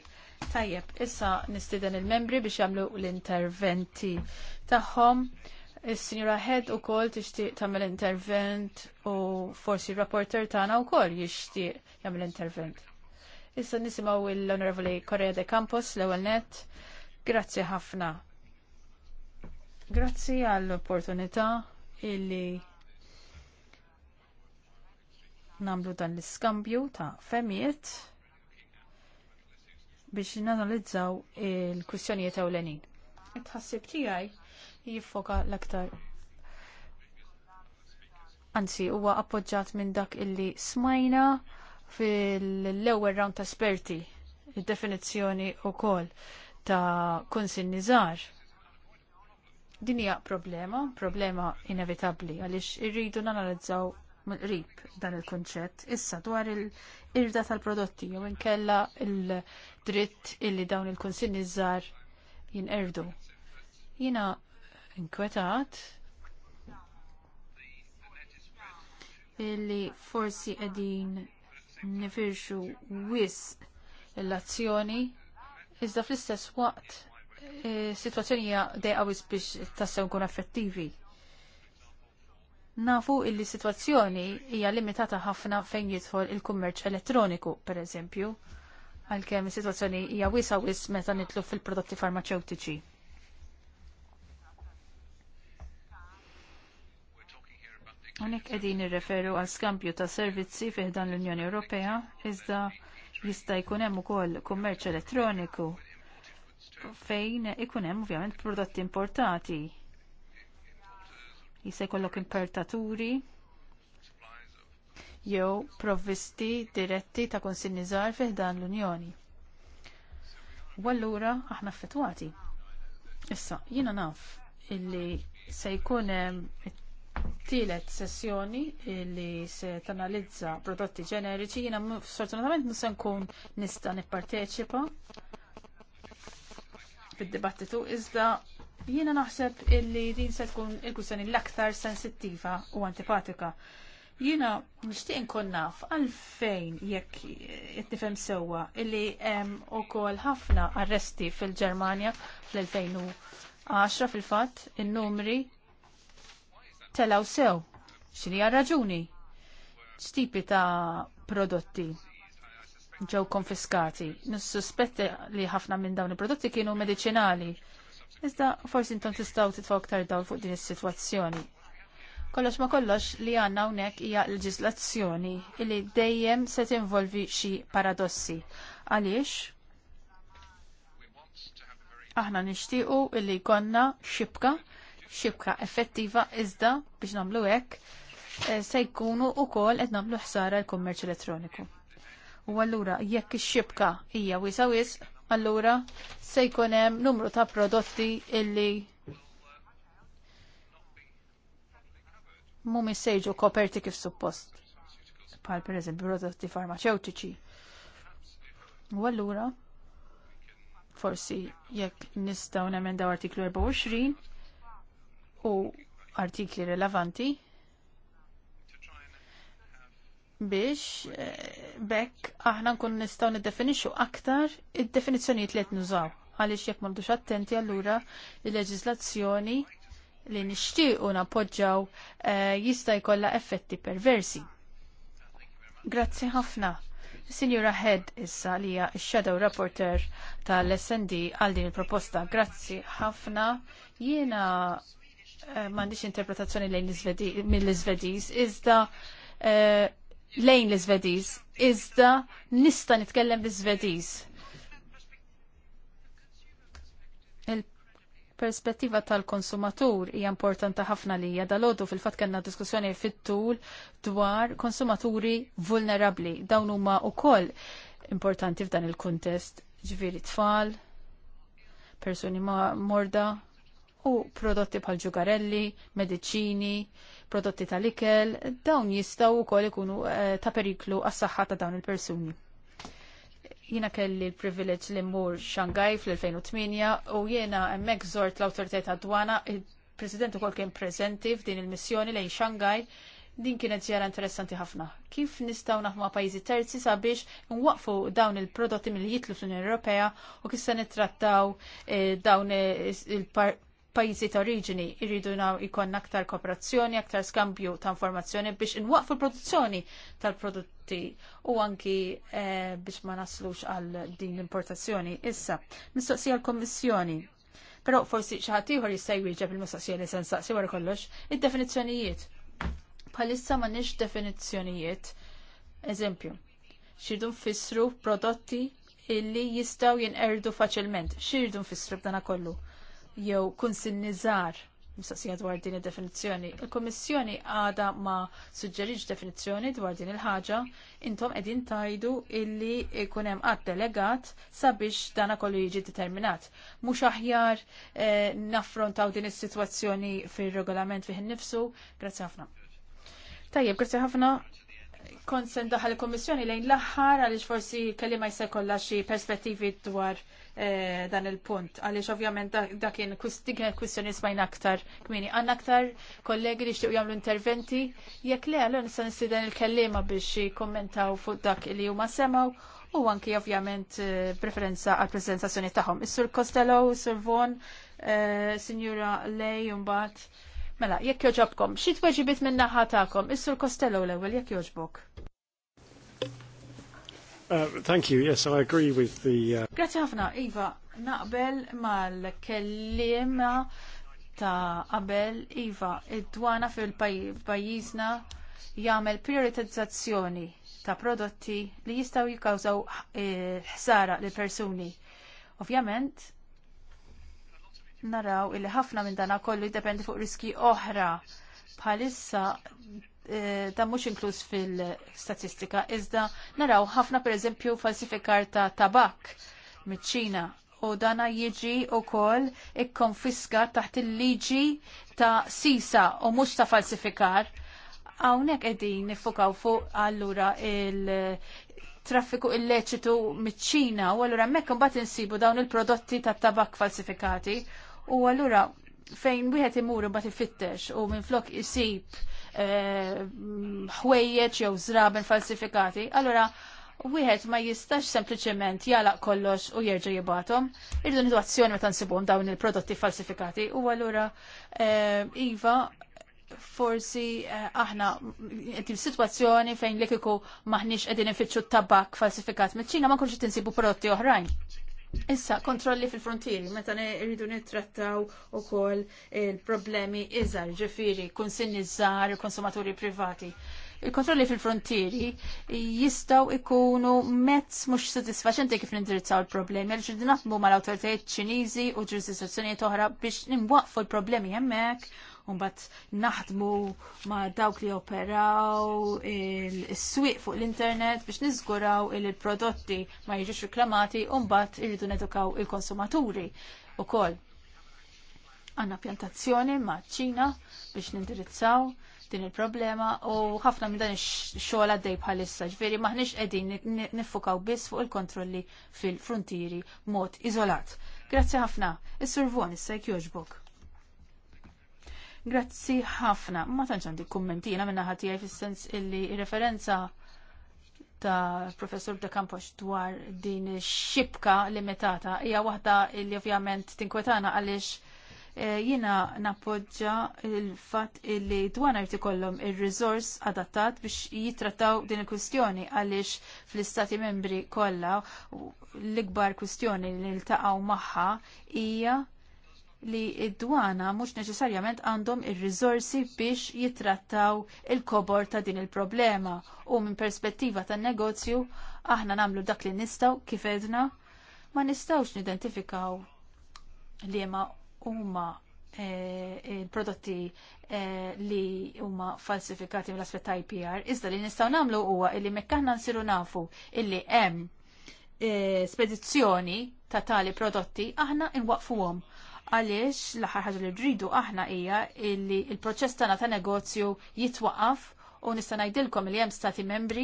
Tajjeb, issa nistieden il-membri biex jagħmlu l-interventi tagħhom. is signora Head ukoll tixtieq tagħmel intervent u forsi r-rapporter tagħna wkoll jixtieq jagħmel intervent. Issa nisimgħu l honorable Correa de Campos l-ewwel nett. Grazzi ħafna. Grazzi għall-opportunità illi namlu dan l-iskambju ta' femijiet biex nanalizzaw il-kwistjonijiet ewlenin. It-ħassib tiegħi jiffoka l-aktar. Anzi, huwa appoġġat minn dak illi smajna fil lewer round ta' esperti, il definizzjoni wkoll ta' kunsin nizar. Din hija problema, problema inevitabbli għaliex irridu nanalizzaw mill-qrib dan il-konċett issa dwar il-irda tal-prodotti jew inkella il-dritt illi dawn il-konsinni żgħar jinqerdu. Jiena inkwetat illi forsi qegħdin nifirxu wis l-azzjoni iżda fl-istess waqt E, situazzjoni hija għawis biex tassew kun affettivi. Nafu illi situazzjoni hija limitata ħafna fejn jidħol il-kummerċ elettroniku, per eżempju, għalkemm is-sitwazzjoni hija wisa wis meta nitlu fil-prodotti farmaceutiċi. Unik edin irreferu għal skambju ta' servizzi fiħdan l-Unjoni Ewropea, iżda jista' jkun hemm ukoll kummerċ elettroniku fejn ikun hemm ovvjament prodotti importati. Jista' jkollok impertaturi jew provvisti diretti ta' konsinni żgħar fih dan l-Unjoni. U allura aħna affettwati. Issa, jiena naf illi se jkun hemm tielet sessjoni illi se tanalizza prodotti ġeneriċi jiena sfortunatament mhux se nkun nista' nipparteċipa bid-dibattitu, iżda jiena naħseb illi din se tkun il-kwistjoni l-aktar sensittiva u antipatika. Jiena nixtieq inkun naf għalfejn jekk qed nifhem sewwa illi hemm ukoll ħafna arresti fil-Ġermanja fl-2010 fil-fatt in-numri telaw sew. X'inhi raġuni? X'tipi ta' prodotti ġew konfiskati. Nissuspetti li ħafna minn dawn il-prodotti kienu medicinali. Iżda forsi intom tistgħu titfgħu aktar dawl fuq din is-sitwazzjoni. Kollox ma kollox li għanna hawnhekk hija leġislazzjoni li dejjem se tinvolvi xi paradossi. Għaliex? Aħna nixtiequ illi konna xibka, xibka effettiva iżda biex nagħmlu hekk eh, se jkunu wkoll qed nagħmlu ħsara l-kummerċ elettroniku. U allura jekk ix-xibka hija wisa wis, allura se jkun hemm numru ta' prodotti illi mhumiex sejġu koperti kif suppost. per eżempju prodotti farmaceutiċi. U allura forsi jekk nistgħu nemendaw artiklu 24 u artikli rilevanti biex eh, bekk aħna nkun nistgħu niddefinixxu aktar id-definizzjonijiet li qed nużaw għaliex jekk m'għandux attenti allura il-leġiżlazzjoni li nixtiequ napoġġaw eh, jista' jkollha effetti perversi. Grazzi ħafna. Signora Head issa li hija x-Shadow Rapporter tal-SND għal din il-proposta. Grazzi ħafna. Jiena eh, m'għandix interpretazzjoni lejn mill-Iżvediż iżda lejn l-Svediż, iżda nista' nitkellem bl-Svediż. perspettiva tal-konsumatur hija importanti ħafna li hija dalodu fil-fatt kellna diskussjoni fit-tul dwar konsumaturi vulnerabbli. Dawn huma wkoll importanti f'dan il-kuntest, ġviri tfal, persuni morda u prodotti bħal ġugarelli, mediċini, prodotti tal-ikel, dawn jistaw ukoll ikunu eh, ta' periklu għas-saħħa ta' dawn il-persuni. Jiena kelli l-privileġġ li mmur Xangaj fl-2008 u jiena emmek zort l-awtorità ta' dwana, il-President ukoll kien prezenti f'din il-missjoni lejn Xangaj din kienet ġjara interessanti ħafna. Kif nistaw naħma pajjiżi terzi sabiex nwaqfu dawn il-prodotti mill jitlu fl-Unjoni Ewropea u kif se nittrattaw eh, dawn eh, il-parti pajjiżi ta' oriġini irridu naw ikon aktar kooperazzjoni, aktar skambju ta' informazzjoni biex inwaqfu l-produzzjoni tal-prodotti u anki eh, biex ma naslux għal din l-importazzjoni. Issa, mistoqsija l-Kommissjoni Pero forsi xaħatiħor jista' jwieġeb il-mistoqsija li sensaqsi wara kollox, id-definizzjonijiet. Bħalissa m'għandniex definizzjonijiet. Eżempju, xirdu nfissru prodotti illi jistgħu jinqerdu faċilment. Xirdu nfissru b'dana kollu jew kunsinni żgħar mistoqsija dwar din id-definizzjoni. Il-Kommissjoni għada ma suġġerix definizzjoni dwar din il-ħaġa, intom edin tajdu illi ikun hemm qatt delegat sabiex dana kollu jiġi determinat. Mhux aħjar eh, naffrontaw din is-sitwazzjoni fir-regolament fih innifsu. Grazzi ħafna. Tajjeb, grazzi ħafna Konsen daħal il-Kommissjoni lejn l-aħħar għaliex forsi kelli ma jsekolla xi perspettivi dwar eh, dan il-punt. Għaliex ovvjament dakin dik kustjoni smajna aktar kmini. Għanna aktar kollegi li xtiqjam l interventi jekk le għallu nista' dan il-kellima biex kommentaw fuq dak li huma semaw u anki ovvjament eh, preferenza għal prezentazzjoni tagħhom. Is-Sur Costello, Sur Von, eh, Signora Lej, mbagħad. Mela, jekk joġobkom, xi tweġibiet minna naħa tagħkom, is-Sur Costello l-ewwel jekk joġbok. Uh, thank you, yes, I agree with the... Uh, Grazie ħafna, Iva, naqbel mal-kellima ta' qabel, Iva, id-dwana fil-pajjiżna jagħmel prioritizzazzjoni ta' prodotti li jistgħu jikkawżaw eh, ħsara lil persuni. Ovvjament, naraw li ħafna minn dana kollu jiddependi fuq riski oħra bħalissa ta' eh, mhux inkluż fil-statistika, iżda naraw ħafna pereżempju falsifikar ta' tabak miċ-Ċina u dana jiġi wkoll ikkonfiska taħt il-liġi ta' sisa u mhux ta' falsifikar. Hawnhekk qegħdin nifukaw fuq allura il- traffiku illeċitu miċ-Ċina u allura hemmhekk bat insibu dawn il-prodotti ta' tabak falsifikati u allura fejn wieħed imur imbagħad ifittex u minflok isib Eh, ħwejjeġ jew żraben falsifikati. Allura wieħed ma jistax sempliċement jalaq kollox u jerġa' jibatom. Irridu nidu azzjoni meta nsibhom dawn il-prodotti falsifikati u allura eh, iva forsi eh, aħna qed sitwazzjoni fejn li kieku maħniex qegħdin ifittxu tabak falsifikat miċ-Ċina ma nkunx tinsibu prodotti oħrajn. Issa, kontrolli fil-frontieri, meta rridu nittrattaw u kol il-problemi iżar, ġifiri, konsinni iżar, konsumaturi privati. Il-kontrolli fil-frontieri jistaw ikunu mezz mux sodisfaċenti kif nindirizzaw il-problemi, għal ġidin naħdmu mal autoritajiet ċiniżi u ġurisdizzazzjoni oħra biex nimwaqfu l-problemi hemmhekk mbagħad naħdmu ma' dawk li operaw is-swieq fuq l-internet biex niżguraw il prodotti ma jiġux reklamati u mbagħad irridu nedukaw il-konsumaturi ukoll. Għanna pjantazzjoni ma' ċina biex nindirizzaw din il-problema u ħafna minn dan ix-xogħol għaddej bħalissa, ġifieri maħniex qegħdin niffukaw biss fuq il-kontrolli fil-frontieri mod iżolat. Grazzi ħafna. Is-Sur se issa jogħġbok. Grazzi ħafna. Ma tantx għandi kummentina minna għaj fis-sens illi referenza ta' professor De Campos dwar din xibka limitata hija waħda li ovvjament tinkwetana għaliex eh, jina nappoġġa il-fatt illi dwana jtikollhom ir-riżors adattat biex jitrattaw din il-kwistjoni għaliex fl-istati membri kollha l-ikbar kwistjoni li niltaqgħu magħha hija li id-dwana mhux neċessarjament għandhom ir-riżorsi biex jitrattaw il-kobor ta' din il-problema u minn perspettiva tan negozju aħna nagħmlu dak li nistgħu kif edna ma nistgħux nidentifikaw li ma huma eh, il-prodotti e, li huma falsifikati mill-aspett IPR, iżda li nistgħu nagħmlu huwa illi mekkaħna nsiru nafu illi hemm e, spedizzjoni ta' tali prodotti aħna nwaqfuhom għaliex l-aħħar ħaġa li rridu aħna hija li il-proċess tagħna ta' negozju jitwaqaf u nista' ngħidilkom li hemm stati membri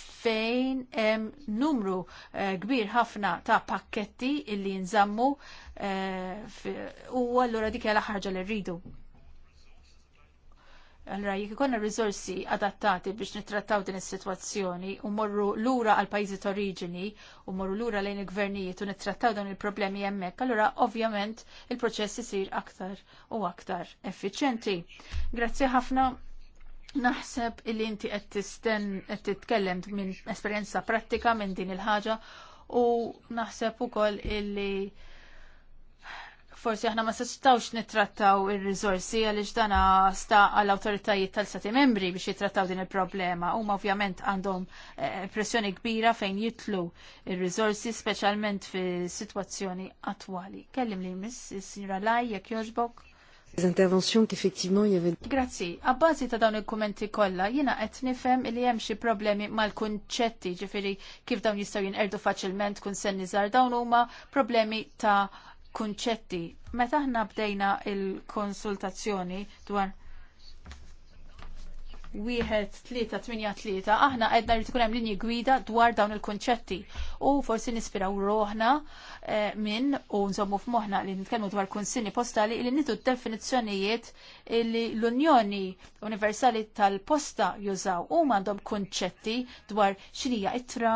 fejn hemm numru eh, kbir ħafna ta' pakketti illi nżammu eh, u allura dik hija l-aħħar ħaġa li rridu. Allora, jek ikonna rizorsi adattati biex nittrattaw din is-sitwazzjoni u morru lura għal pajjiżi t-oriġini u morru lura lejn il-gvernijiet u nittrattaw dawn il-problemi hemmhekk, allura ovvjament il-proċess isir aktar u aktar effiċjenti. Grazzi ħafna naħseb il inti qed tisten qed titkellem minn esperjenza prattika minn din il-ħaġa u naħseb ukoll illi forsi aħna ma sistawx nittrattaw il-rizorsi għaliex dana sta għall awtoritajiet tal sati membri biex jittrattaw din il-problema. Huma ovvjament għandhom eh, pressjoni kbira fejn jitlu il-rizorsi speċjalment fi situazzjoni attwali. Kellim li miss signora Laj jekk joġbok. Grazzi. Abbażi ta' dawn il-kummenti kollha jiena qed nifhem li hemm xi problemi mal-kunċetti, ġifieri kif dawn jistgħu jinqerdu faċilment kun senni żgħar dawn huma problemi ta' kunċetti. Meta aħna bdejna il-konsultazzjoni dwar wieħed tlieta tminja tlieta aħna għedna li tkun hemm linji gwida dwar dawn il-konċetti u forsi nispiraw roħna eh, minn u nżommu f'moħħna li nitkellmu dwar kunsini postali li nitu definizzjonijiet li l-Unjoni Universali tal-Posta jużaw u għandhom konċetti dwar x'inija ittra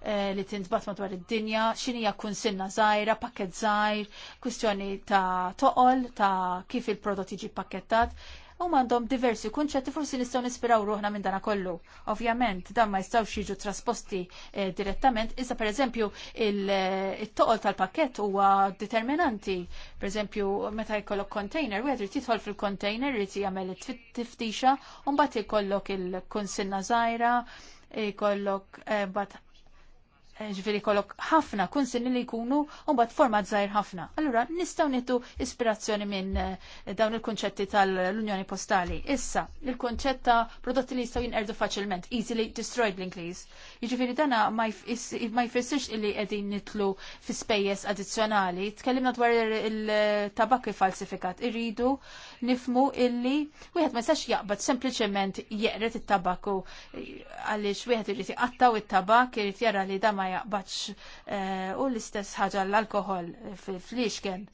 eh, li tintbat madwar id-dinja, x'inija kunsinna żgħira, pakket zaħir, kwistjoni ta' toqol, ta' kif il-prodott jiġi pakkettat u mandom diversi kunċetti forsi nistgħu nispiraw ruħna minn dana kollu. Ovvjament dan ma jistgħux jiġu trasposti eh, direttament, per pereżempju il-toqol eh, tal-pakket huwa determinanti. Pereżempju meta jkollok container, wieħed għedri titħol fil-container, irid jagħmel t tiftixa u mbagħad jkollok il-kunsinna żgħira, jkollok eh, bat ġviri kolok ħafna kunsinni li jkunu u bat format zaħir ħafna. Allura, nistaw nittu ispirazzjoni minn eh, dawn il-konċetti tal-Unjoni Postali. Issa, il konċetta ta' prodotti li jistaw jinqerdu faċilment, easily destroyed l-Inglis. Ġviri jiġifieri dana ma jfessirx illi edin nitlu fi spejjes addizzjonali. Tkellimna dwar il-tabakki falsifikat. Irridu nifmu illi wieħed ma jistax jaqbad sempliċement jeqret it-tabakku eh, għaliex wieħed irid jaqattaw it-tabak, irid jara li da ma ma jaqbadx eh, u l-istess ħaġa l-alkohol fil-fliexken.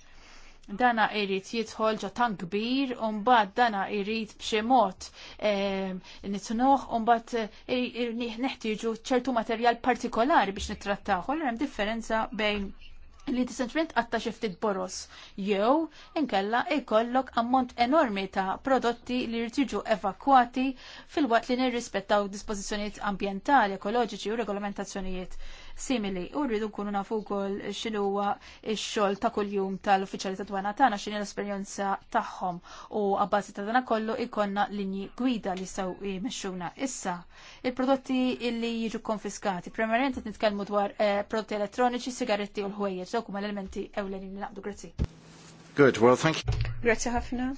Dana irrit jidħol ġo tan kbir, unbat dana irrit b'xi mod eh, nitnuħ, unbat eh, neħtieġu ċertu materjal partikolari biex nittrattaw. Allora hemm differenza bejn li t għatta xiftit boros, jew inkella ikollok ammont enormi ta' prodotti li rtiġu evakuati fil-waqt li nirrispettaw dispożizzjonijiet ambientali, ekoloġiċi u regolamentazzjonijiet simili. U rridu nkunu nafu wkoll x'inhuwa x-xogħol ta' kuljum tal-uffiċjali ta' dwana tana x'inhi l-esperjenza tagħhom u abbażi ta' dana kollu ikonna linji gwida li sew meċxuna. Issa, il-prodotti li jiġu konfiskati, primarjament qed nitkellmu dwar eh, prodotti elettroniċi, sigaretti u l-ħwejjeġ, dawk huma l-elementi ewleni li naqdu grazzi. Good, well, thank you. Grazie ħafna.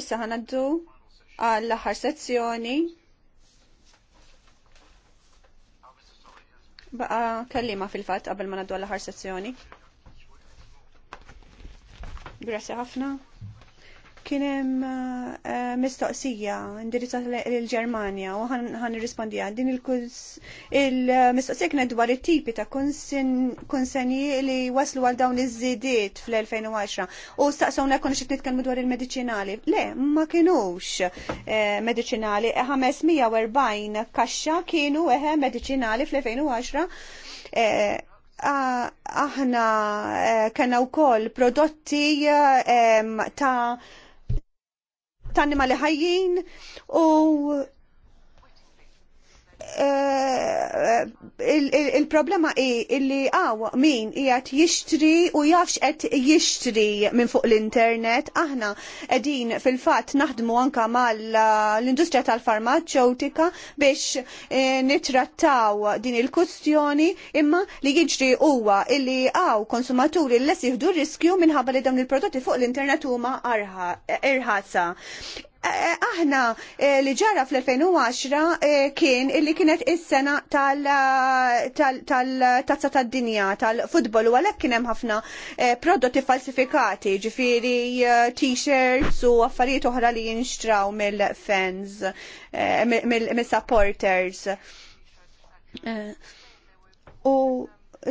Issa ħanaddu għall-aħħar sezzjoni Baqa kellima fil-fat qabel ma naddu għal ħar sezzjoni. Grazie ħafna. Kien hemm eh, mistoqsija indirizzata l-Ġermanja u ħan għal din il-mistoqsija kienet dwar it-tipi ta' konsenji li waslu għal dawn iż-żidiet fl-2010 u staqsawna kon xi nitkellmu dwar il medicinali Le, ma kienux eh, medicinali. 540 eh, kaxxa kienu eħe medicinali fl-2010 aħna kena u koll prodotti ta' ta' animali ħajjin u Eh, eh, il-problema i li għaw ah, min jgħat jixtri u jafx qed jixtri minn fuq l-internet. Aħna edin fil-fat naħdmu anka mal l-industrija tal-farmaceutika biex eh, nitrattaw din il-kustjoni imma li jiġri huwa illi għaw ah, konsumaturi l les jihdu riskju minħabba li dawn il-prodotti fuq l-internet huma irħasa. Eh, aħna eh, li ġara fl-2010 eh, kien illi kienet is-sena tal-tazza tad-dinja tal-futbol u għalhekk kien hemm ħafna prodotti falsifikati, ġifieri t-shirts u affarijiet oħra li jinxtraw mill-fans, mill-supporters. U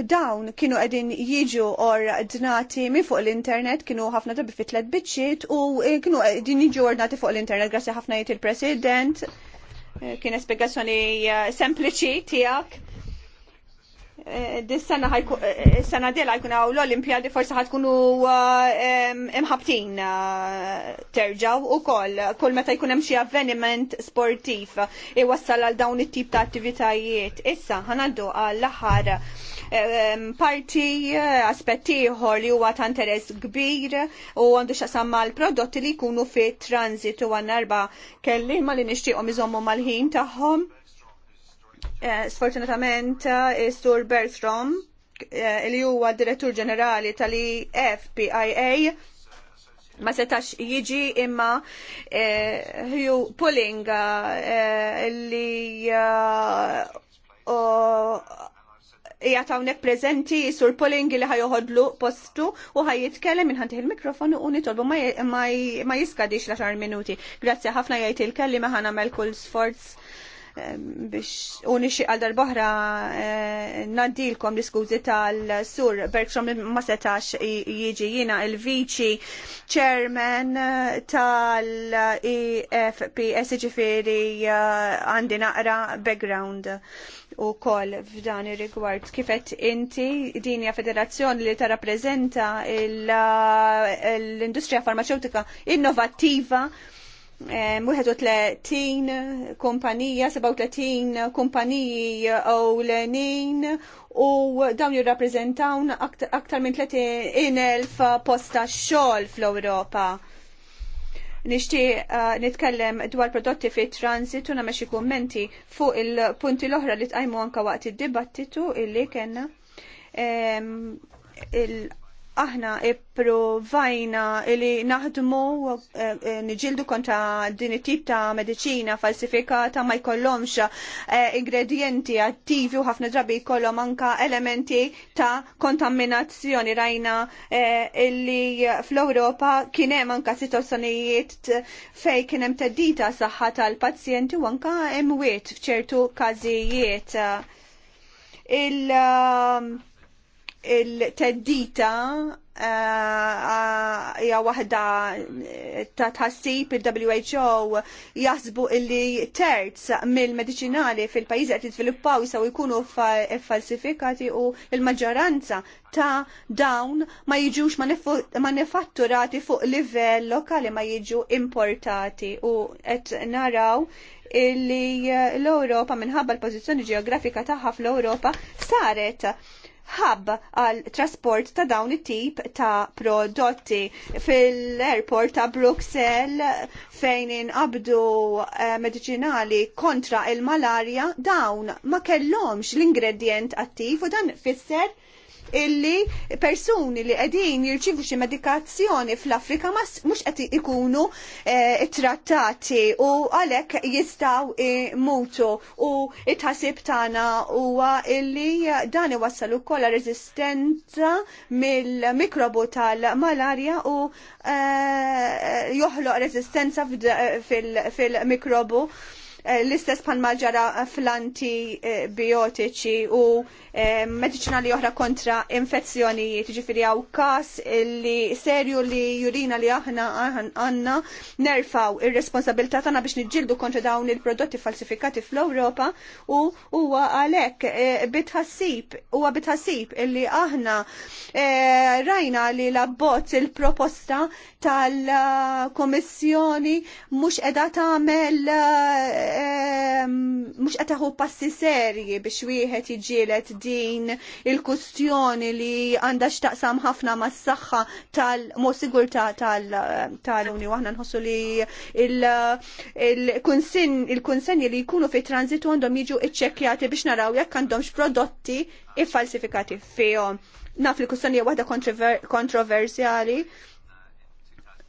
dawn kienu għedin jiġu ordnati minn fuq l-internet, kienu ħafna drabi fit tlet u eh, kienu għedin jiġu ordnati fuq l-internet Grazie ħafna jiet il-president. Eh, kien spiegazzjoni eh, sempliċi tijak. Dis-sena sena dela jkun għaw l-Olimpjadi forsi ħatkunu imħabtin terġaw u koll, kull meta jkun hemm xi avveniment sportiv iwassal għal dawn it-tip ta' attivitajiet. Issa ħanaddu għall-aħħar parti eh, aspetti ieħor li huwa ta' interess kbir u għandu x'aqsam mal-prodotti li jkunu fi u għan narba kelliema li nixtieqhom iżommu mal-ħin tagħhom. Eh, sfortunatament, eh, is-sur Bertram li huwa direttur ġenerali tal-FPIA ma setax jiġi imma Hugh eh, Pulling eh, li hija hawnhekk prezenti, sur Polingi li ħajoħodlu postu u ħajitkellem minħanti il-mikrofonu u nitolbu ma jiskadix l-10 minuti. Grazzi ħafna jgħid il-kelli ma ħanamel kull sforz biex unixi għal darbohra eh, nandilkom l-iskużi tal-sur Bertram ma setax jieġi jina il-viċi chairman eh, tal-EFPS ġifiri eh, għandi naqra background u kol f'dan ir-rigward. Kifet inti dinja federazzjoni li tarrapprezenta l-industrija farmaceutika innovativa 30 kumpanija, 37 kumpaniji ewlenin u dawn jirrapprezentawn aktar minn 30.000 posta xogħol fl-Ewropa. Nixtieq uh, nitkellem dwar prodotti fit transit u meċi xi kummenti fuq il-punti l-oħra li tqajmu anke waqt id-dibattitu illi kellna. Um, aħna ipprovajna li naħdmu eh, eh, niġildu kontra din it-tip ta' medicina falsifikata ma jkollhomx eh, ingredienti attivi u ħafna drabi jkollhom anka elementi ta' kontaminazzjoni rajna illi fl-Ewropa kien hemm anka situazzjonijiet fejn kien hemm teddita saħħa tal-pazjenti u anka imwiet f'ċertu każijiet il- um, il-teddita eh, hija waħda ta' tħassib il-WHO jasbu illi terz mill-medicinali fil-pajjiż qed jiżviluppaw jistgħu jkunu falsifikati u l-maġġoranza ta' dawn ma jiġux nefatturati fuq livell lokali ma jiġu importati u qed naraw illi l-Ewropa minħabba l-pożizzjoni ġeografika tagħha fl-Ewropa saret ħabb għal trasport ta' dawn it-tip ta' prodotti fil-airport ta' Bruxelles fejn inqabdu eh, medicinali kontra il-malarja dawn ma kellhomx l-ingredient attiv u dan fisser illi persuni li qegħdin jirċivu xi medikazzjoni fl-Afrika mhux qed ikunu eh, trattati u għalhekk jistgħu imutu u it-ħasib tagħna huwa illi dan iwassal ukoll reżistenza mill-mikrobu tal-malarja u eh, joħloq reżistenza fil-mikrobu fil mikrobu Eh, l-istess pan malġara flanti eh, biotiċi u eh, medicinali oħra kontra infezzjonijiet, ġifiri għaw kas li serju li jurina li aħna għanna nerfaw ir-responsabilità tagħna biex niġġieldu kontra dawn il-prodotti falsifikati fl-Ewropa u huwa għalhekk bitħassib huwa bitħassib illi aħna rajna li l il-proposta tal-Komissjoni mhux qiegħda tagħmel mux ehm, għataħu passi serji biex wieħed iġielet din il-kustjoni li għandha xtaqsam ħafna ma' s-saxħa tal-mosigurta tal-Unju. Għahna nħossu li il-konsenji li jkunu fi tranzitu għandhom jiġu iċċekjati biex naraw jekk għandhomx prodotti iffalsifikati fihom. Naf li kustjoni waħda kontroversjali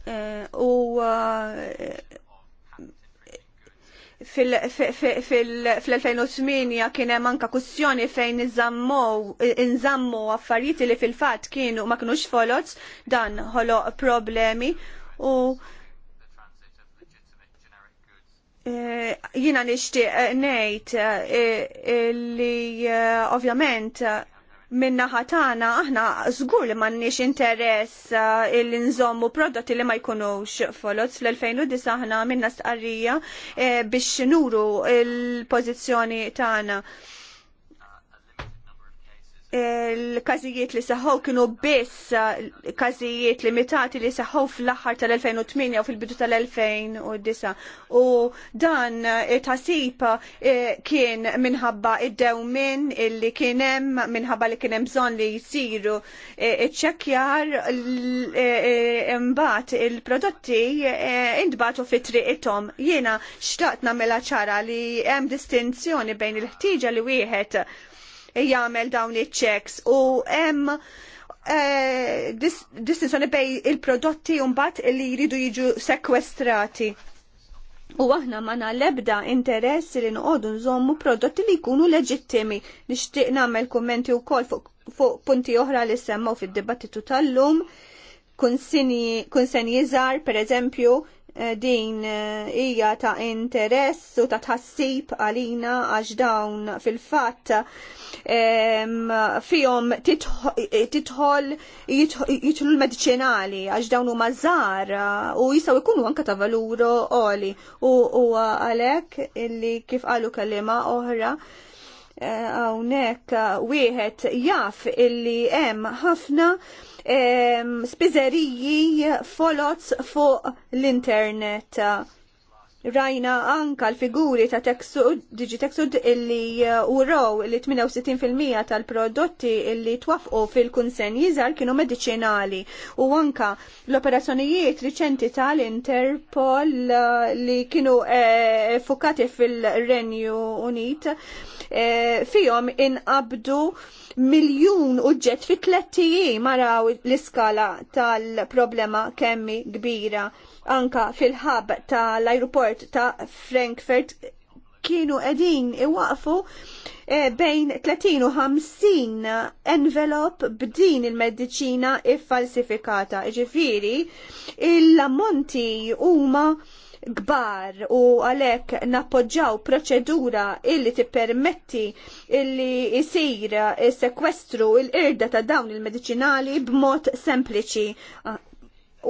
eh, u eh, fil-2008 kien hemm anka kussjoni fejn nżammu affarijiet li fil fat kienu ma kienux folot dan ħolo problemi u eh, jina nishtiq eh, nejt eh, li ovvjament Min-naħa tagħna aħna żgur li m'għandniex interess uh, il nżommu prodotti li ma jkunux folots fl-2009 aħna minna stqarrija eh, biex nuru il-pożizzjoni tagħna l-każijiet li saħħu kienu biss eh, każijiet limitati li saħħu fl-aħħar tal-2008 u fil-bidu tal-2009 u dan it-tasib eh, eh, kien minħabba id-dewmin illi kienem minħabba li kienem bżon li jisiru iċċekjar imbat il-prodotti indbatu fit itom. jiena xtaqt namela ċara li hemm distinzjoni bejn il-ħtiġa li wieħed jagħmel dawn iċ-checks u hemm eh, distinzjoni bej il-prodotti u mbagħad li jridu jiġu sekwestrati. U aħna ma lebda interess li noqogħdu nżommu prodotti li jkunu leġittimi. Nixtieq nagħmel kummenti wkoll fuq punti oħra li semmaw fid-dibattitu tal-lum. Kun sen jiżar, pereżempju, din eh, hija ta' interess u ta' tħassib għalina għax dawn fil-fatt fihom titħol jidħlu l-medicinali għax dawn huma żgħar eh, u jistgħu jkunu anke ta' valuru għoli u huwa għalhekk illi kif qalu kelliema oħra eh, hawnhekk wieħed jaf illi hemm ħafna spiżeriji folots fuq l-internet Rajna anka l-figuri ta' Texud, Digitexud illi uh, uraw li 68% tal-prodotti illi twafqu fil-kunsen jizar kienu medicinali u anka l-operazzjonijiet riċenti tal-Interpol uh, li kienu uh, fukati fil-Renju Unit eh, fihom inqabdu miljun uġġett fi tlettijiem maraw l-iskala tal-problema kemmi kbira anka fil-ħab tal-aeroport ta' Frankfurt kienu edin iwaqfu eh, bejn 30 u 50 envelop b'din il-medicina iffalsifikata. Ġifiri, il-ammonti huma gbar u għalek nappoġġaw proċedura illi tippermetti illi jisir sekwestru il-irda ta' dawn il-medicinali b'mod sempliċi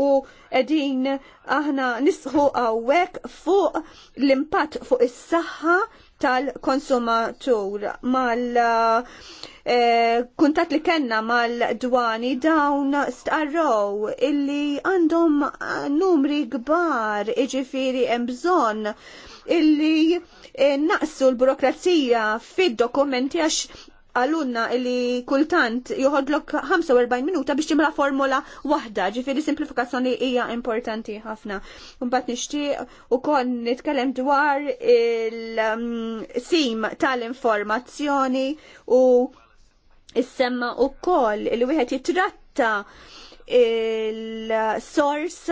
u edin aħna nisħu għawek fuq l-impatt fuq is-saħħa tal-konsumatur mal eh, kuntat li kenna mal-dwani dawn starrow illi għandhom eh, numri gbar iġifiri bżonn illi eh, naqsu l-burokrazija fid-dokumenti għax għalunna li kultant joħodlok 45 minuta biex timla formula wahda, ġifiri simplifikazzjoni hija importanti ħafna. Mbagħad nixtieq ukoll nitkellem dwar il-sim tal-informazzjoni u issemma ukoll li wieħed jitratta il-source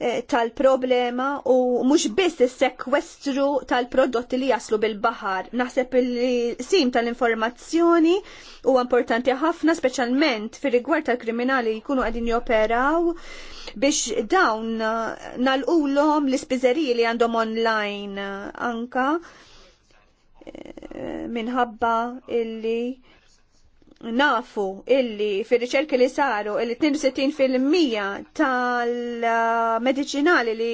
Eh, tal-problema u mhux biss is-sekwestru tal-prodotti li jaslu bil-baħar. Naħseb il-sim tal-informazzjoni huwa importanti ħafna speċjalment fir-rigward tal-kriminali jkunu qegħdin joperaw biex dawn nalqulhom l-ispiżeriji li għandhom online eh, anka eh, minħabba illi nafu illi fir riċerki li saru illi 62% tal-medicinali li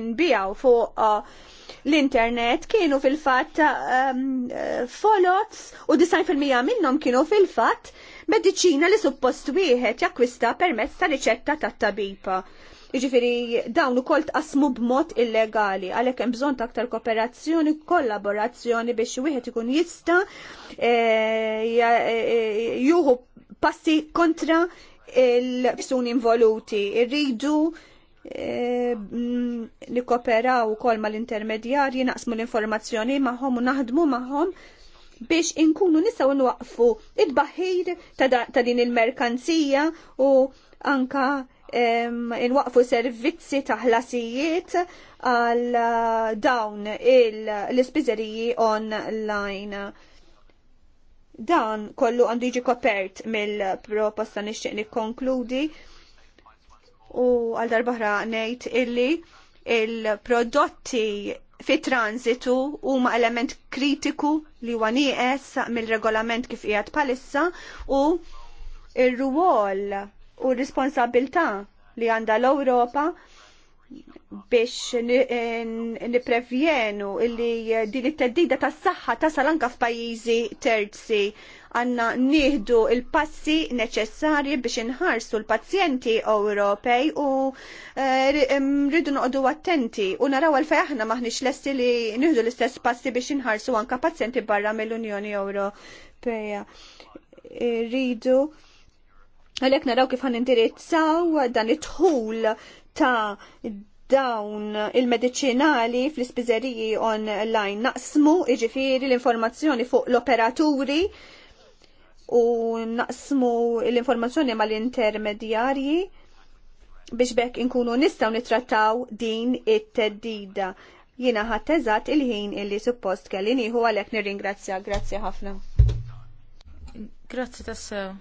inbijaw fuq uh, l-internet kienu fil-fat um, folots u 90% minnom kienu fil-fat medicina li suppost wieħed jakkwista permezz ta' riċetta tat-tabiba. Jiġifieri dawn ukoll tqasmu b'mod illegali għalhekk hemm bżonn aktar kooperazzjoni, kollaborazzjoni biex wieħed ikun jista' eh, eh, juhu passi kontra il-persuni involuti. Irridu eh, kol ukoll mal-intermedjarji, naqsmu l-informazzjoni magħhom u naħdmu magħhom biex inkunu nisaw nwaqfu id-baħir ta' din il-merkanzija u anka inwaqfu servizzi ta' ħlasijiet għal uh, dawn l-ispiżeriji online. Dan kollu għandu jiġi kopert mill-proposta nixtieq nikkonkludi u għal darbaħra ngħid illi il-prodotti fit transitu huma element kritiku li huwa nieqes mill-regolament kif qiegħed palissa u ir-ruwol u responsabilta li għandha l-Ewropa biex eh, niprevjenu li eh, din it-teddida tas saħħa tasal anka f'pajjiżi terzi għanna nieħdu il-passi neċessarji biex inħarsu l-pazjenti Ewropej u eh, rridu noqdu attenti u naraw għal aħna maħniex lesti li nieħdu l-istess passi biex inħarsu anka pazjenti barra mill-Unjoni Ewropeja. Rridu Għalek naraw kif għan indirizzaw dan it-ħul ta' dawn il-medicinali fl-ispizzeriji online naqsmu iġifiri l-informazzjoni fuq l-operaturi u naqsmu l-informazzjoni mal-intermedjarji biex bekk inkunu nistaw nitrattaw din it-teddida. Jina ħattezat il-ħin illi suppost kellini hu għalek nirringrazzja. Grazzi ħafna. Grazzi tassew.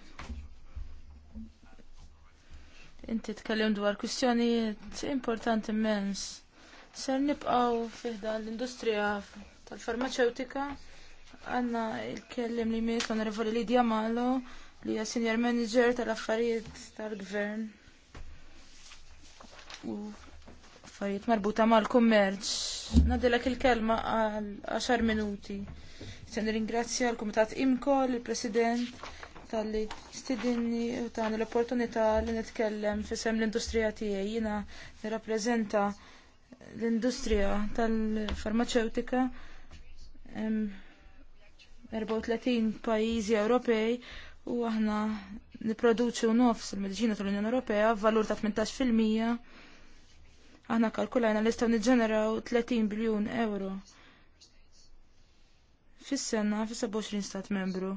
Inti tkellem dwar kwistjonijiet importanti immens. Ser nibqaw fiħda l-industrija tal-farmaceutika għanna il-kellim li mis l-onorevoli Lidja Malo li hija senior manager tal-affarijiet tal-gvern. U affarijiet marbuta mal-kummerċ. Nadilek il-kelma għal 10 minuti. Se nirringrazzja l-Kumitat Imko, il-President, tal-li stidinni u tani l-opportunità li nitkellem fisem l-industrija tiegħi jiena nirrappreżenta l-industrija tal-farmaceutika 34 pajjiżi Ewropej u aħna nipproduċu nofs il-medicina tal-Unjoni Ewropea valur ta' 18%. Aħna kalkulajna li staw niġġeneraw 30 biljun euro fis-sena fi 27 stat membru.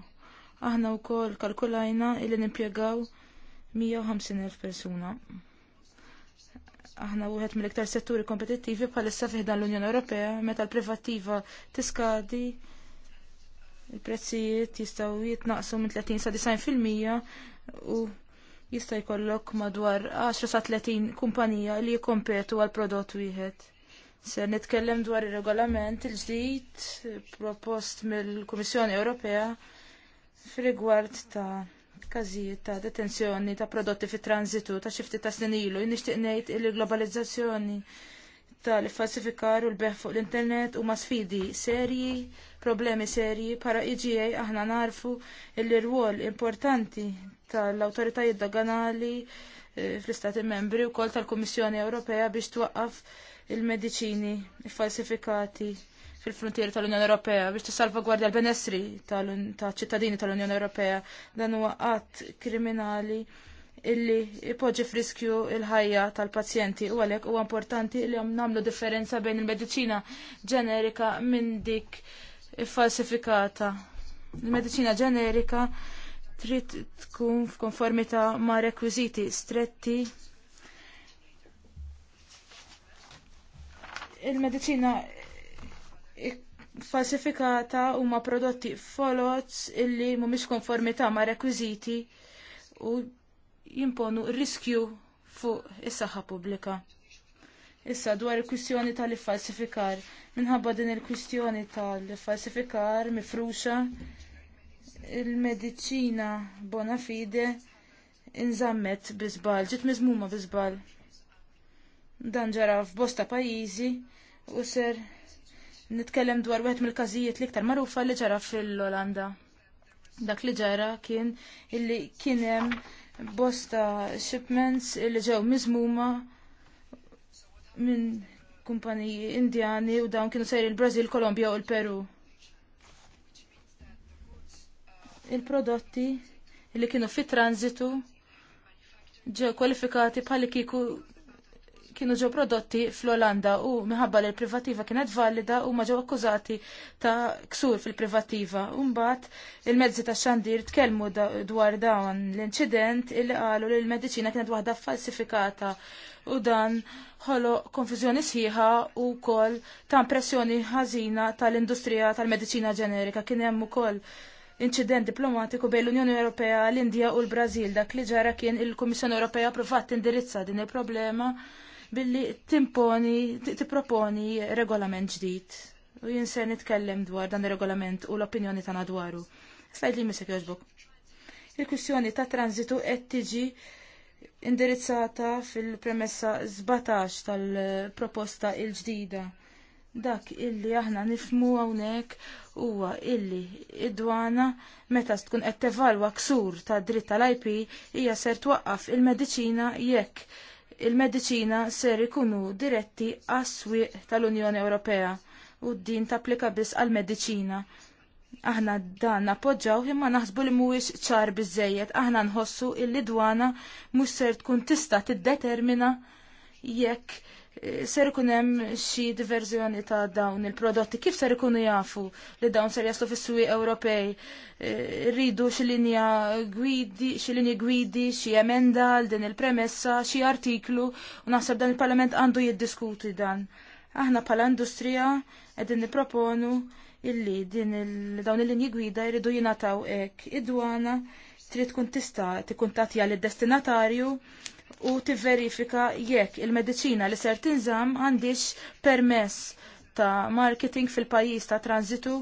Aħna wkoll kalkulajna illi nimpjegaw 150.000 persuna. Aħna wieħed mill-iktar setturi kompetittivi bħalissa fiħdan l-Unjoni Ewropea meta l-privattiva tiskadi il-prezzijiet jistgħu jitnaqsu minn 30 sa 90% u jista' jkollok madwar 10 sa 30 kumpanija li jikkompetu għal prodott wieħed. Se nitkellem dwar ir-regolament il-ġdid propost mill-Kummissjoni Ewropea F'rigward ta' każijiet ta' detenzjoni ta' prodotti fit transitu ta' xifti ta' snin ilu, nixtieq ngħid li globalizzazzjoni tal-falsifikar u l-beħ fuq l-internet huma sfidi serji, problemi serji, para IGA aħna narfu li rwol importanti tal awtoritajiet doganali eh, fl-Istati membri wkoll tal kummissjoni Ewropea biex twaqqaf il mediċini falsifikati fil-frontieri tal-Unjoni Ewropea biex tissalvagwardja l-benessri tal-ċittadini tal-Unjoni Ewropea dan huwa qatt kriminali illi ipoġġi friskju il-ħajja tal-pazjenti u għalhekk huwa importanti li hemm nagħmlu differenza bejn il-mediċina ġenerika minn dik falsifikata. Il-mediċina ġenerika trid tkun f'konformità ma' rekwiżiti stretti il-medicina falsifikata huma prodotti folots illi mhumiex konformità ma' rekwiżiti u jimponu riskju fuq is-saħħa pubblika. Issa dwar il-kwistjoni tal-falsifikar. Minħabba din il-kwistjoni tal-falsifikar mifruxa il-medicina bona fide inżammet bizbal, ġiet miżmuma bizbal. Dan ġara f'bosta pajjiżi u ser nitkellem dwar wieħed mill-każijiet l-iktar magħrufa li ġara fil-Olanda. Dak li ġara kien illi kien hemm bosta shipments illi ġew miżmuma minn kumpaniji indjani u dawn kienu sejri l-Brazil, Kolombja u l-Peru. Il-prodotti li kienu fit transitu ġew kwalifikati bħal kiku kienu ġew prodotti fl-Olanda u minħabba li l-privativa kienet valida u ma ġew akkużati ta' ksur fil-privativa. Mbagħad il-mezzi ta' xandir tkellmu dwar dawn l-inċident illi qalu li l-mediċina kienet waħda falsifikata u dan ħolo konfużjoni sħiħa u kol ta' impressjoni ħażina tal-industrija tal-medicina ġenerika kien hemm ukoll inċident diplomatiku bejn l-Unjoni Ewropea, l indija u l-Brażil dak li ġara kien il-Kummissjoni Ewropea provat tindirizza din il-problema billi timponi, tipproponi regolament ġdid. U jien se nitkellem dwar dan ir-regolament u l-opinjoni tana dwaru. Slajd li misek jogħġbok. Il-kwistjoni ta' transitu qed tiġi indirizzata fil-premessa 17 tal-proposta il-ġdida. Dak illi aħna nifmu hawnhekk huwa illi id-dwana meta tkun qed tevalwa ksur ta' dritt tal-IP hija ser twaqqaf il-mediċina jekk il-medicina ser ikunu diretti għas-swieq tal-Unjoni Ewropea u din tapplika biss għal-medicina. Aħna dan appoġġaw imma naħsbu li mhuwiex ċar biżejjed, aħna nħossu il-lidwana mhux ser tkun tista' tiddetermina jekk ser ikunem hemm xi diverżjoni ta' dawn il-prodotti, kif ser ikunu jafu li dawn ser jaslu fis-suwi Ewropej? Eh, rridu xi linja gwidi, xi linji gwidi, xi emenda għal din il-premessa, xi artiklu u naħseb dan il-Parlament għandu jiddiskuti dan. Aħna bħala industrija qegħdin nipproponu illi din il dawn il-linji gwida jridu jingħataw hekk id-dwana trid tkun tista' tagħtiha lid destinatarju u tivverifika jekk il-medicina li ser tinżam għandix permess ta' marketing fil-pajis ta' tranzitu.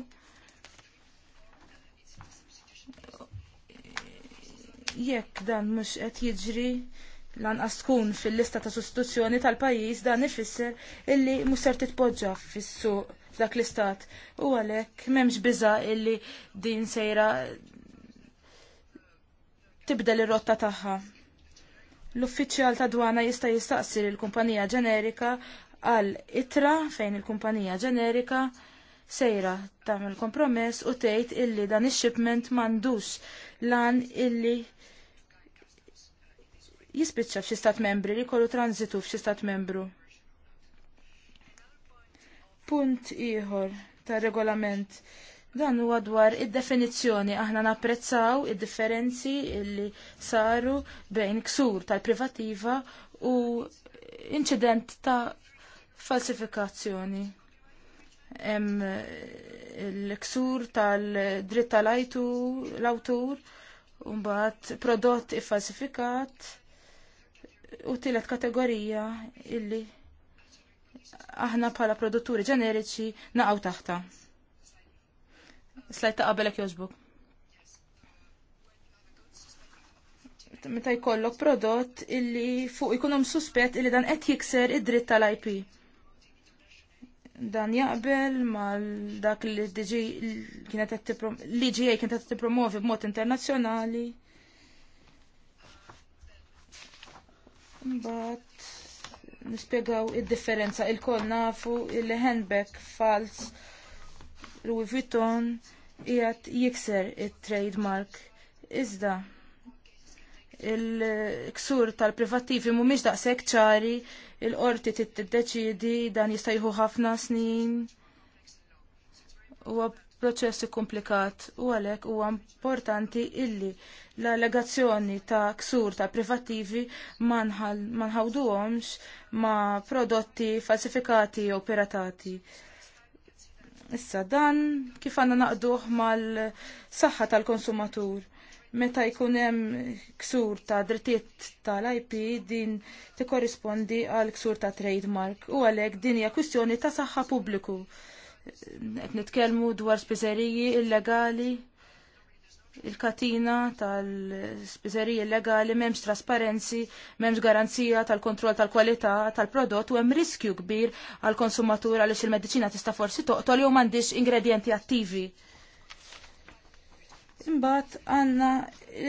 Jekk dan mhux qed jiġri lanqas tkun fil-lista ta' sostituzzjoni tal-pajis dan ifisser illi mhux ser titpoġġa fis-suq f'dak l-istat u għalhekk m'hemmx biża illi din sejra tibda l-rotta tagħha. L-uffiċjal ta' dwana jista' jistaqsi l-kumpanija ġenerika għal itra fejn il-kumpanija ġenerika sejra tagħmel kompromess u tgħid illi dan ix-shipment m'għandux lan illi jispiċċa f'xi stat membri li jkollu transitu f'xi stat membru. Punt ieħor tar regolament Dan huwa dwar id-definizzjoni aħna napprezzaw id-differenzi li saru bejn ksur tal-privativa u incident ta' falsifikazzjoni. Hemm l-ksur tal-dritt tal-ajtu l-awtur, mbagħad prodott ifalsifikat u tielet kategorija illi aħna bħala produtturi ġeneriċi naqgħu taħta. Slajta qabelek jożbuk. Meta jkollok prodott illi fuq ikunom suspett illi dan qed jikser id-dritt tal-IP. Dan jaqbel mal dak li diġi kienet qed liġi kienet qed tippromovi b'mod internazzjonali. Mbagħad nispjegaw id-differenza il-kol nafu il-handback fals Louis Vuitton qiegħed jikser it-trademark iżda il-ksur tal-privattivi mhumiex daqshekk ċari, il-qorti tiddeċiedi dan jista' jieħu ħafna snin. Huwa proċessi komplikat u għalhekk huwa importanti illi l-allegazzjoni ta' ksur ta' privattivi ma nħawduhomx ma' prodotti falsifikati jew piratati. Issa dan kif għanna naqduh mal-saħħa tal-konsumatur. Meta jkun hemm ksur ta' drittijiet tal-IP din tikkorrispondi għal ksur ta' trademark u għalhekk din hija kwistjoni ta' saħħa pubbliku. Qed nitkellmu dwar spiżeriji illegali il-katina tal-spizzerija illegali m'hemmx trasparenzi, m'hemmx garanzija tal-kontroll tal-kwalità tal-prodott u hemm riskju kbir għall konsumatur għaliex il-mediċina tista' forsi toqtol jew m'għandix ingredjenti attivi. Imbagħad għandna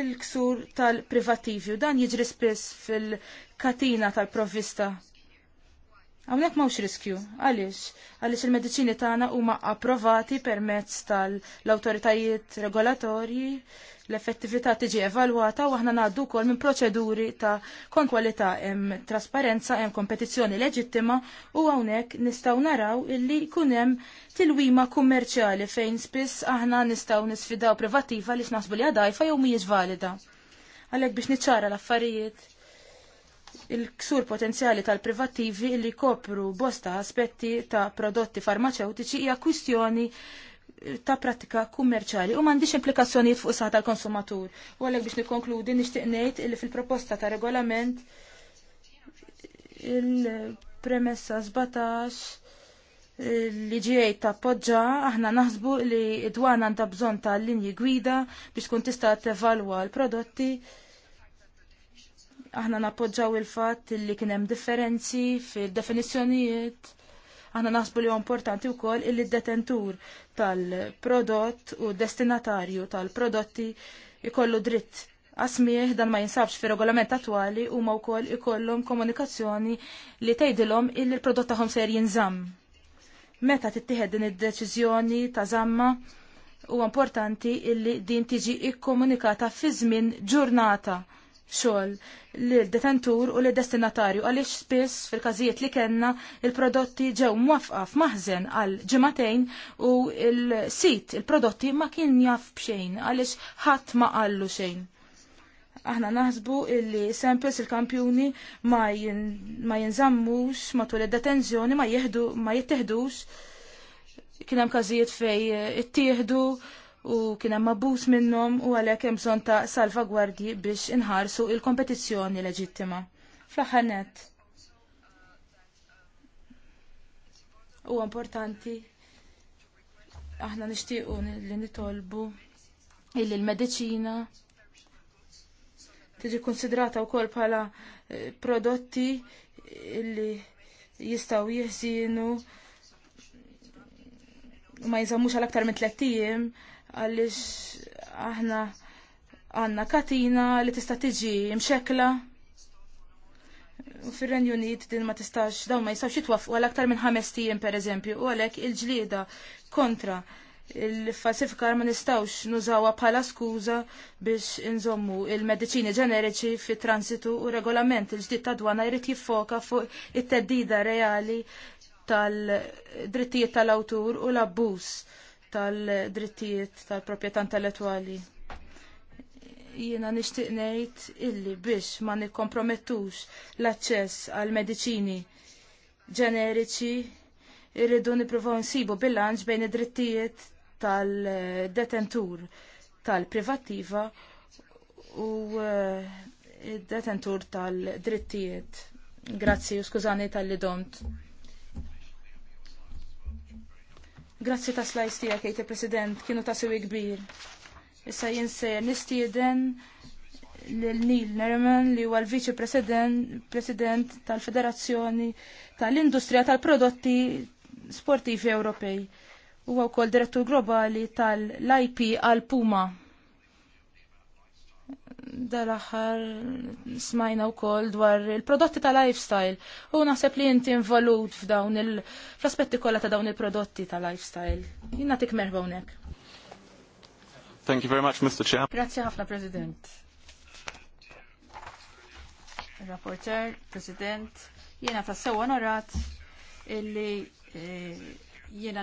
l ksur tal privattivju dan jiġri spiss fil-katina tal-provvista Għawnek mawx riskju, għalix, għalix il-medicini tagħna huma approvati permezz tal-autoritajiet regolatorji, l-effettività tiġi evalwata u aħna ngħaddu wkoll minn proċeduri ta' kon kwalità hemm trasparenza, hemm kompetizzjoni leġittima u hawnhekk nistgħu naraw illi jkun hemm tilwima kummerċjali fejn spiss aħna nistgħu nisfidaw privattiva li x'naħsbu li għadajfa jew mhijiex valida. Għalhekk biex niċċara l-affarijiet il-ksur potenzjali tal-privattivi li kopru bosta aspetti ta' prodotti farmaceutici hija kwistjoni eh, ta' pratika kummerċali u m'għandix implikazzjoni fuq saħta tal-konsumatur. U għalhekk biex nikkonkludi nixtieq ngħid li fil-proposta ta' regolament il-premessa 17 li ġiej ta' poġġa aħna naħsbu li dwana għandha bżonn ta' linji gwida biex tkun tista' tevalwa l-prodotti aħna nappoġġaw il-fatt li kien hemm differenzi fid-definizzjonijiet. Aħna naħsbu li huwa importanti wkoll illi d-detentur tal-prodott u destinatarju tal-prodotti jkollu dritt għasmieħ dan ma jinsabx fi regolament attwali u ma wkoll ikollhom komunikazzjoni li tgħidilhom illi l-prodott tagħhom ser jinżamm. Meta tittieħed din id-deċiżjoni ta' żamma huwa importanti illi din tiġi ikkomunikata fi żmien ġurnata xogħol l-detentur u l-destinatarju għaliex spiss fil-każijiet li kellna il-prodotti ġew mwafqa f'maħżen għal ġimatejn u l-sit il-prodotti ma kien jaf b'xejn għaliex ħadd ma qallu xejn. Aħna naħsbu illi samples il-kampjuni ma, jinżammux matul id-detenzjoni ma jieħdu ma jittieħdux kien hemm każijiet fej ittieħdu u kien hemm abbuż minnhom u għalhekk hemm bżonn ta' salvagwardji biex inħarsu il-kompetizzjoni leġittima. Fl-aħħar nett. Huwa importanti aħna nixtiequ li nitolbu illi l-mediċina tiġi konsidrata wkoll bħala eh, prodotti illi jistgħu jeħżinu ma jinżammux għal aktar minn tlettijiem għaliex aħna għandna katina li tista' tiġi mxekla. U fir-Renju Unit din ma tistax dawn ma jistgħux jitwaffqu għal aktar minn ħames per pereżempju u għalhekk il-ġlieda kontra il-falsifikar ma nistawx nużawa bħala skuża biex inżommu il-medicini ġeneriċi fi transitu u regolament il-ġdid ta' dwana jrid jiffoka fuq it-teddida reali tal-drittijiet tal-awtur u l-abbuż tal-drittijiet tal-proprjetà intellettwali. Jiena nixtieq ngħid illi biex ma nikkompromettux l-aċċess għal mediċini ġeneriċi irridu nippruvaw nsibu bilanċ bejn id-drittijiet tal-detentur tal-privattiva u eh, id-detentur tal-drittijiet. Grazzi, u skużani tal-li domt. Grazzi ta' slajs tijak, jgħid president kienu ta' sewi kbir. Issa jinser nistieden l-Nil Nerman li huwa l-Viċi President tal-Federazzjoni tal-Industrija tal-Prodotti Sportivi Ewropej. Huwa wkoll Direttur Globali tal-IP għal Puma dal-axar smajna u koll dwar il-prodotti ta' lifestyle u naħseb li inti involut f'dawn il-aspetti kollha ta' dawn il-prodotti ta' lifestyle. Jina tik merba unek. Thank you very much, Mr. Chair. Grazie ħafna, President. Rapporter, President, jiena ta' sewa norat illi eh, Jiena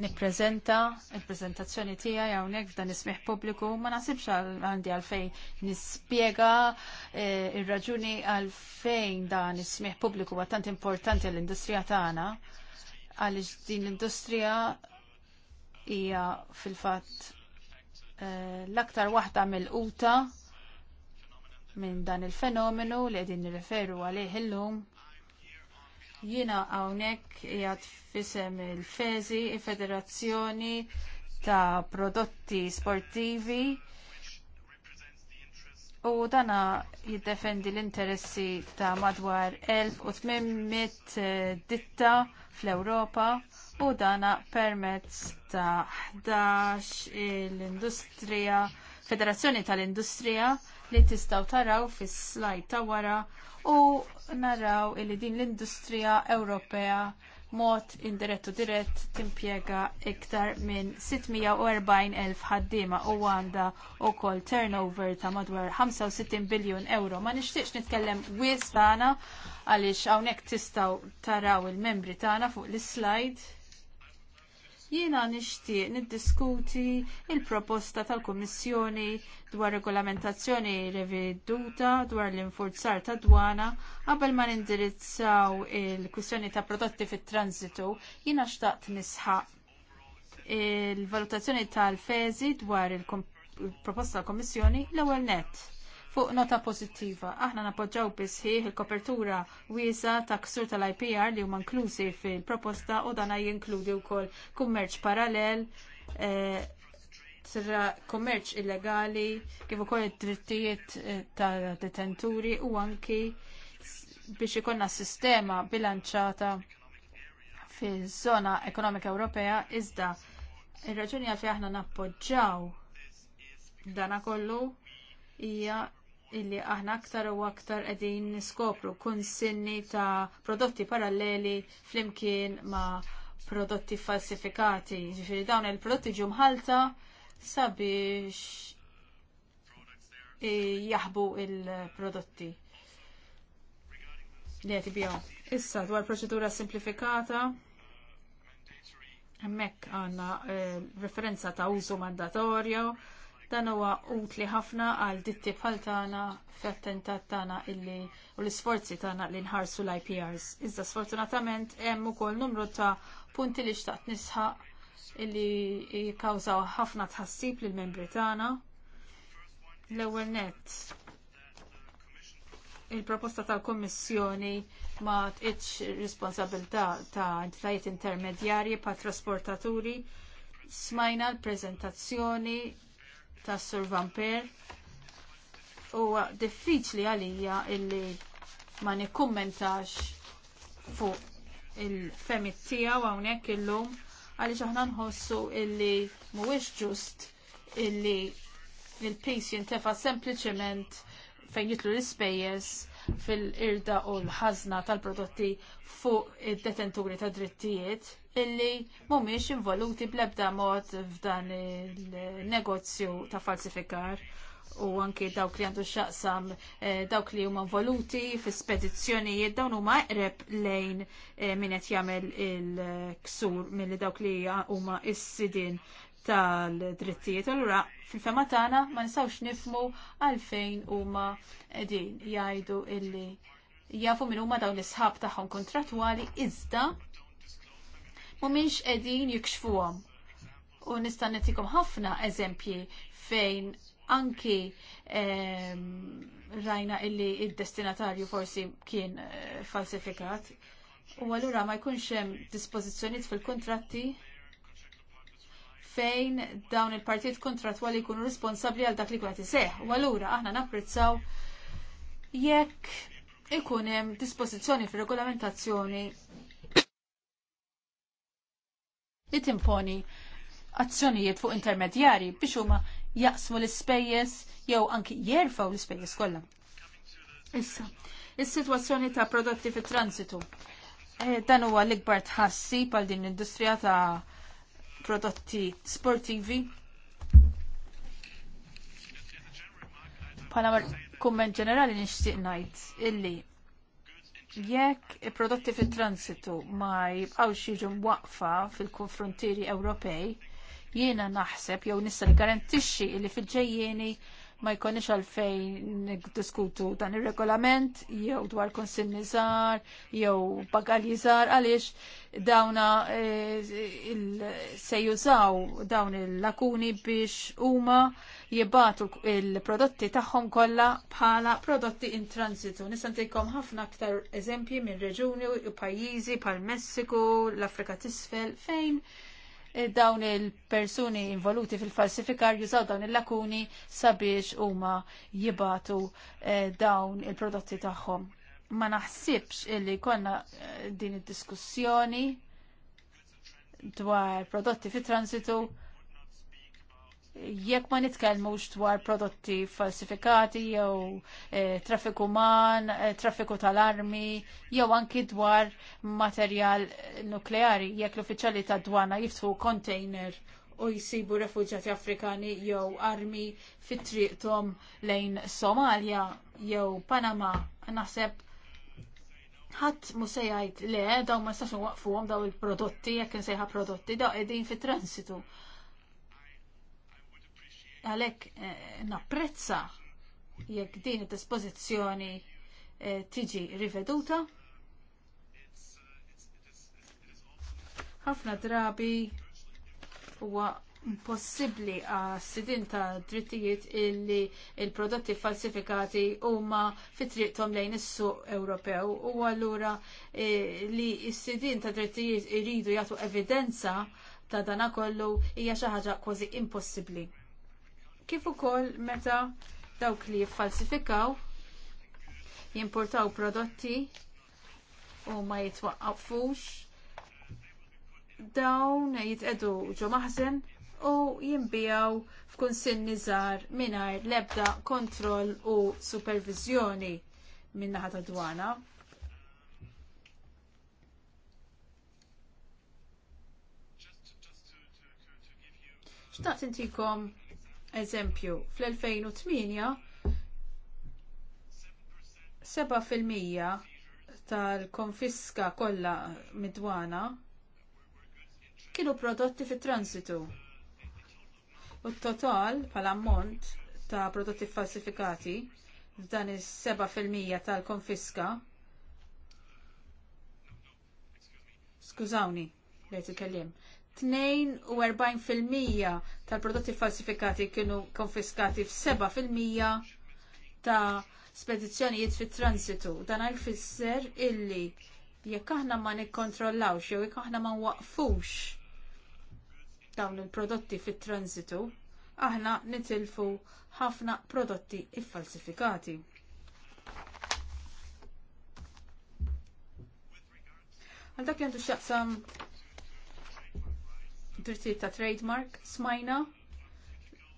nippreżenta il-preżentazzjoni tiegħi hawnhekk f'dan ismiħ pubbliku ma nasibx għandi għalfejn nispjega eh, il raġuni għalfejn dan ismiħ pubbliku huwa tant importanti l industrija tagħna għaliex din l-industrija hija fil-fatt eh, l-aktar waħda mill-quta minn dan il-fenomenu li qegħdin referu għalih illum Jiena hawnhekk jgħat fisem il-Fezi, il-Federazzjoni ta' Prodotti Sportivi u dana jiddefendi l-interessi ta' madwar 1800 eh, ditta fl-Ewropa u dana permezz ta' 11 l-Industrija Federazzjoni tal-Industrija li tistgħu taraw fis-slajd ta' wara u naraw li din l-industrija Ewropea mod indirett u dirett timpjega iktar minn 640.000 ħaddiema u għandha wkoll turnover ta' madwar 65 biljun euro. Ma nixtieqx nitkellem wis tagħna għaliex hawnhekk tistgħu taraw il-membri tagħna fuq l-slide Jiena nixtieq niddiskuti il-proposta tal-Kummissjoni dwar regolamentazzjoni reveduta dwar l-infurzar ta' dwana qabel ma nindirizzaw il-kwistjoni ta' prodotti fit-transitu jiena xtaqt nisħaq il-valutazzjoni tal-fezi dwar il-proposta tal-Kummissjoni l-ewwel nett. Fuq nota pożittiva, aħna napoġġaw bisħiħ il-kopertura wiesa ta' ksur tal-IPR li huma inklużi fil-proposta u dana jinkludi wkoll kummerċ parallel, eh, kummerċ illegali, kif ukoll id-drittijiet eh, tad detenturi u anki biex ikonna sistema bilanċata fiż-żona ekonomika Ewropea iżda ir-raġuni għalfejn aħna nappoġġaw dana kollu hija illi aħna aktar u aktar qegħdin niskopru kunsinni ta' prodotti paralleli flimkien ma' prodotti falsifikati. Ġifiri dawn il-prodotti ġumħalta mħalta sabiex eh, jaħbu il-prodotti li għati bjaw. Issa dwar proċedura simplifikata hemmhekk għandna eh, referenza ta' użu mandatorju Dan huwa utli ħafna għal ditti bħal tagħna fl-attentat tagħna illi u l-isforzi tagħna li nħarsu l-IPRs. Iżda sfortunatament hemm ukoll numru ta' punti li xtaqt nisħaq illi jikkawżaw ħafna tħassib lill membri tagħna. L-ewwel nett il-proposta tal-Kommissjoni ma tqitx responsabilità ta' entitajiet intermedjarji pa' trasportaturi smajna l-prezentazzjoni tas Sur Vamper. Huwa diffiċli għalija illi ma nikkummentax fuq il-femit tiegħu hawnhekk illum għaliex aħna nħossu illi mhuwiex ġust illi il-pis jintefa' sempliċement fejn jitlu l-ispejjeż fil-irda u l ħazna tal-prodotti fuq id-detenturi ta' drittijiet illi mhumiex involuti bl-ebda mod f'dan il-negozju ta' falsifikar u anki dawk li għandu xaqsam eh, dawk li huma involuti fis spedizzjonijiet dawn huma eqreb lejn eh, min qed jagħmel il-ksur milli dawk li huma s-sidin tal-drittijiet. Allura fil-fema tagħna ma nistgħux nifmu għalfejn huma qegħdin jgħidu illi jafu minn huma dawn l-isħab tagħhom kontratwali iżda u minx edin jikxfuhom. U nista' nagħtikom ħafna eżempji fejn anki ehm, rajna illi il destinatarju forsi kien eh, falsifikat. U allura ma jkunx hemm dispożizzjonijiet fil-kontratti fejn dawn il-partijiet kontratwali jkunu responsabbli għal dak li kunet iseħ. U allura aħna napprezzaw jekk ikun hemm dispożizzjoni fir-regolamentazzjoni li timponi azzjonijiet fuq intermedjari biex huma jaqsmu l-ispejjeż jew anki jerfaw l-ispejjeż kollha. Issa, is-sitwazzjoni ta' prodotti fit transitu eh, Dan huwa l-ikbar tħassi pal din l-industrija ta' prodotti sportivi. Bħala kumment ġenerali nixtieq ngħid illi jekk il-prodotti fit transitu ma jibqgħux jiġu waqfa fil-konfrontieri Ewropej, jiena naħseb jew nista' garantixxi li fil-ġejjieni ma jkunix għalfejn diskutu dan ir-regolament jew dwar konsinni żgħar jew bagalji żgħar għaliex dawna eh, se jużaw dawn il-lakuni biex huma Jibbatu il-prodotti tagħhom kollha bħala prodotti in transitu. Nistantikom ħafna aktar eżempji minn reġuni u pajjiżi bħal Messiku, l-Afrika t'isfel, fejn eh, dawn il-persuni involuti fil-falsifikar jużaw dawn il-lakuni sabiex huma jibatu eh, dawn il-prodotti tagħhom. Ma naħsibx illi konna eh, din id-diskussjoni dwar prodotti fit transitu jekk ma nitkellmux dwar prodotti falsifikati jew eh, traffiku uman, eh, traffiku tal-armi, jew anki dwar materjal nukleari, jekk l-uffiċjali tad dwana jiftħu container u jisibu refuġjati Afrikani jew armi fit-triqtom lejn Somalia jew Panama, naħseb ħadd mu se jgħid le dawn ma jistax waqfuhom daw il-prodotti jekk insejħa prodotti daw qegħdin fit-transitu. Għalhekk eh, napprezza jekk din id-dispożizzjoni eh, tiġi riveduta. Ħafna drabi huwa impossibbli għas sidin ta' drittijiet illi il-prodotti falsifikati huma fitriqtom lejn is-suq Ewropew u allura eh, li s-sidin ta' drittijiet iridu jagħtu evidenza ta' dana kollu hija xi ħaġa kważi impossibbli kif ukoll meta dawk li jiffalsifikaw jimportaw prodotti u ma jitwaqqafux dawn jitqedu ġo maħzen u jimbijaw f'kun żgħar mingħajr l-ebda kontroll u supervizjoni min-naħa ta' dwana. Xtaqt intikom Eżempju, fl-2008 7% tal-konfiska kollha midwana kienu prodotti fit transitu U t-total bħala ammont ta' prodotti falsifikati f'dan is-7% tal-konfiska Skużawni, lejt il-kellim. 42% tal-prodotti falsifikati kienu konfiskati f-7% ta' spedizzjonijiet fit transitu Dan għal fisser illi jekk aħna ma nikkontrollawx jew jekk aħna ma nwaqfux dawn il-prodotti fit transitu aħna nitilfu ħafna prodotti ffalsifikati. Għal dak jantu xaqsam drittijiet ta' trademark smajna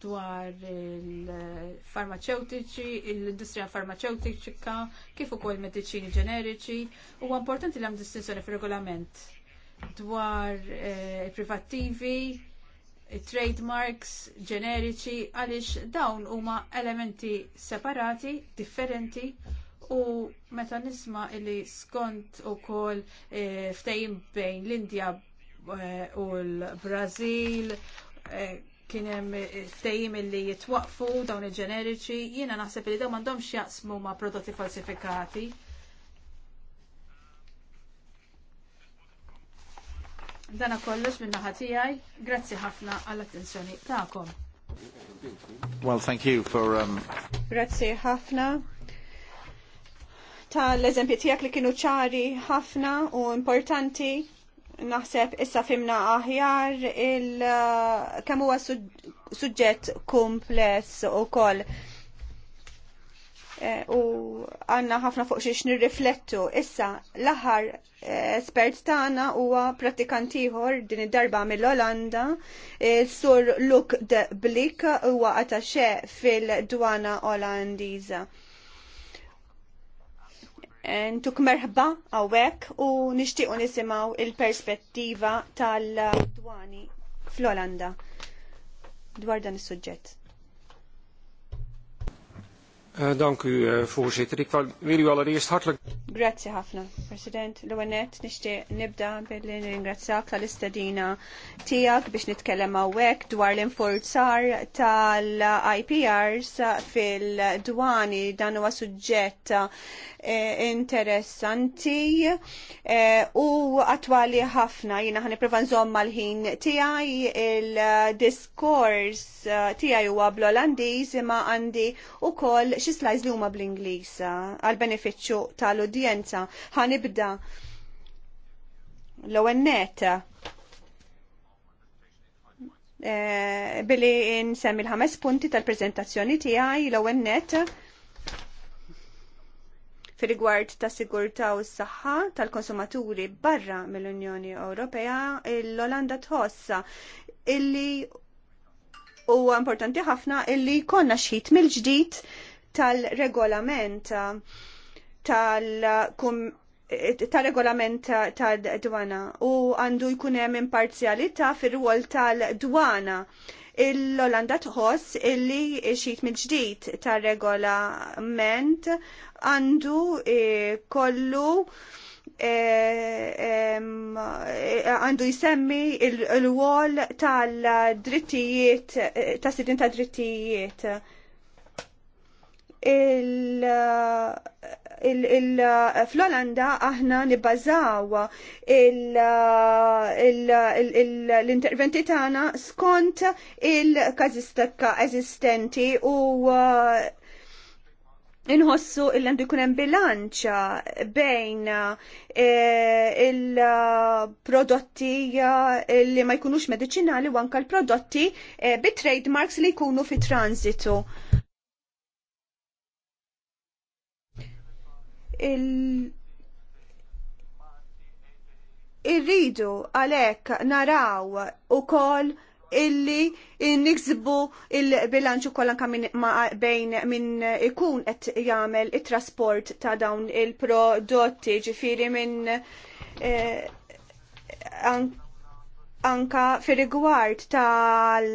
dwar il-farmaceutiċi, l-industrija farmaceutiċika, kif ukoll mediċini ġeneriċi. Huwa importanti l-hemm distinzjoni fir-regolament dwar il-privattivi, eh, trademarks, ġeneriċi, għaliex dawn huma elementi separati, differenti, u meta nisma' li skont ukoll e, ftehim bejn l-Indja Eh, u l-Brazil eh, kien hemm tejjim li jitwaqfu dawn il-ġeneriċi, jiena naħseb li dawn m'għandhomx jaqsmu ma' prodotti falsifikati. Dana kollox minn naħa tiegħi, grazzi ħafna għall-attenzjoni tagħkom. Well, thank you for um... Grazzi ħafna tal eżempji tiegħek li kienu ċari ħafna u importanti naħseb issa fimna aħjar il eh, kemm huwa suġġett kumpless ukoll. Eh, u għanna ħafna fuq xiex nirriflettu. Issa, l-aħħar eh, espert tagħna huwa pratikant ieħor din id-darba mill-Olanda, sur Luke de Blik huwa attaxxe fil-dwana Olandiża ntuk merħba għawek u nishtiqu nisimaw il-perspettiva tal-dwani fl-Olanda dwar dan is-suġġett. Eh, dank eh, voorzitter. Ik wil u allereerst hartelijk... Grazie, Hafna, president. L-għanet, nibda billi ringrazzjak tal-istadina tijak biex nitkellem għawek dwar l-inforzar tal-IPRs fil-dwani dan huwa suġġett eh, interessanti u attwali ħafna. Jina ħan iprofa mal l-ħin tijaj, il-diskors tijaj huwa bl-Olandiż imma għandi u kol xi slides li huma bl-Ingliż eh, għal benefiċċju tal-udjenza. Ħanibda l-ewwel eh, billi nsemmi l-ħames punti tal-preżentazzjoni tiegħi l-ewwel net fi rigward ta' sigurtà u s-saħħa tal-konsumaturi barra mill-Unjoni Ewropea, l-Olanda tħossa illi huwa importanti ħafna illi konna xħit mill-ġdid tal-regolament tal-regolament tal-dwana u għandu jkun hemm imparzjalità fir-rwol tal-dwana. Il-Olanda tħoss illi xit mill-ġdid tar-regolament għandu eh, kollu eh, eh, għandu jisemmi il-wol tal-drittijiet, tas-sidin tal drittijiet fl-Olanda aħna nibbażaw l-interventi tagħna skont il-kazistika eżistenti u uh, inħossu il għandu jkun hemm bilanċa bejn uh, il-prodotti uh, li ma jkunux mediċinali u anke l-prodotti bit-trademarks li jkunu fi transitu. il- irridu għalek naraw u kol illi niksbu il-bilanċu kollan ka bejn minn ikun qed jagħmel it-trasport ta' dawn il-prodotti ġifiri minn eh, an anka fir rigward tal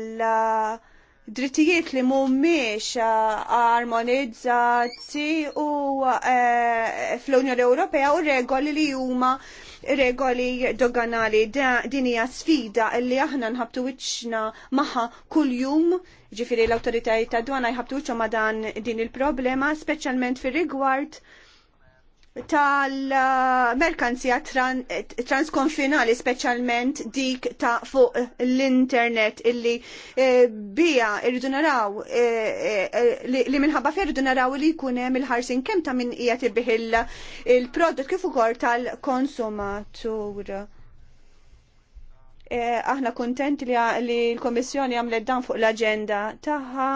drittijiet li mhumiex eh, armonizzati u eh, fl-Unjoni Ewropea u regoli li huma regoli doganali din hija sfida li aħna nħabtu wiċċna magħha kuljum ġifieri l-awtoritajiet tad dwana jħabtu wiċċhom ma' dan din il-problema, speċjalment fir-rigward tal-merkanzija transkonfinali specialment dik ta' fuq l-internet illi eh, bija irridu naraw eh, eh, li minħabba fi irridu naraw li jkunem il-ħarsin kem ta' min ijat il il-prodott kif ukoll tal-konsumatur. Aħna kontent li l-Komissjoni għamlet dan fuq l-agenda taħħa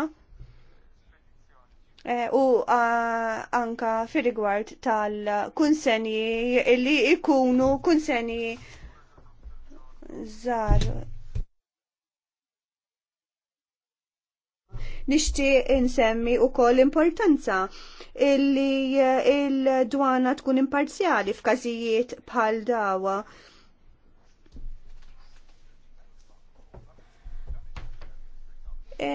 Eh, u anka fir rigward tal-kunsenji li ikunu kunsenji zar. Nishti insemmi u koll importanza illi eh, il-dwana tkun imparzjali f'każijiet bħal dawa. E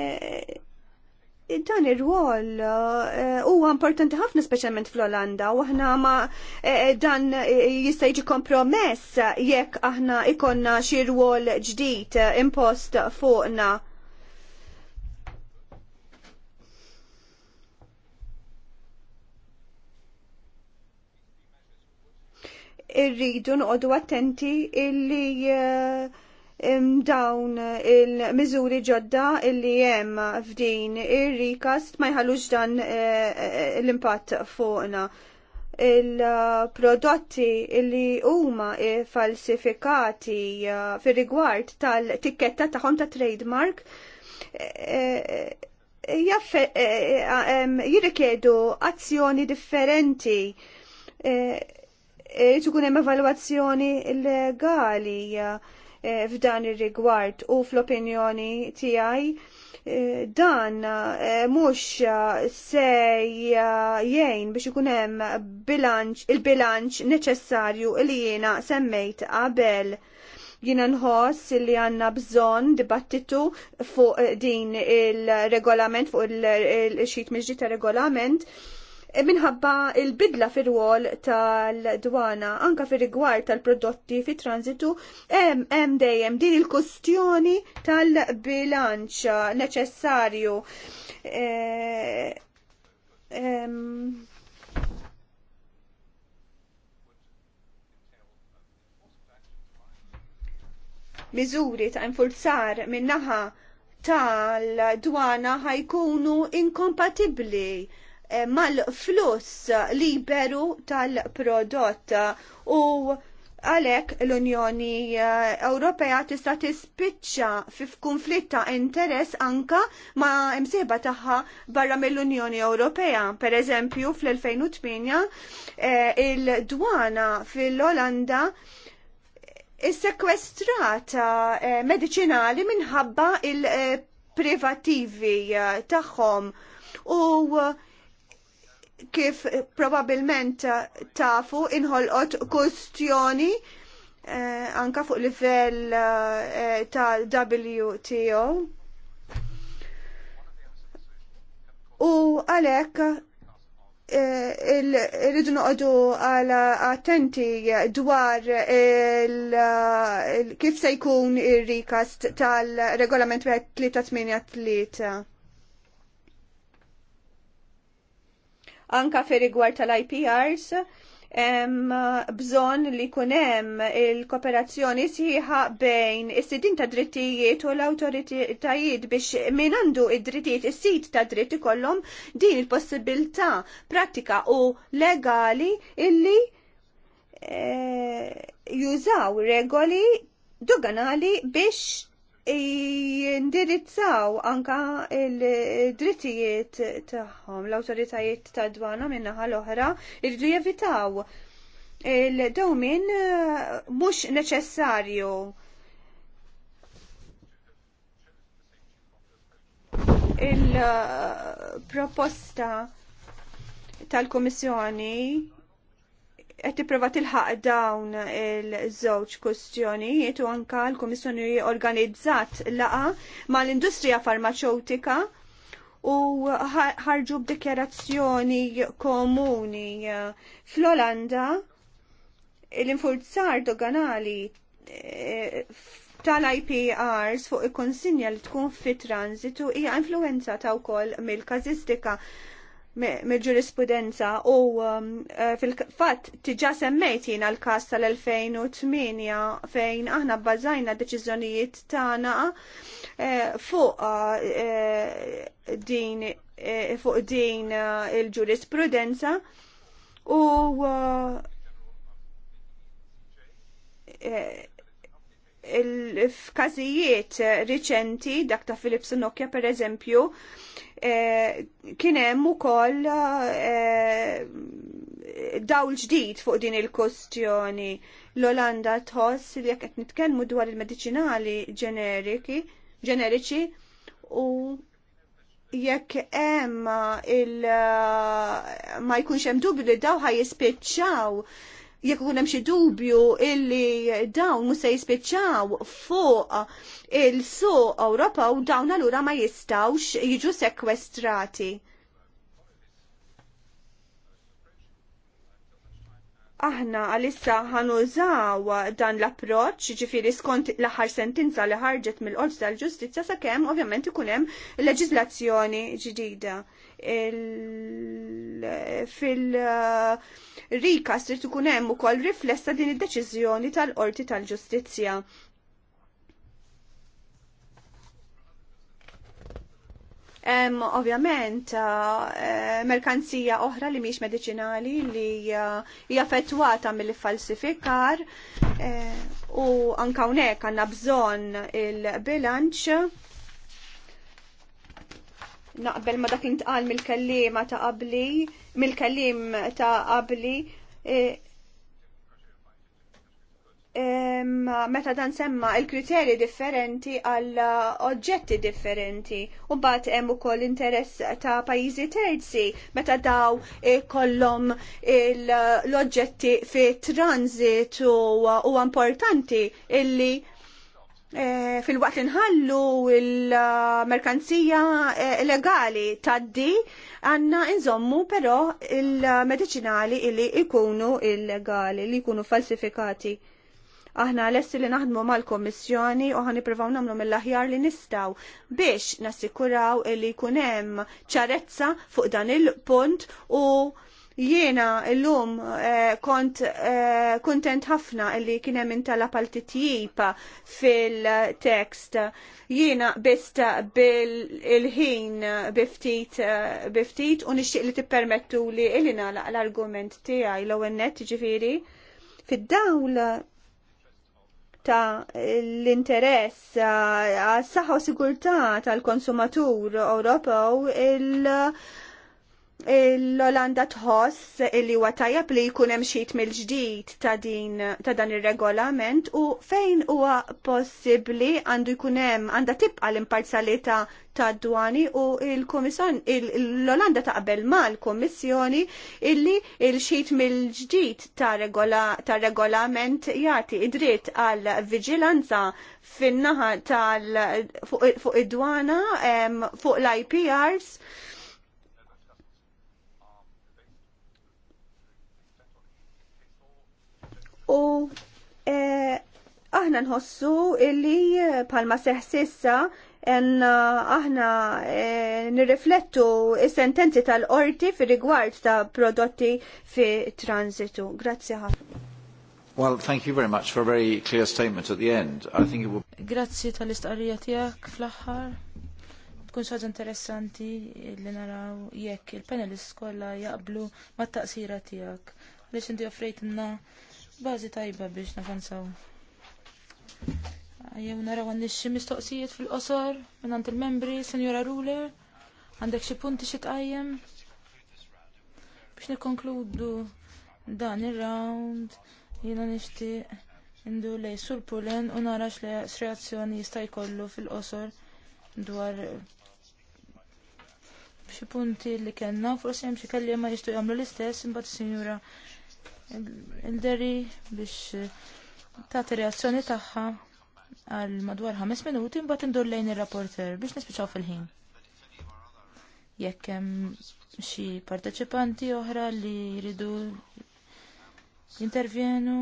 dan ir-rwol eh, huwa importanti ħafna speċjalment fl-Olanda u aħna ma eh, eh, dan jista' jiġi kompromess jekk aħna ikonna xi rwol ġdid impost fuqna. Irridu noqogħdu attenti illi dawn il-miżuri ġodda illi jem f'din ir-rikast ma jħallux dan eh, eh, l-impatt fuqna. Il-prodotti illi huma falsifikati eh, fir-rigward tal-tikketta tagħhom ta' trademark jirrikjedu azzjoni differenti tkun hemm evalwazzjoni legali Eh, f'dan ir-rigward u fl-opinjoni tiegħi eh, dan eh, mhux se jgħin biex ikun hemm bilanċ il-bilanċ neċessarju li jiena semmejt qabel jina nħoss li għanna bżon dibattitu fuq din il-regolament, fuq il-xit miġġi ta' regolament Eh, minħabba il-bidla fir-rwol tal-dwana anka fir-rigward tal-prodotti fi transitu hemm dejjem din il-kustjoni tal-bilanċ neċessarju. Eh, miżuri ta' infurzar minnaħa tal-dwana ħajkunu inkompatibbli Eh, mal-fluss liberu tal-prodott u għalek l-Unjoni eh, Ewropea tista' tispiċċa fi ta' interess anka ma' imsieba tagħha barra mill-Unjoni Ewropea. Per eżempju, fl-2008 eh, il-dwana fil-Olanda is-sekwestrata medicinali minħabba il-privativi tagħhom u kif probabilment tafu inħolqot kustjoni eh, anka fuq livell eh, ta' wto U għalek eh, irridu noqogħdu għal attenti dwar kif se jkun ir-rikast tal-regolament 383. anka fi rigward tal-IPRs hemm bżonn li jkun hemm il-kooperazzjoni siħa bejn is-sidin ta' drittijiet u l-awtoritajiet biex min għandu id-drittijiet is-sit ta' dritt ikollhom din il-possibilità pratika u legali illi eh, jużaw regoli doganali biex jindirizzaw anka il-drittijiet tagħhom l-awtoritajiet ta' dwana minnaħa l-oħra irridu jevitaw il-dawmin eh, mhux neċessarju. il-proposta eh, tal-Komissjoni qed tipprova tilħaq dawn il-żewġ kwestjonijiet u anka l-Kummissjoni organizzat laqa mal-industrija farmaceutika u ħarġu b'dikjarazzjoni komuni fl-Olanda l-infurzar doganali eh, tal-IPRs fuq il-konsinja li tkun fit transitu hija influenza ta' wkoll mill-kazistika mill-ġurisprudenza u um, eh, fil-fatt tiġa semmejt jiena l-kas tal-2008 fejn aħna bbażajna deċiżjonijiet tagħna eh, eh, fuq din fuq din il-ġurisprudenza u f'każijiet riċenti dak ta' Philips Nokia per eżempju eh, kien hemm ukoll eh, dawl ġdid fuq din il-kustjoni l-Olanda tħoss li jekk qed nitkellmu dwar il-mediċinali ġeneriki ġeneriċi u jekk hemm il ma jkunx hemm dubju li daw ħaj jispiċċaw jekk ikun hemm xi dubju illi dawn mhux se jispiċċaw fuq il-suq Ewropew dawn allura ma jistgħux jiġu sekwestrati. aħna għalissa ħanużaw dan l-approċ, ġifiri skont l-aħħar sentenza li ħarġet mill-Qorti tal-Ġustizzja sakemm ovvjament ikun hemm leġiżlazzjoni ġdida fil-rika strit ikun hemm ukoll riflessa din id-deċiżjoni tal-Qorti tal-Ġustizzja. Um, ovvjament, eh, merkanzija oħra li miex medicinali li eh, hija fetwata mill-falsifikar e, u anka hawnhekk għandna bżonn il-bilanċ naqbel ma dak intqal mill kelliema ta' qabli, mill kelliem ta' qabli. E, meta dan semma il-kriterji differenti għal oġġetti differenti u mbagħad hemm ukoll interess ta' pajjiżi terzi meta daw e, kollhom l-oġġetti fi transit u importanti illi Eh, fil-waqt inħallu il-merkanzija eh, legali taddi għanna inżommu però il-medicinali illi ikunu illegali, li ikunu falsifikati. Aħna l-essi li naħdmu mal-Komissjoni u ħani provaw namlu mill-aħjar li nistaw biex nassikuraw illi kunem ċarezza fuq dan il-punt u Jiena l-lum eh, kont eh, kontent ħafna li kienem intala pal-titjib fil-tekst. Jiena bista bil-ħin eh, biftit u nixtieq li tippermettu li ilina l-argument tiegħi l-għennet ġifiri fid-dawl ta' l-interess għas saħħa u sigurtà tal-konsumatur Ewropew il- l-Olanda tħoss li huwa tajjeb li jkun hemm xi mill-ġdid ta' din ta' dan ir-regolament u fejn huwa possibbli għandu jkun hemm għandha tibqa' l-imparzjalità tad dwani u l-Kummissjon l-Olanda taqbel mal-Kummissjoni illi l-xit mill-ġdid ta' regola ta' regolament jagħti id-dritt għal viġilanza fin-naħa tal fuq id-dwana fuq l-IPRs u e, aħna nħossu illi palma seħsissa en aħna e, nirriflettu is-sentenzi tal-qorti fi rigward ta' prodotti fi transitu. Grazzi ħafna. Well, thank you very much for a very clear statement at the end. I think it will... Grazzi tal-istqarrija tiegħek fl-aħħar. Tkun xaġa interessanti li naraw jekk il-panelist kollha jaqblu mat-taqsira tiegħek. Għaliex inti offrejtna bażi tajba biex nafansaw. Jew naraw għandi xi mistoqsijiet fil-qosor minn il-membri, Senjora Ruler, għandek xi punti xi tqajjem biex nikkonkludu dan ir-round jiena nixtieq indu lej sur pulen u nara reazzjoni jista' jkollu fil-qosor dwar xi punti li kellna forsi hemm xi ma jistgħu jagħmlu l-istess imbagħad is-Sinjura il-deri biex eh, tagħti reazzjoni tagħha għal madwar ħames minuti mbagħad indur lejn ir-rapporter biex nispiċċaw fil-ħin. Jekk hemm xi parteċipanti oħra li jridu jintervjenu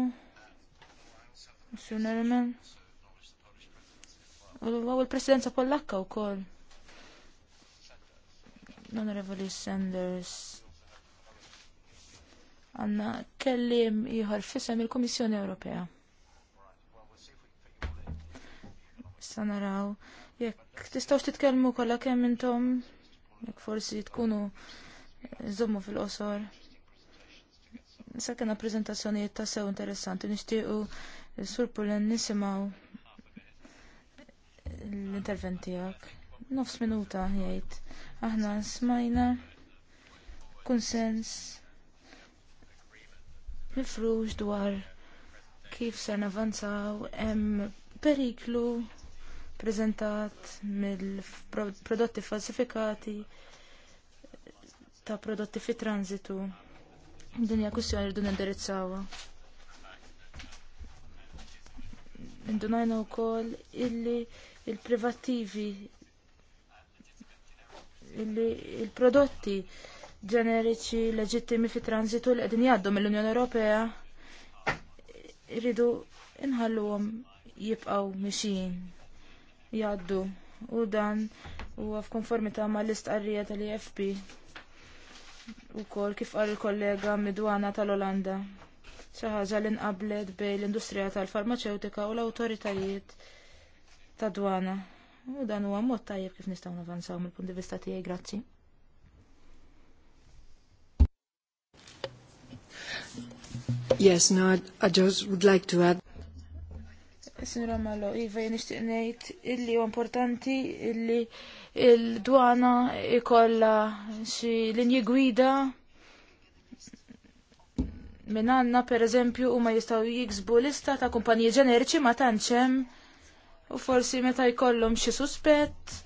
Sunerman. U l-presidenza pollakka u kol. honorable Sanders għanna kellim ieħor fissem il-Kummissjoni Ewropea. Sanaraw, naraw jekk tistgħux titkellmu kollha kemm intom jekk forsi tkunu eh, żommu fil-qosor. Sa kena prezentazzjoni ta' sew interessanti nixtiequ eh, s Pullen l interventijak tiegħek. Nofs minuta jgħid. Aħna smajna kunsens mifrux dwar kif se navanzaw hemm periklu prezentat mill-prodotti falsifikati ta' prodotti fi transitu. Din hija kwistjoni rridu nindirizzawha. Indunajna wkoll illi il-privattivi illi il-prodotti il privattivi illi il prodotti il il prodotti ġeneriċi leġittimi fi tranzitu li qegħdin jgħaddu mill-Unjoni Ewropea irridu inħalluhom jibqgħu mixin jgħaddu u dan huwa f'konformità mal-istqarrija tal-EFP ukoll kif qal il-kollega midwana tal-Olanda xi l li nqablet bejn l-industrija tal-farmaceutika u l-awtoritajiet ta' dwana U dan huwa mod tajjeb kif nistgħu navanzaw mill-punt vista tiegħi, grazzi. Yes, no, I, just would like to add. Sinra Mallo, Iva, jenishtiq nejt illi u importanti illi il-dwana ikolla xi linji gwida minn għanna per eżempju u ma jistaw jiksbu lista ta' kumpaniji ġeneriċi ma hemm u forsi meta jkollhom xi suspett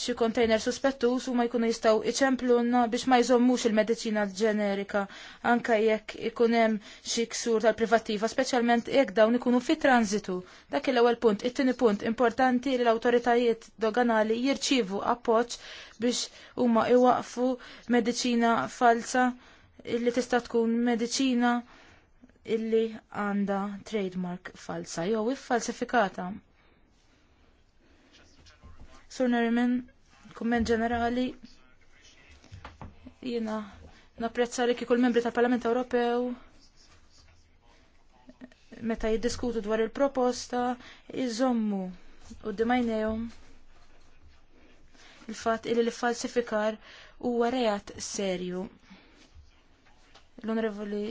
xi kontejner suspettus huma jkunu jistgħu no, biex ma jżommux il-mediċina ġenerika anke jekk ikun hemm xi ksur tal-privattiva, speċjalment jekk dawn ikunu fi transitu. Dak il ewwel punt, it-tieni punt importanti li l-awtoritajiet doganali jirċievu appoġġ biex huma iwaqfu mediċina falsa illi tista' tkun mediċina illi għandha trademark falsa jew iffalsifikata. Sur Nermin, komment ġenerali, jina napprezza li kikul membri tal-Parlament Ewropew meta jiddiskutu dwar il-proposta, jizommu u dimajnejom il-fat illi li falsifikar huwa rejat serju. L-Onorevoli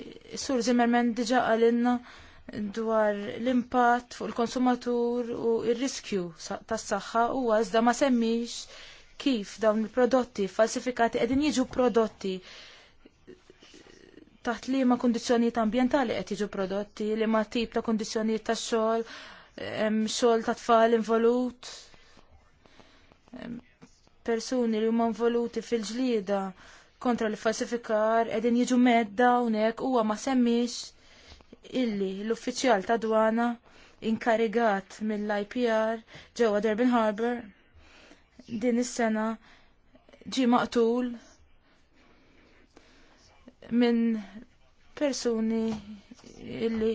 Sur Zimmerman diġa għalinna dwar l-impatt fuq il-konsumatur u r riskju tas-saħħa huwa iżda ma semmix kif dawn il-prodotti falsifikati qegħdin jiġu prodotti taħt liema kundizzjonijiet ambjentali qed jiġu prodotti, ma tip ta' kundizzjonijiet tax-xogħol, xogħol ta' tfal involut persuni li huma involuti fil-ġlieda kontra l-falsifikar edin jiġu medda unek huwa ma semmix illi l-uffiċjal ta' dwana inkarigat mill-IPR ġewwa Durban Harbour din is-sena ġi maqtul minn persuni illi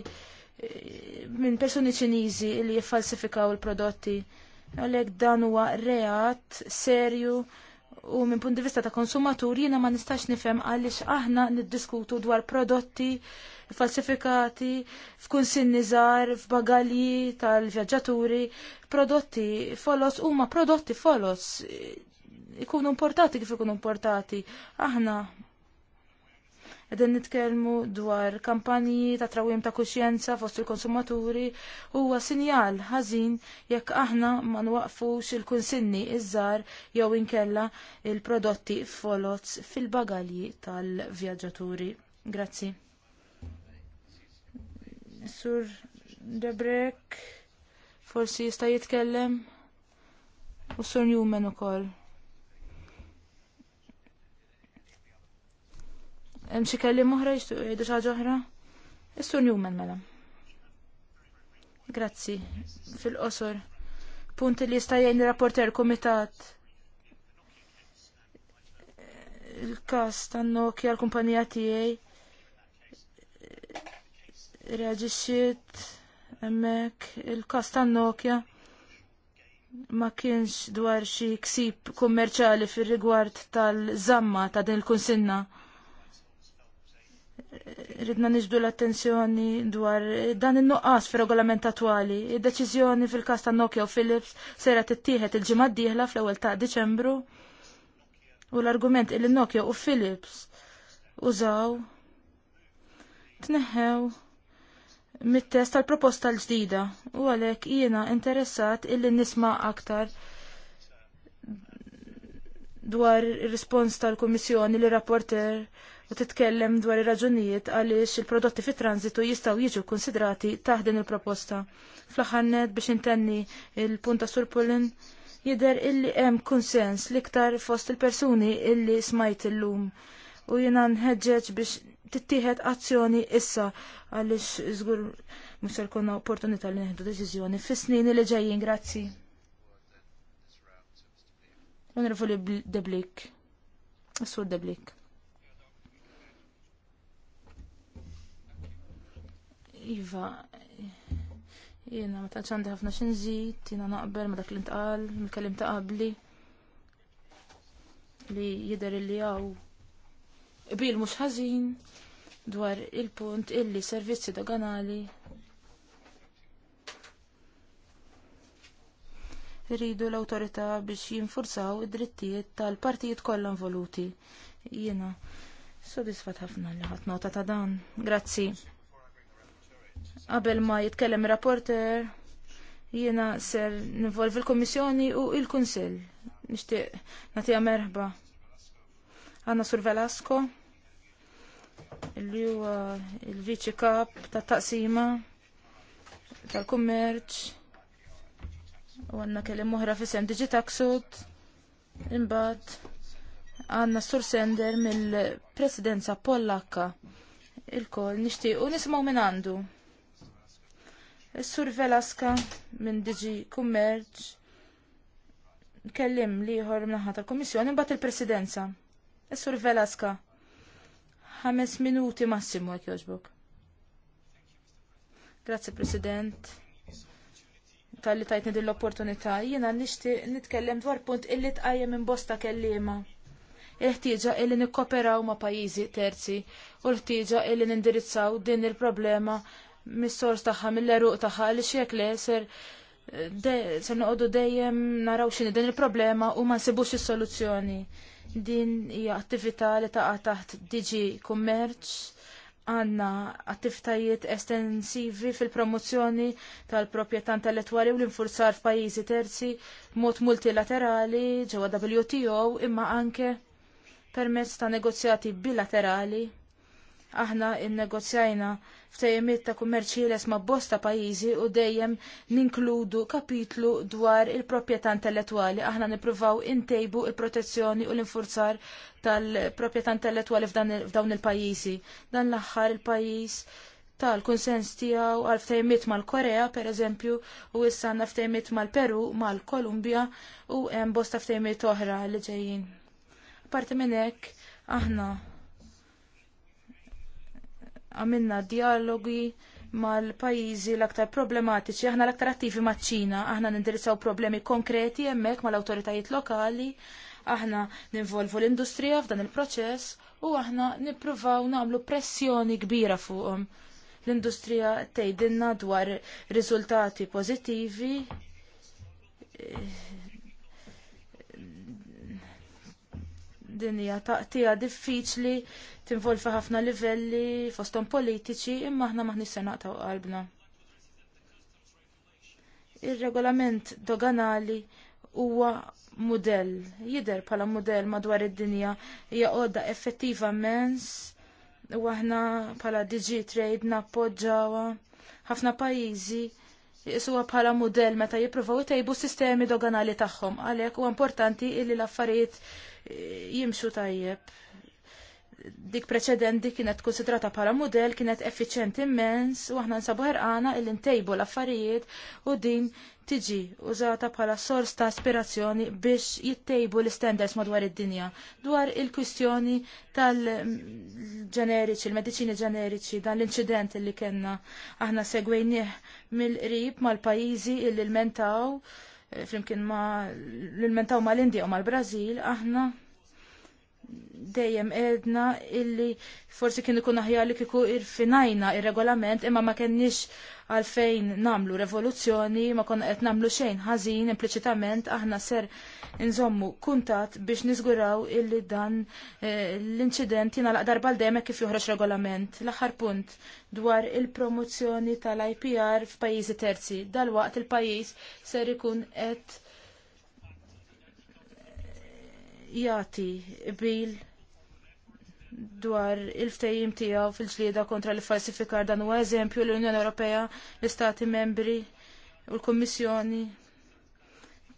minn persuni ċiniżi illi jiffalsifikaw il-prodotti għalhekk dan huwa reat serju u minn punt di vista ta' konsumatur jiena ma nistax nifhem għaliex aħna niddiskutu dwar prodotti falsifikati f'kun sinniżar f'bagalji tal-vjaġġaturi, prodotti folos huma prodotti folos ikunu importati kif ikunu importati. Aħna Edin nitkelmu dwar kampanji ta' trawim ta' kuxjenza fost il-konsumaturi huwa sinjal ħażin jekk aħna ma nwaqfux il-kunsinni iż-żar jew inkella il-prodotti folots fil-bagalji tal-vjaġġaturi. Grazzi. Sur Debrek forsi jista' jitkellem u Sur Newman ukoll. Hemm xi kelli moħra jixtiequ jgħidu xi ħaġa oħra? Is-Sur Newman mela. Grazzi. Fil-qosor. Punti li jista' jgħin rapporter kumitat il-każ tan-Nokia l-kumpanija tiegħi reaġixxiet hemmhekk il-każ tan-Nokia ma kienx dwar xi ksib kummerċali fir-rigward tal zamma ta' din il-kunsinna ridna niġdu l-attenzjoni dwar dan il-nuqqas fil regolament attuali. Id-deċiżjoni fil-kas ta' Nokia u Philips sera tittieħed il-ġimgħa d-dieħla fl-ewwel ta' Diċembru. U l-argument il Nokia u Philips użaw tneħħew mit-test tal-proposta l-ġdida u għalhekk jiena interessat illi nisma' aktar dwar ir-rispons tal-Kummissjoni li rapporter u titkellem dwar ir-raġunijiet għaliex il-prodotti fit tranzitu jistgħu jiġu konsidrati taħdin il-proposta. Fl-aħħar biex intenni il-punta sur Pullin jidher illi hemm konsens liktar fost il-persuni illi smajt illum u jiena nħeġġeġ biex tittieħed azzjoni issa għaliex żgur mhux se jkollna opportunità li neħdu deċiżjoni fis-snin li ġejjin, grazzi. Onorevoli Deblik. Assur Deblik. Iva, jiena ma taċan ħafna xinżit, jiena naqbel ma dak li ntqal, mill kellim ta' qabli li jidher li għaw bil mhux ħażin dwar il-punt illi servizzi doganali rridu l awtorità biex jinfurzaw id-drittijiet tal-partijiet kollha involuti. Jiena sodisfat ħafna li ħadd nota ta' dan. Grazzi. Qabel ma jitkellem rapporter, jiena ser nivolvi l-Kommissjoni u il-Kunsill. Nixtieq nagħtiha merħba. Għanna Sur Velasco, li huwa il-Viċi Kap ta' taqsima tal-kummerċ u għanna kellim moħra fi sem Digitaxud imbagħad għanna Sur Sender mill-Presidenza Pollakka il-kol nixtiequ nismaw minn għandu. Sur Velaska minn Digi Kummerġ kellim liħor mnaħħa tal-Komissjoni mbagħad il-Presidenza. Sur Velaska ħames minuti massimu għek jogħġbok. Grazie President tal-li tajtni din l-opportunità jiena nishti nitkellem dwar punt illi tqajjem minn bosta kelliema. Il-ħtieġa illi nikkoperaw ma' pajjiżi terzi u l-ħtieġa illi nindirizzaw din il-problema mis-sors tagħha, mill-eruq tagħha li xek le ser eh, se noqogħdu dejjem naraw x'inhi din il-problema u ma nsibux is-soluzzjoni. Din hija attività li taqa' taħt DG Kummerċ għandna attivitajiet estensivi fil-promozzjoni tal-proprjetà intellettwali u l-infurzar f'pajjiżi terzi b'mod multilaterali ġewwa WTO imma anke permezz ta' negozjati bilaterali Aħna innegozjajna ftejmiet ta' kummerċ ħieles ma' bosta pajjiżi u dejjem ninkludu kapitlu dwar il-proprjetà intellettwali. Aħna nippruvaw intejbu il-protezzjoni u l-infurzar tal-proprjetà intellettwali f'dawn il-pajjiżi. Dan l-aħħar il-pajjiż tal-kunsens tiegħu għal ftejmiet mal-Korea, pereżempju, u issa għandna ftejmiet mal-Peru, mal-Kolumbja u hemm bosta ftejmiet oħra li ġejjin. Apparti minn hekk, aħna għamilna dialogi mal-pajizi l-aktar problematiċi, aħna l-aktar attivi maċ-Ċina, aħna nindirizzaw problemi konkreti hemmhekk mal-awtoritajiet lokali, aħna ninvolvu l-industrija f'dan il-proċess u aħna nippruvaw nagħmlu pressjoni kbira fuqhom. L-industrija tgħidilna dwar riżultati pożittivi eh, Dinja taqtiha taqtija diffiċli tinvolvi ħafna livelli fosthom politiċi imma aħna maħniex se naqtaw qalbna. Ir-regolament doganali huwa mudell, jidher bħala mudell madwar id-dinja hija għodda effettiva mens u aħna bħala DG Trade nappoġġawha ħafna pajjiżi jisuwa bħala mudell meta jippruvaw jtejbu sistemi doganali tagħhom għalhekk huwa importanti illi l-affarijiet jimxu tajjeb. Dik preċedenti kienet konsidrata bħala model, kienet effiċenti immens u aħna nsabu ħerqana il ntejbu l-affarijiet u din tiġi użata bħala sors ta' aspirazzjoni biex jittejbu l-standards madwar id-dinja dwar il-kwistjoni tal-ġeneriċi, il-medicini ġeneriċi, dan l-inċident li kena aħna segwejnieh mill-qrib mal-pajizi il-mentaw. il mentaw flimkien ma l-mentaw ma l-Indija u ma l-Brazil, aħna dejjem edna illi forsi kien ikun aħjar li kiku irfinajna ir-regolament imma ma kenniex għalfejn namlu revoluzzjoni, ma konna qed namlu xejn ħażin impliċitament aħna ser nżommu kuntat biex niżguraw illi dan eh, l-inċident jingħalaq laqdar l kif joħroġ regolament. L-aħħar punt dwar il-promozzjoni tal-IPR f'pajjiżi terzi. dal waqt il-pajjiż ser ikun qed jati bil dwar il-ftejjim tiegħu fil-ġlieda kontra l-falsifikar dan huwa eżempju l-Unjoni Ewropea, l-Istati Membri u l-Kummissjoni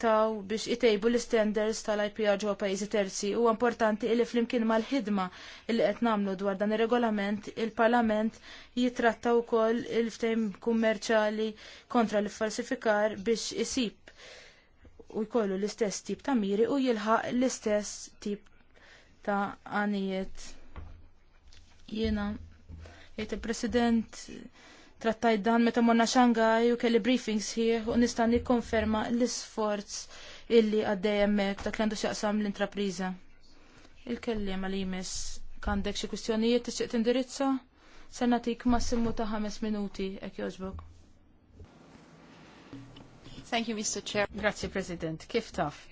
taw biex itejbu l-standards tal-IPR ġewwa pajjiżi terzi. Huwa importanti li flimkien mal-ħidma li qed nagħmlu dwar dan ir-regolament, il-Parlament jitratta wkoll il ftehim kummerċali kontra l-falsifikar biex isib u jkollu l-istess tip ta' miri u jilħaq l-istess tip ta' għanijiet Jiena jgħid il-President trattajt dan meta morna Xangaj u kelli briefings hi u nista' nikkonferma l-isforz illi għaddej hemmhekk dak li għandu l-intrapriża. Il-kelliem għal jmiss għandek xi kwistjonijiet tixtieq tindirizza? Se nagħtik massimu ta' ħames minuti ek jogħġbok. Thank you, Mr. Chair. Grazie, President. Kif taf?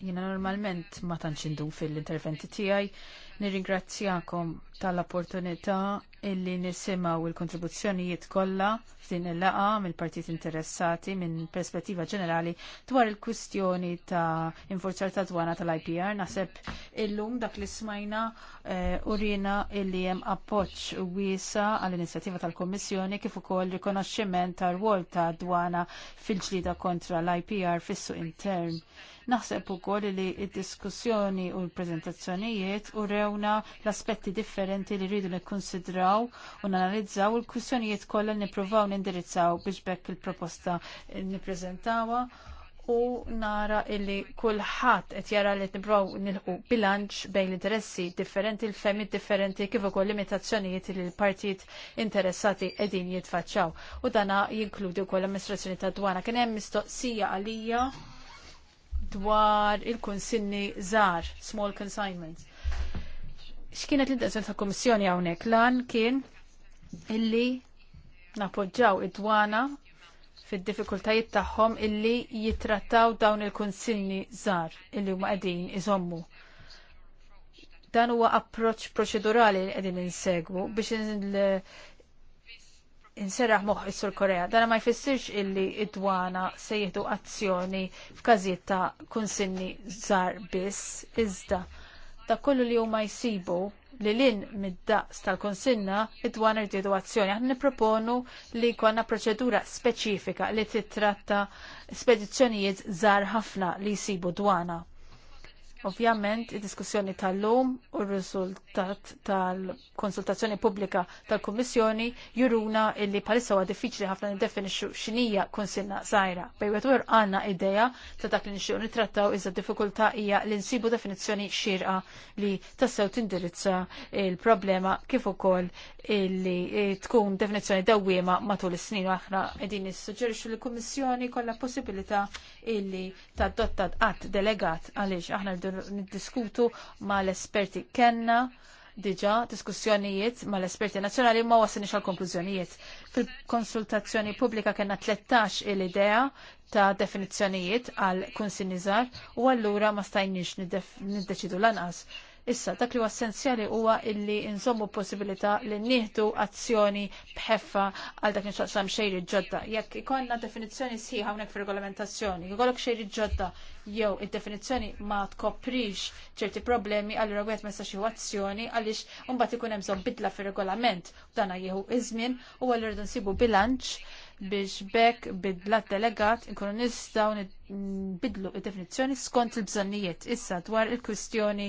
Jina normalment ma tantx fil-interventi tiegħi Nirringrazzjakom tal-opportunità illi nisimaw il-kontribuzzjonijiet kollha f'din il laqgħa mill-partit interessati minn perspettiva ġenerali dwar il-kwistjoni ta' infurzar ta' dwana tal-IPR. Naħseb illum dak li smajna eh, u rina illi hemm appoġġ wiesa għall-inizjattiva tal-Kommissjoni kif ukoll rikonoxximent tar-rwol ta' dwana fil-ġlida kontra l-IPR fis-suq intern Naħseb ukoll li d-diskussjoni u l prezentazzjonijiet u rewna l-aspetti differenti li rridu nikkonsidraw u nanalizzaw u l kwissjonijiet kollha nippruvaw nindirizzaw biex bekk il-proposta nippreżentawha u nara illi kulħadd qed jara li nibrow nilħu bilanċ bejn l-interessi differenti, l-femmit differenti, kif ukoll limitazzjonijiet li l-partijiet interessati qegħdin jitfaċċaw. U dana jinkludi wkoll l-amministrazzjoni tad dwana. Kien hemm mistoqsija għalija dwar il-konsinni żgħar, small consignments. X'kienet l-intenzjoni ta' kummissjoni hawnhekk lan kien illi napoġġaw id-dwana fid-diffikultajiet tagħhom illi jitrattaw dawn il-konsinni żgħar illi huma qegħdin iżommu. Dan huwa approċċ proċedurali li qegħdin insegwu biex Inserraħ moħ is-Sur Korea. Dana ma jfissirx illi id-dwana se jieħdu azzjoni f'każijiet ta' kunsinni żgħar biss, iżda ta' kollu li huma jsibu li lin mid-daqs tal-konsinna id-dwana rridu azzjoni. Aħna nipproponu li jkollna proċedura speċifika li titratta spedizzjonijiet żgħar ħafna li jsibu dwana. Ovvjament, id-diskussjoni tal-lum u r-riżultat tal-konsultazzjoni pubblika tal-Kummissjoni juruna illi palissa huwa diffiċli ħafna niddefinixxu x'inija konsilna sajra. Bejwet wer għandna idea ta' dak li nixtieq nittrattaw iżda diffikultà hija li nsibu definizzjoni xirqa li tassew tindirizza il-problema kif ukoll illi tkun definizzjoni dawwiema matul is-snin aħna qegħdin nissuġġerixxu l-Kummissjoni kollha possibilità illi tadotta qatt delegat għaliex aħna rridu niddiskutu ma l-esperti kenna diġa diskussjonijiet ma l-esperti nazjonali ma wasinix għal konklużjonijiet. Fil-konsultazzjoni pubblika kena 13 il-idea ta' definizzjonijiet għal kunsinizar u għallura ma stajniex niddeċidu lanqas. Issa, dak li huwa essenzjali huwa illi nżommu possibilità li nieħdu azzjoni bħeffa għal dak nixtaqsam xejri ġodda. Jekk ikonna definizzjoni sħiħa hawnhekk fir-regolamentazzjoni, jgħolok xejri ġodda jew id-definizzjoni ma tkoprix ċerti problemi allura wieħed ma jistax jieħu azzjoni għaliex mbagħad ikun hemm bidla fir-regolament dan jieħu iż-żmien u allura nsibu bilanċ biex bekk bidla delegat nkunu nistgħu nbidlu id-definizzjoni skont il-bżonnijiet. Issa dwar il-kwistjoni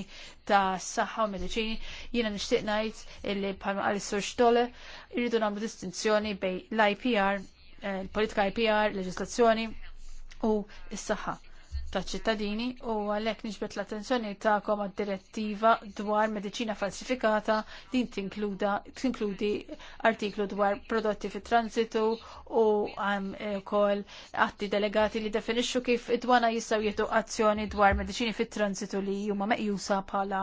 ta' saħħa u mediċini jiena nixtieq ngħid illi bħalma qal is-sur Stolle jridu nagħmlu distinzjoni bejn l-IPR, eh, il-politika IPR, leġislazzjoni u s-saħħa taċ ċittadini u għalhekk nixbet l-attenzjoni tagħkom għad-direttiva dwar mediċina falsifikata din tinkluda tinkludi artiklu dwar prodotti fit transitu u għam eh, kol atti delegati li definixxu kif id-dwana jistgħu jieħdu azzjoni dwar mediċini fit transitu li huma meqjusa bħala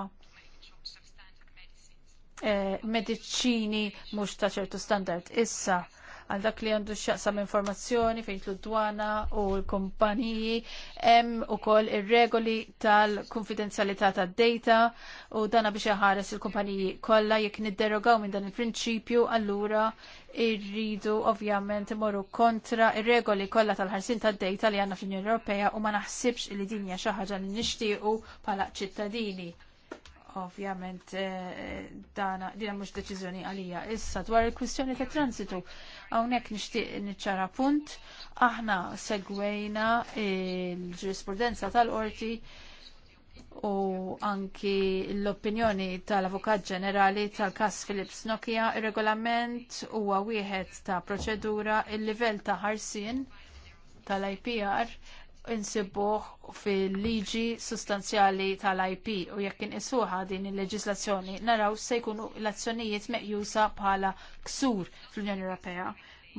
medicini eh, mediċini mhux ta' ċertu standard issa għal dak li għandu xaqsam informazzjoni fejn tlu dwana u l-kumpaniji hemm ukoll ir-regoli tal-konfidenzjalità tad-data u dana biex jaħares il-kumpaniji kollha jekk nidderogaw minn dan il-prinċipju allura irridu ovvjament imorru kontra ir-regoli kollha tal-ħarsin tad-data li għandna fl-Unjoni Ewropea u ma naħsibx li dinja xi ħaġa li nixtiequ bħala ċittadini. Ovvjament eh, dana dina mhux deċiżjoni għalija. Issa dwar il-kwistjoni ta' transitu hawnhekk nixtieq niċċara punt aħna segwejna il-ġurisprudenza tal-qorti u anki l-opinjoni tal-Avukat Ġenerali tal-Kas Philips Nokia, il-regolament huwa wieħed ta' proċedura, il-livell ta' ħarsien tal-IPR insibuh fil-liġi sustanzjali tal-IP u jekk inqisuha din il-leġislazzjoni naraw se jkunu l-azzjonijiet meqjusa bħala ksur fl-Unjoni Ewropea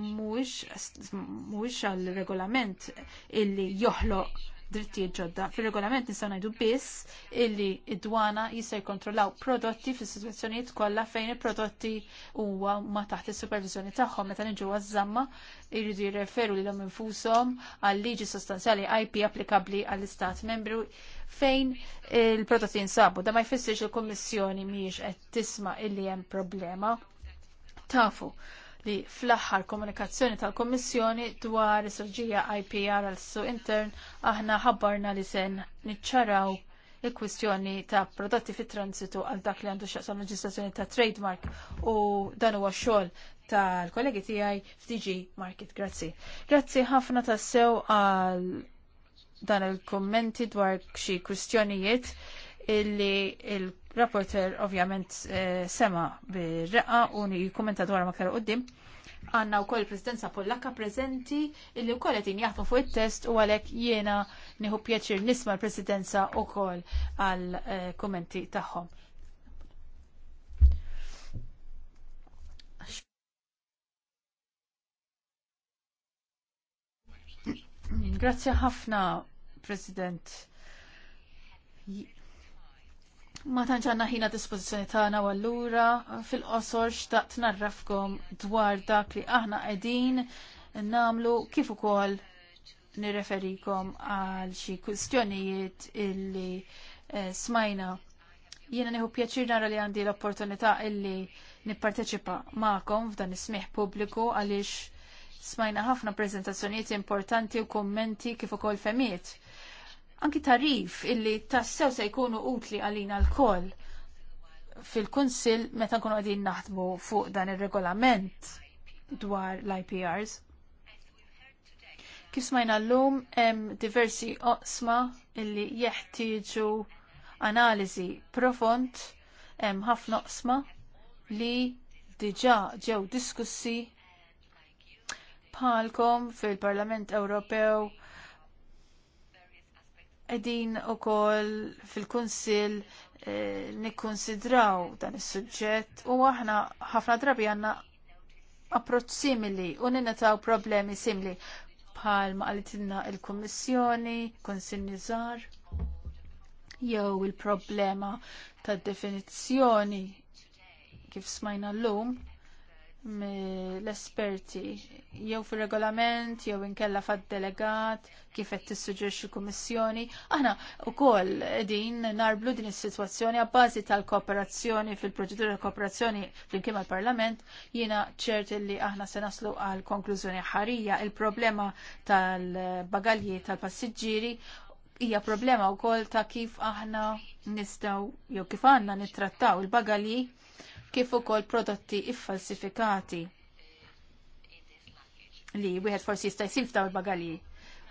mhuwiex għall regolament illi joħloq drittijiet ġodda. Fil-regolament nistgħu ngħidu biss illi id-dwana jista' jkontrollaw prodotti fis sitwazzjonijiet kollha fejn il-prodotti huwa ma taħt is-supervizjoni tagħhom meta niġu għaż-żamma jridu jirreferu lilhom infushom għal liġi sostanzjali IP applikabbli għall-istat membru fejn il-prodotti jinsabu. Da ma jfissirx il kummissjoni mhijiex qed tisma' illi hemm problema. Tafu li fl-aħħar komunikazzjoni tal-Kommissjoni dwar is surġija IPR għal su intern aħna ħabbarna li sen niċċaraw il-kwistjoni ta' prodotti fit transitu għal dak li għandu xaqsam leġislazzjoni ta' trademark u dan huwa xogħol tal-kollegi tiegħi f'DG Market. Grazzi. Grazzi ħafna tassew għal dan il-kommenti dwar xi kwistjonijiet illi il Rapporter ovvjament eh, sema bir-reqqa u jikkumenta dwar ma ktar qoddim. Għanna u koll presidenza pollaka prezenti illi u koll għetin jaħfu fuq il-test u għalek jiena niħu pjaċir nisma l-presidenza u koll għal eh, kommenti taħħom. Grazie ħafna, President. Ma tanċanna ħina dispozizjoni tagħna għallura fil-qosor xtaqt narrafkom dwar dak li aħna qegħdin namlu kif ukoll nirreferikom għal xi kwistjonijiet illi eh, smajna. Jiena nieħu pjaċir nara li għandi l-opportunità illi nipparteċipa magħkom f'dan is-smieħ pubbliku għaliex smajna ħafna prezentazzjonijiet importanti u kommenti kif ukoll femiet anki tarif illi tassew se jkunu utli għalina l-koll fil kunsill meta nkunu għadin naħdmu fuq dan il-regolament dwar l-IPRs. Kif smajna l-lum, hemm diversi oqsma illi jeħtieġu analiżi profond, hemm ħafna oqsma li diġà ġew diskussi bħalkom fil-Parlament Ewropew Edin u koll fil-Kunsil eh, nikkonsidraw dan is suġġett u aħna ħafna drabi għanna approċ simili u ninnataw problemi simili bħal ma għalitinna il-Kommissjoni, Kunsil Nizar, jew il-problema ta' definizzjoni kif smajna l-lum l-esperti, jew fir regolament jew inkella fad-delegat, kif qed tissuġġerixxi kummissjoni. Aħna wkoll qegħdin narblu din is-sitwazzjoni għabbażi tal-kooperazzjoni fil-proċedura ta' kooperazzjoni flimkien mal-Parlament, jiena ċert li aħna se naslu għal konklużjoni ħarija il-problema tal-bagalji tal-passiġġieri hija problema wkoll ta' kif aħna nistgħu jew kif għandna nittrattaw il-bagalji kif ukoll prodotti iffalsifikati li wieħed forsi jista' jsir f'dawn il-bagalji.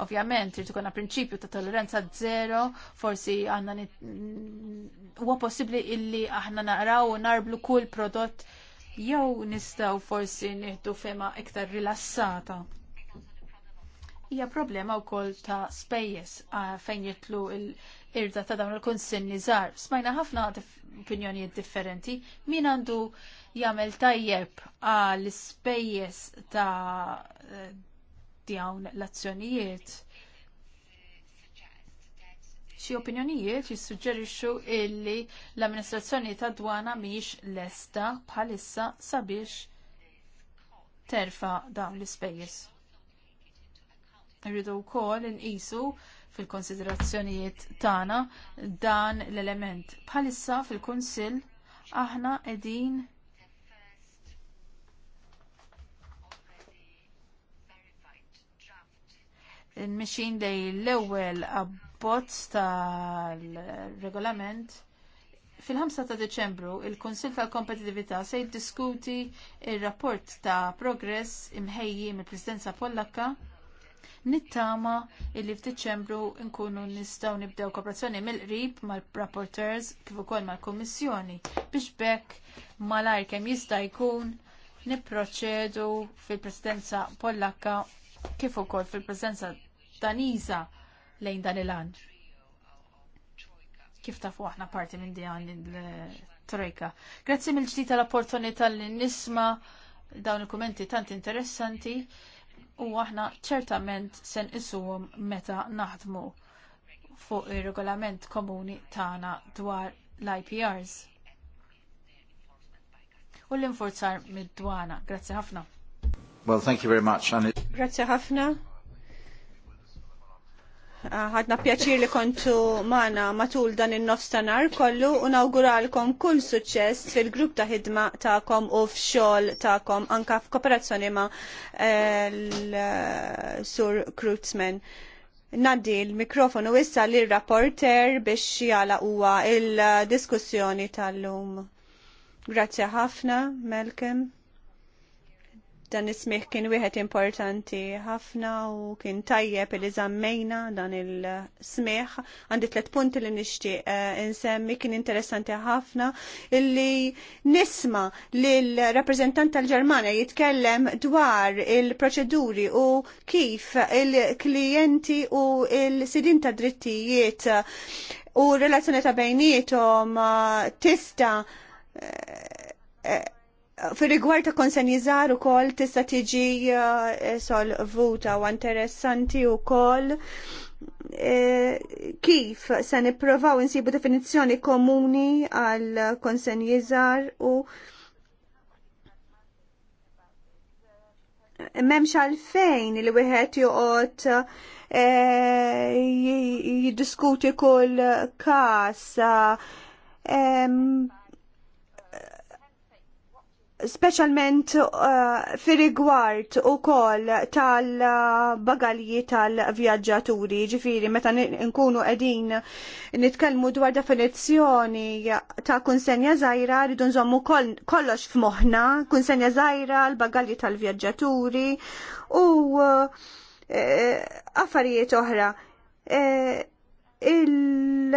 Ovvjament, trid ikun prinċipju ta' tolleranza zero, forsi għandna huwa possibbli illi aħna naqraw u narblu kull prodott jew nistgħu forsi nieħdu fema iktar rilassata. Hija problema wkoll ta' spejjeż fejn jitlu l-irda ta' dawn il-kunsinni żgħar. Smajna ħafna opinjonijiet differenti, min għandu jagħmel tajjeb għal ispejjeż ta' eh, dawn l-azzjonijiet. Xi opinjonijiet jissuġġerixxu illi l-amministrazzjoni ta' dwana mhijiex lesta bħalissa sabiex terfa dawn l-ispejjeż. Rridu wkoll inqisu fil-konsiderazzjonijiet tagħna dan l-element. Bħalissa fil-Kunsill aħna qegħdin Mixin lej l-ewwel abbozz tal-regolament fil-5 ta' Deċembru il-Kunsill tal-Kompetitività se jiddiskuti r rapport ta' progress imħejji mill-Presidenza Pollakka Nittama illi f'Diċembru nkunu nistgħu nibdew kooperazzjoni mill-qrib mal-rapporteurs kif ukoll mal-Kummissjoni biex bekk malajr kemm jista' jkun nipproċedu fil-Presidenza Pollakka kif ukoll fil-Presidenza Daniża lejn dan il-għan. Kif tafu aħna parti minn il trojka. Grazzi mill ġdid tal-opportunità li nisma dawn il-kommenti tant interessanti u aħna ċertament sen isuhom meta naħdmu fuq ir-regolament komuni tagħna dwar l-IPRs. U l-infurzar mid-dwana. Grazzi ħafna. Well, thank you very much. Grazzi ħafna. Ah, ħadna pjaċir li kontu maħna matul dan il-nofs tanar kollu u nawguralkom kull suċċess fil-grupp ta' ħidma ta'kom u f'xol ta'kom anka f'kooperazzjoni ma' eh, l-Sur Kruzman. Naddi l-mikrofonu issa li rapporter biex jala huwa il-diskussjoni tal-lum. Grazie ħafna, Malcolm. Dan ismiħ kien wieħed importanti ħafna u kien tajjeb li zammejna dan il-smiħ. Għandi tlet punti li nixtieq eh, insemmi kien interessanti ħafna illi nisma lill-rappreżentant tal ġermana jitkellem dwar il-proċeduri u kif il-klijenti u il-sidin ta' drittijiet u relazzjoni ta' bejnietom eh, tista' eh, Fi rigward ta' konsenizar u kol tista tiġi eh, solvuta u interessanti u kol eh, kif se nipprovaw insibu definizzjoni komuni għal konsenizar u memx għalfejn li wieħed joqgħod eh, jiddiskuti kull każ specialment uh, fi rigward u kol tal-bagalji tal-vjaġġaturi, ġifiri, meta nkunu edin nitkelmu dwar definizjoni ta' kunsenja zaħira, rridu nżommu kol kollox f'moħna, kunsenja zaħira, l-bagalji tal-vjaġġaturi u uh, eh, affarijiet oħra. Uh, il-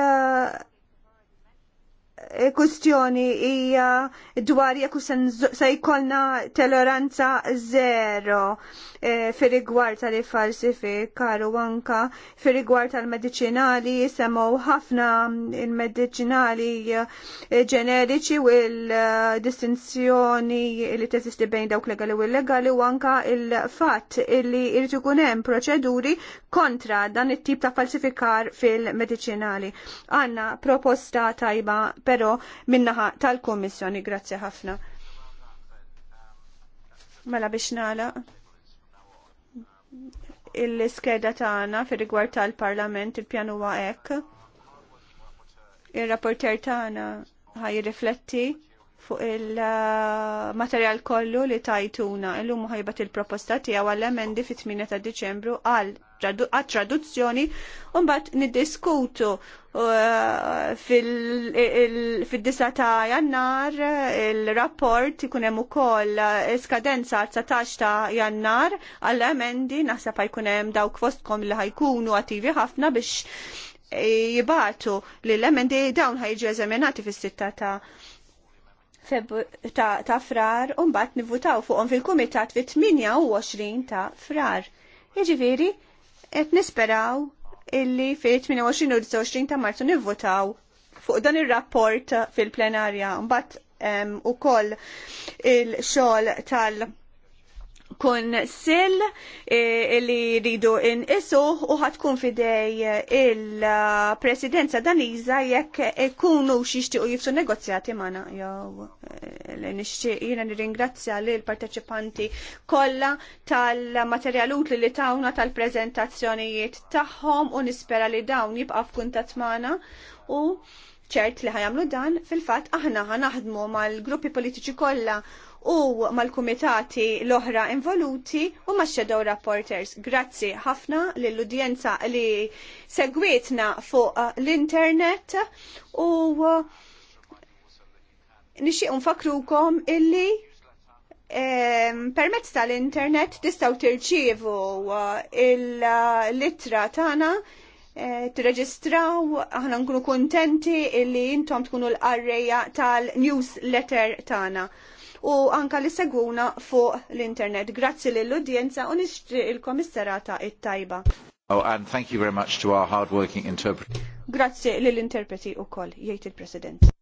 kustjoni hija dwar jekk se jkollna toleranza zero Eh, fir-rigward tal-ifalsifikar u anka fir-rigward tal-medicinali semgħu ħafna il-medicinali eh, ġeneriċi u l-distinzjoni li teżisti bejn dawk legali u illegali u anka il-fatt li jrid ikun hemm proċeduri kontra dan it-tip ta' falsifikar fil-medicinali. Għanna proposta tajba però minnaħa tal-Kummissjoni. Grazzi ħafna. Mela biex nagħlaq il-skeda tagħna fir rigward tal-Parlament il-pjan huwa hekk. Ir-rapporter tagħna ħaj rifletti fuq il-materjal kollu li tajtuna il-lum ħajbat il-proposta tiegħu għall-emendi fit-8 ta' Diċembru għal għat-traduzzjoni u mbagħad niddiskutu uh, fil-9 ta' Jannar il-rapport ikun hemm ukoll skadenza 19 ta' Jannar għall-emendi naħseb ħajkun hemm dawk fostkom li ħajkunu attivi ħafna biex jibatu li l-emendi dawn ħajġu eżaminati fis-sitta ta' ta' frar u mbagħad nivvutaw fuqhom fil-kumitat fit-28 ta' frar. Jiġifieri qed nisperaw illi fil-28 u 29 ta' Marzu nivvutaw fuq dan ir-rapport fil-plenarja. Mbagħad ukoll il-xogħol tal- kunsill e, li jridu isu, u ħatkun fidej il-presidenza daniża jekk ikunu xixtiequ jifsu negozjati magħna jew e, nixtieq jiena nirringrazzja lil parteċipanti kollha tal-materjal utli li tawna tal prezentazzjonijiet tagħhom u nispera li dawn jibqa' f'kuntatt magħna u ċert li ħajamlu dan fil-fatt aħna ħanaħdmu mal-gruppi politiċi kollha u mal-kumitati l-oħra involuti u ma' x-xedow rapporters. Grazzi ħafna l-udjenza li segwitna fuq l-internet u nixi nfakrukom illi permezz tal-internet tistaw tirċievu eh, il-litra tagħna eh, tirreġistraw, aħna nkunu kontenti illi intom tkunu l-qarreja tal-newsletter tagħna u anka li seguna fuq l-internet. Grazzi lill-udjenza u nixtri il-komissarata it-tajba. Oh, and thank you very much to our hard-working interpreter. Grazie lill-interpreti u koll, jgħid il-President.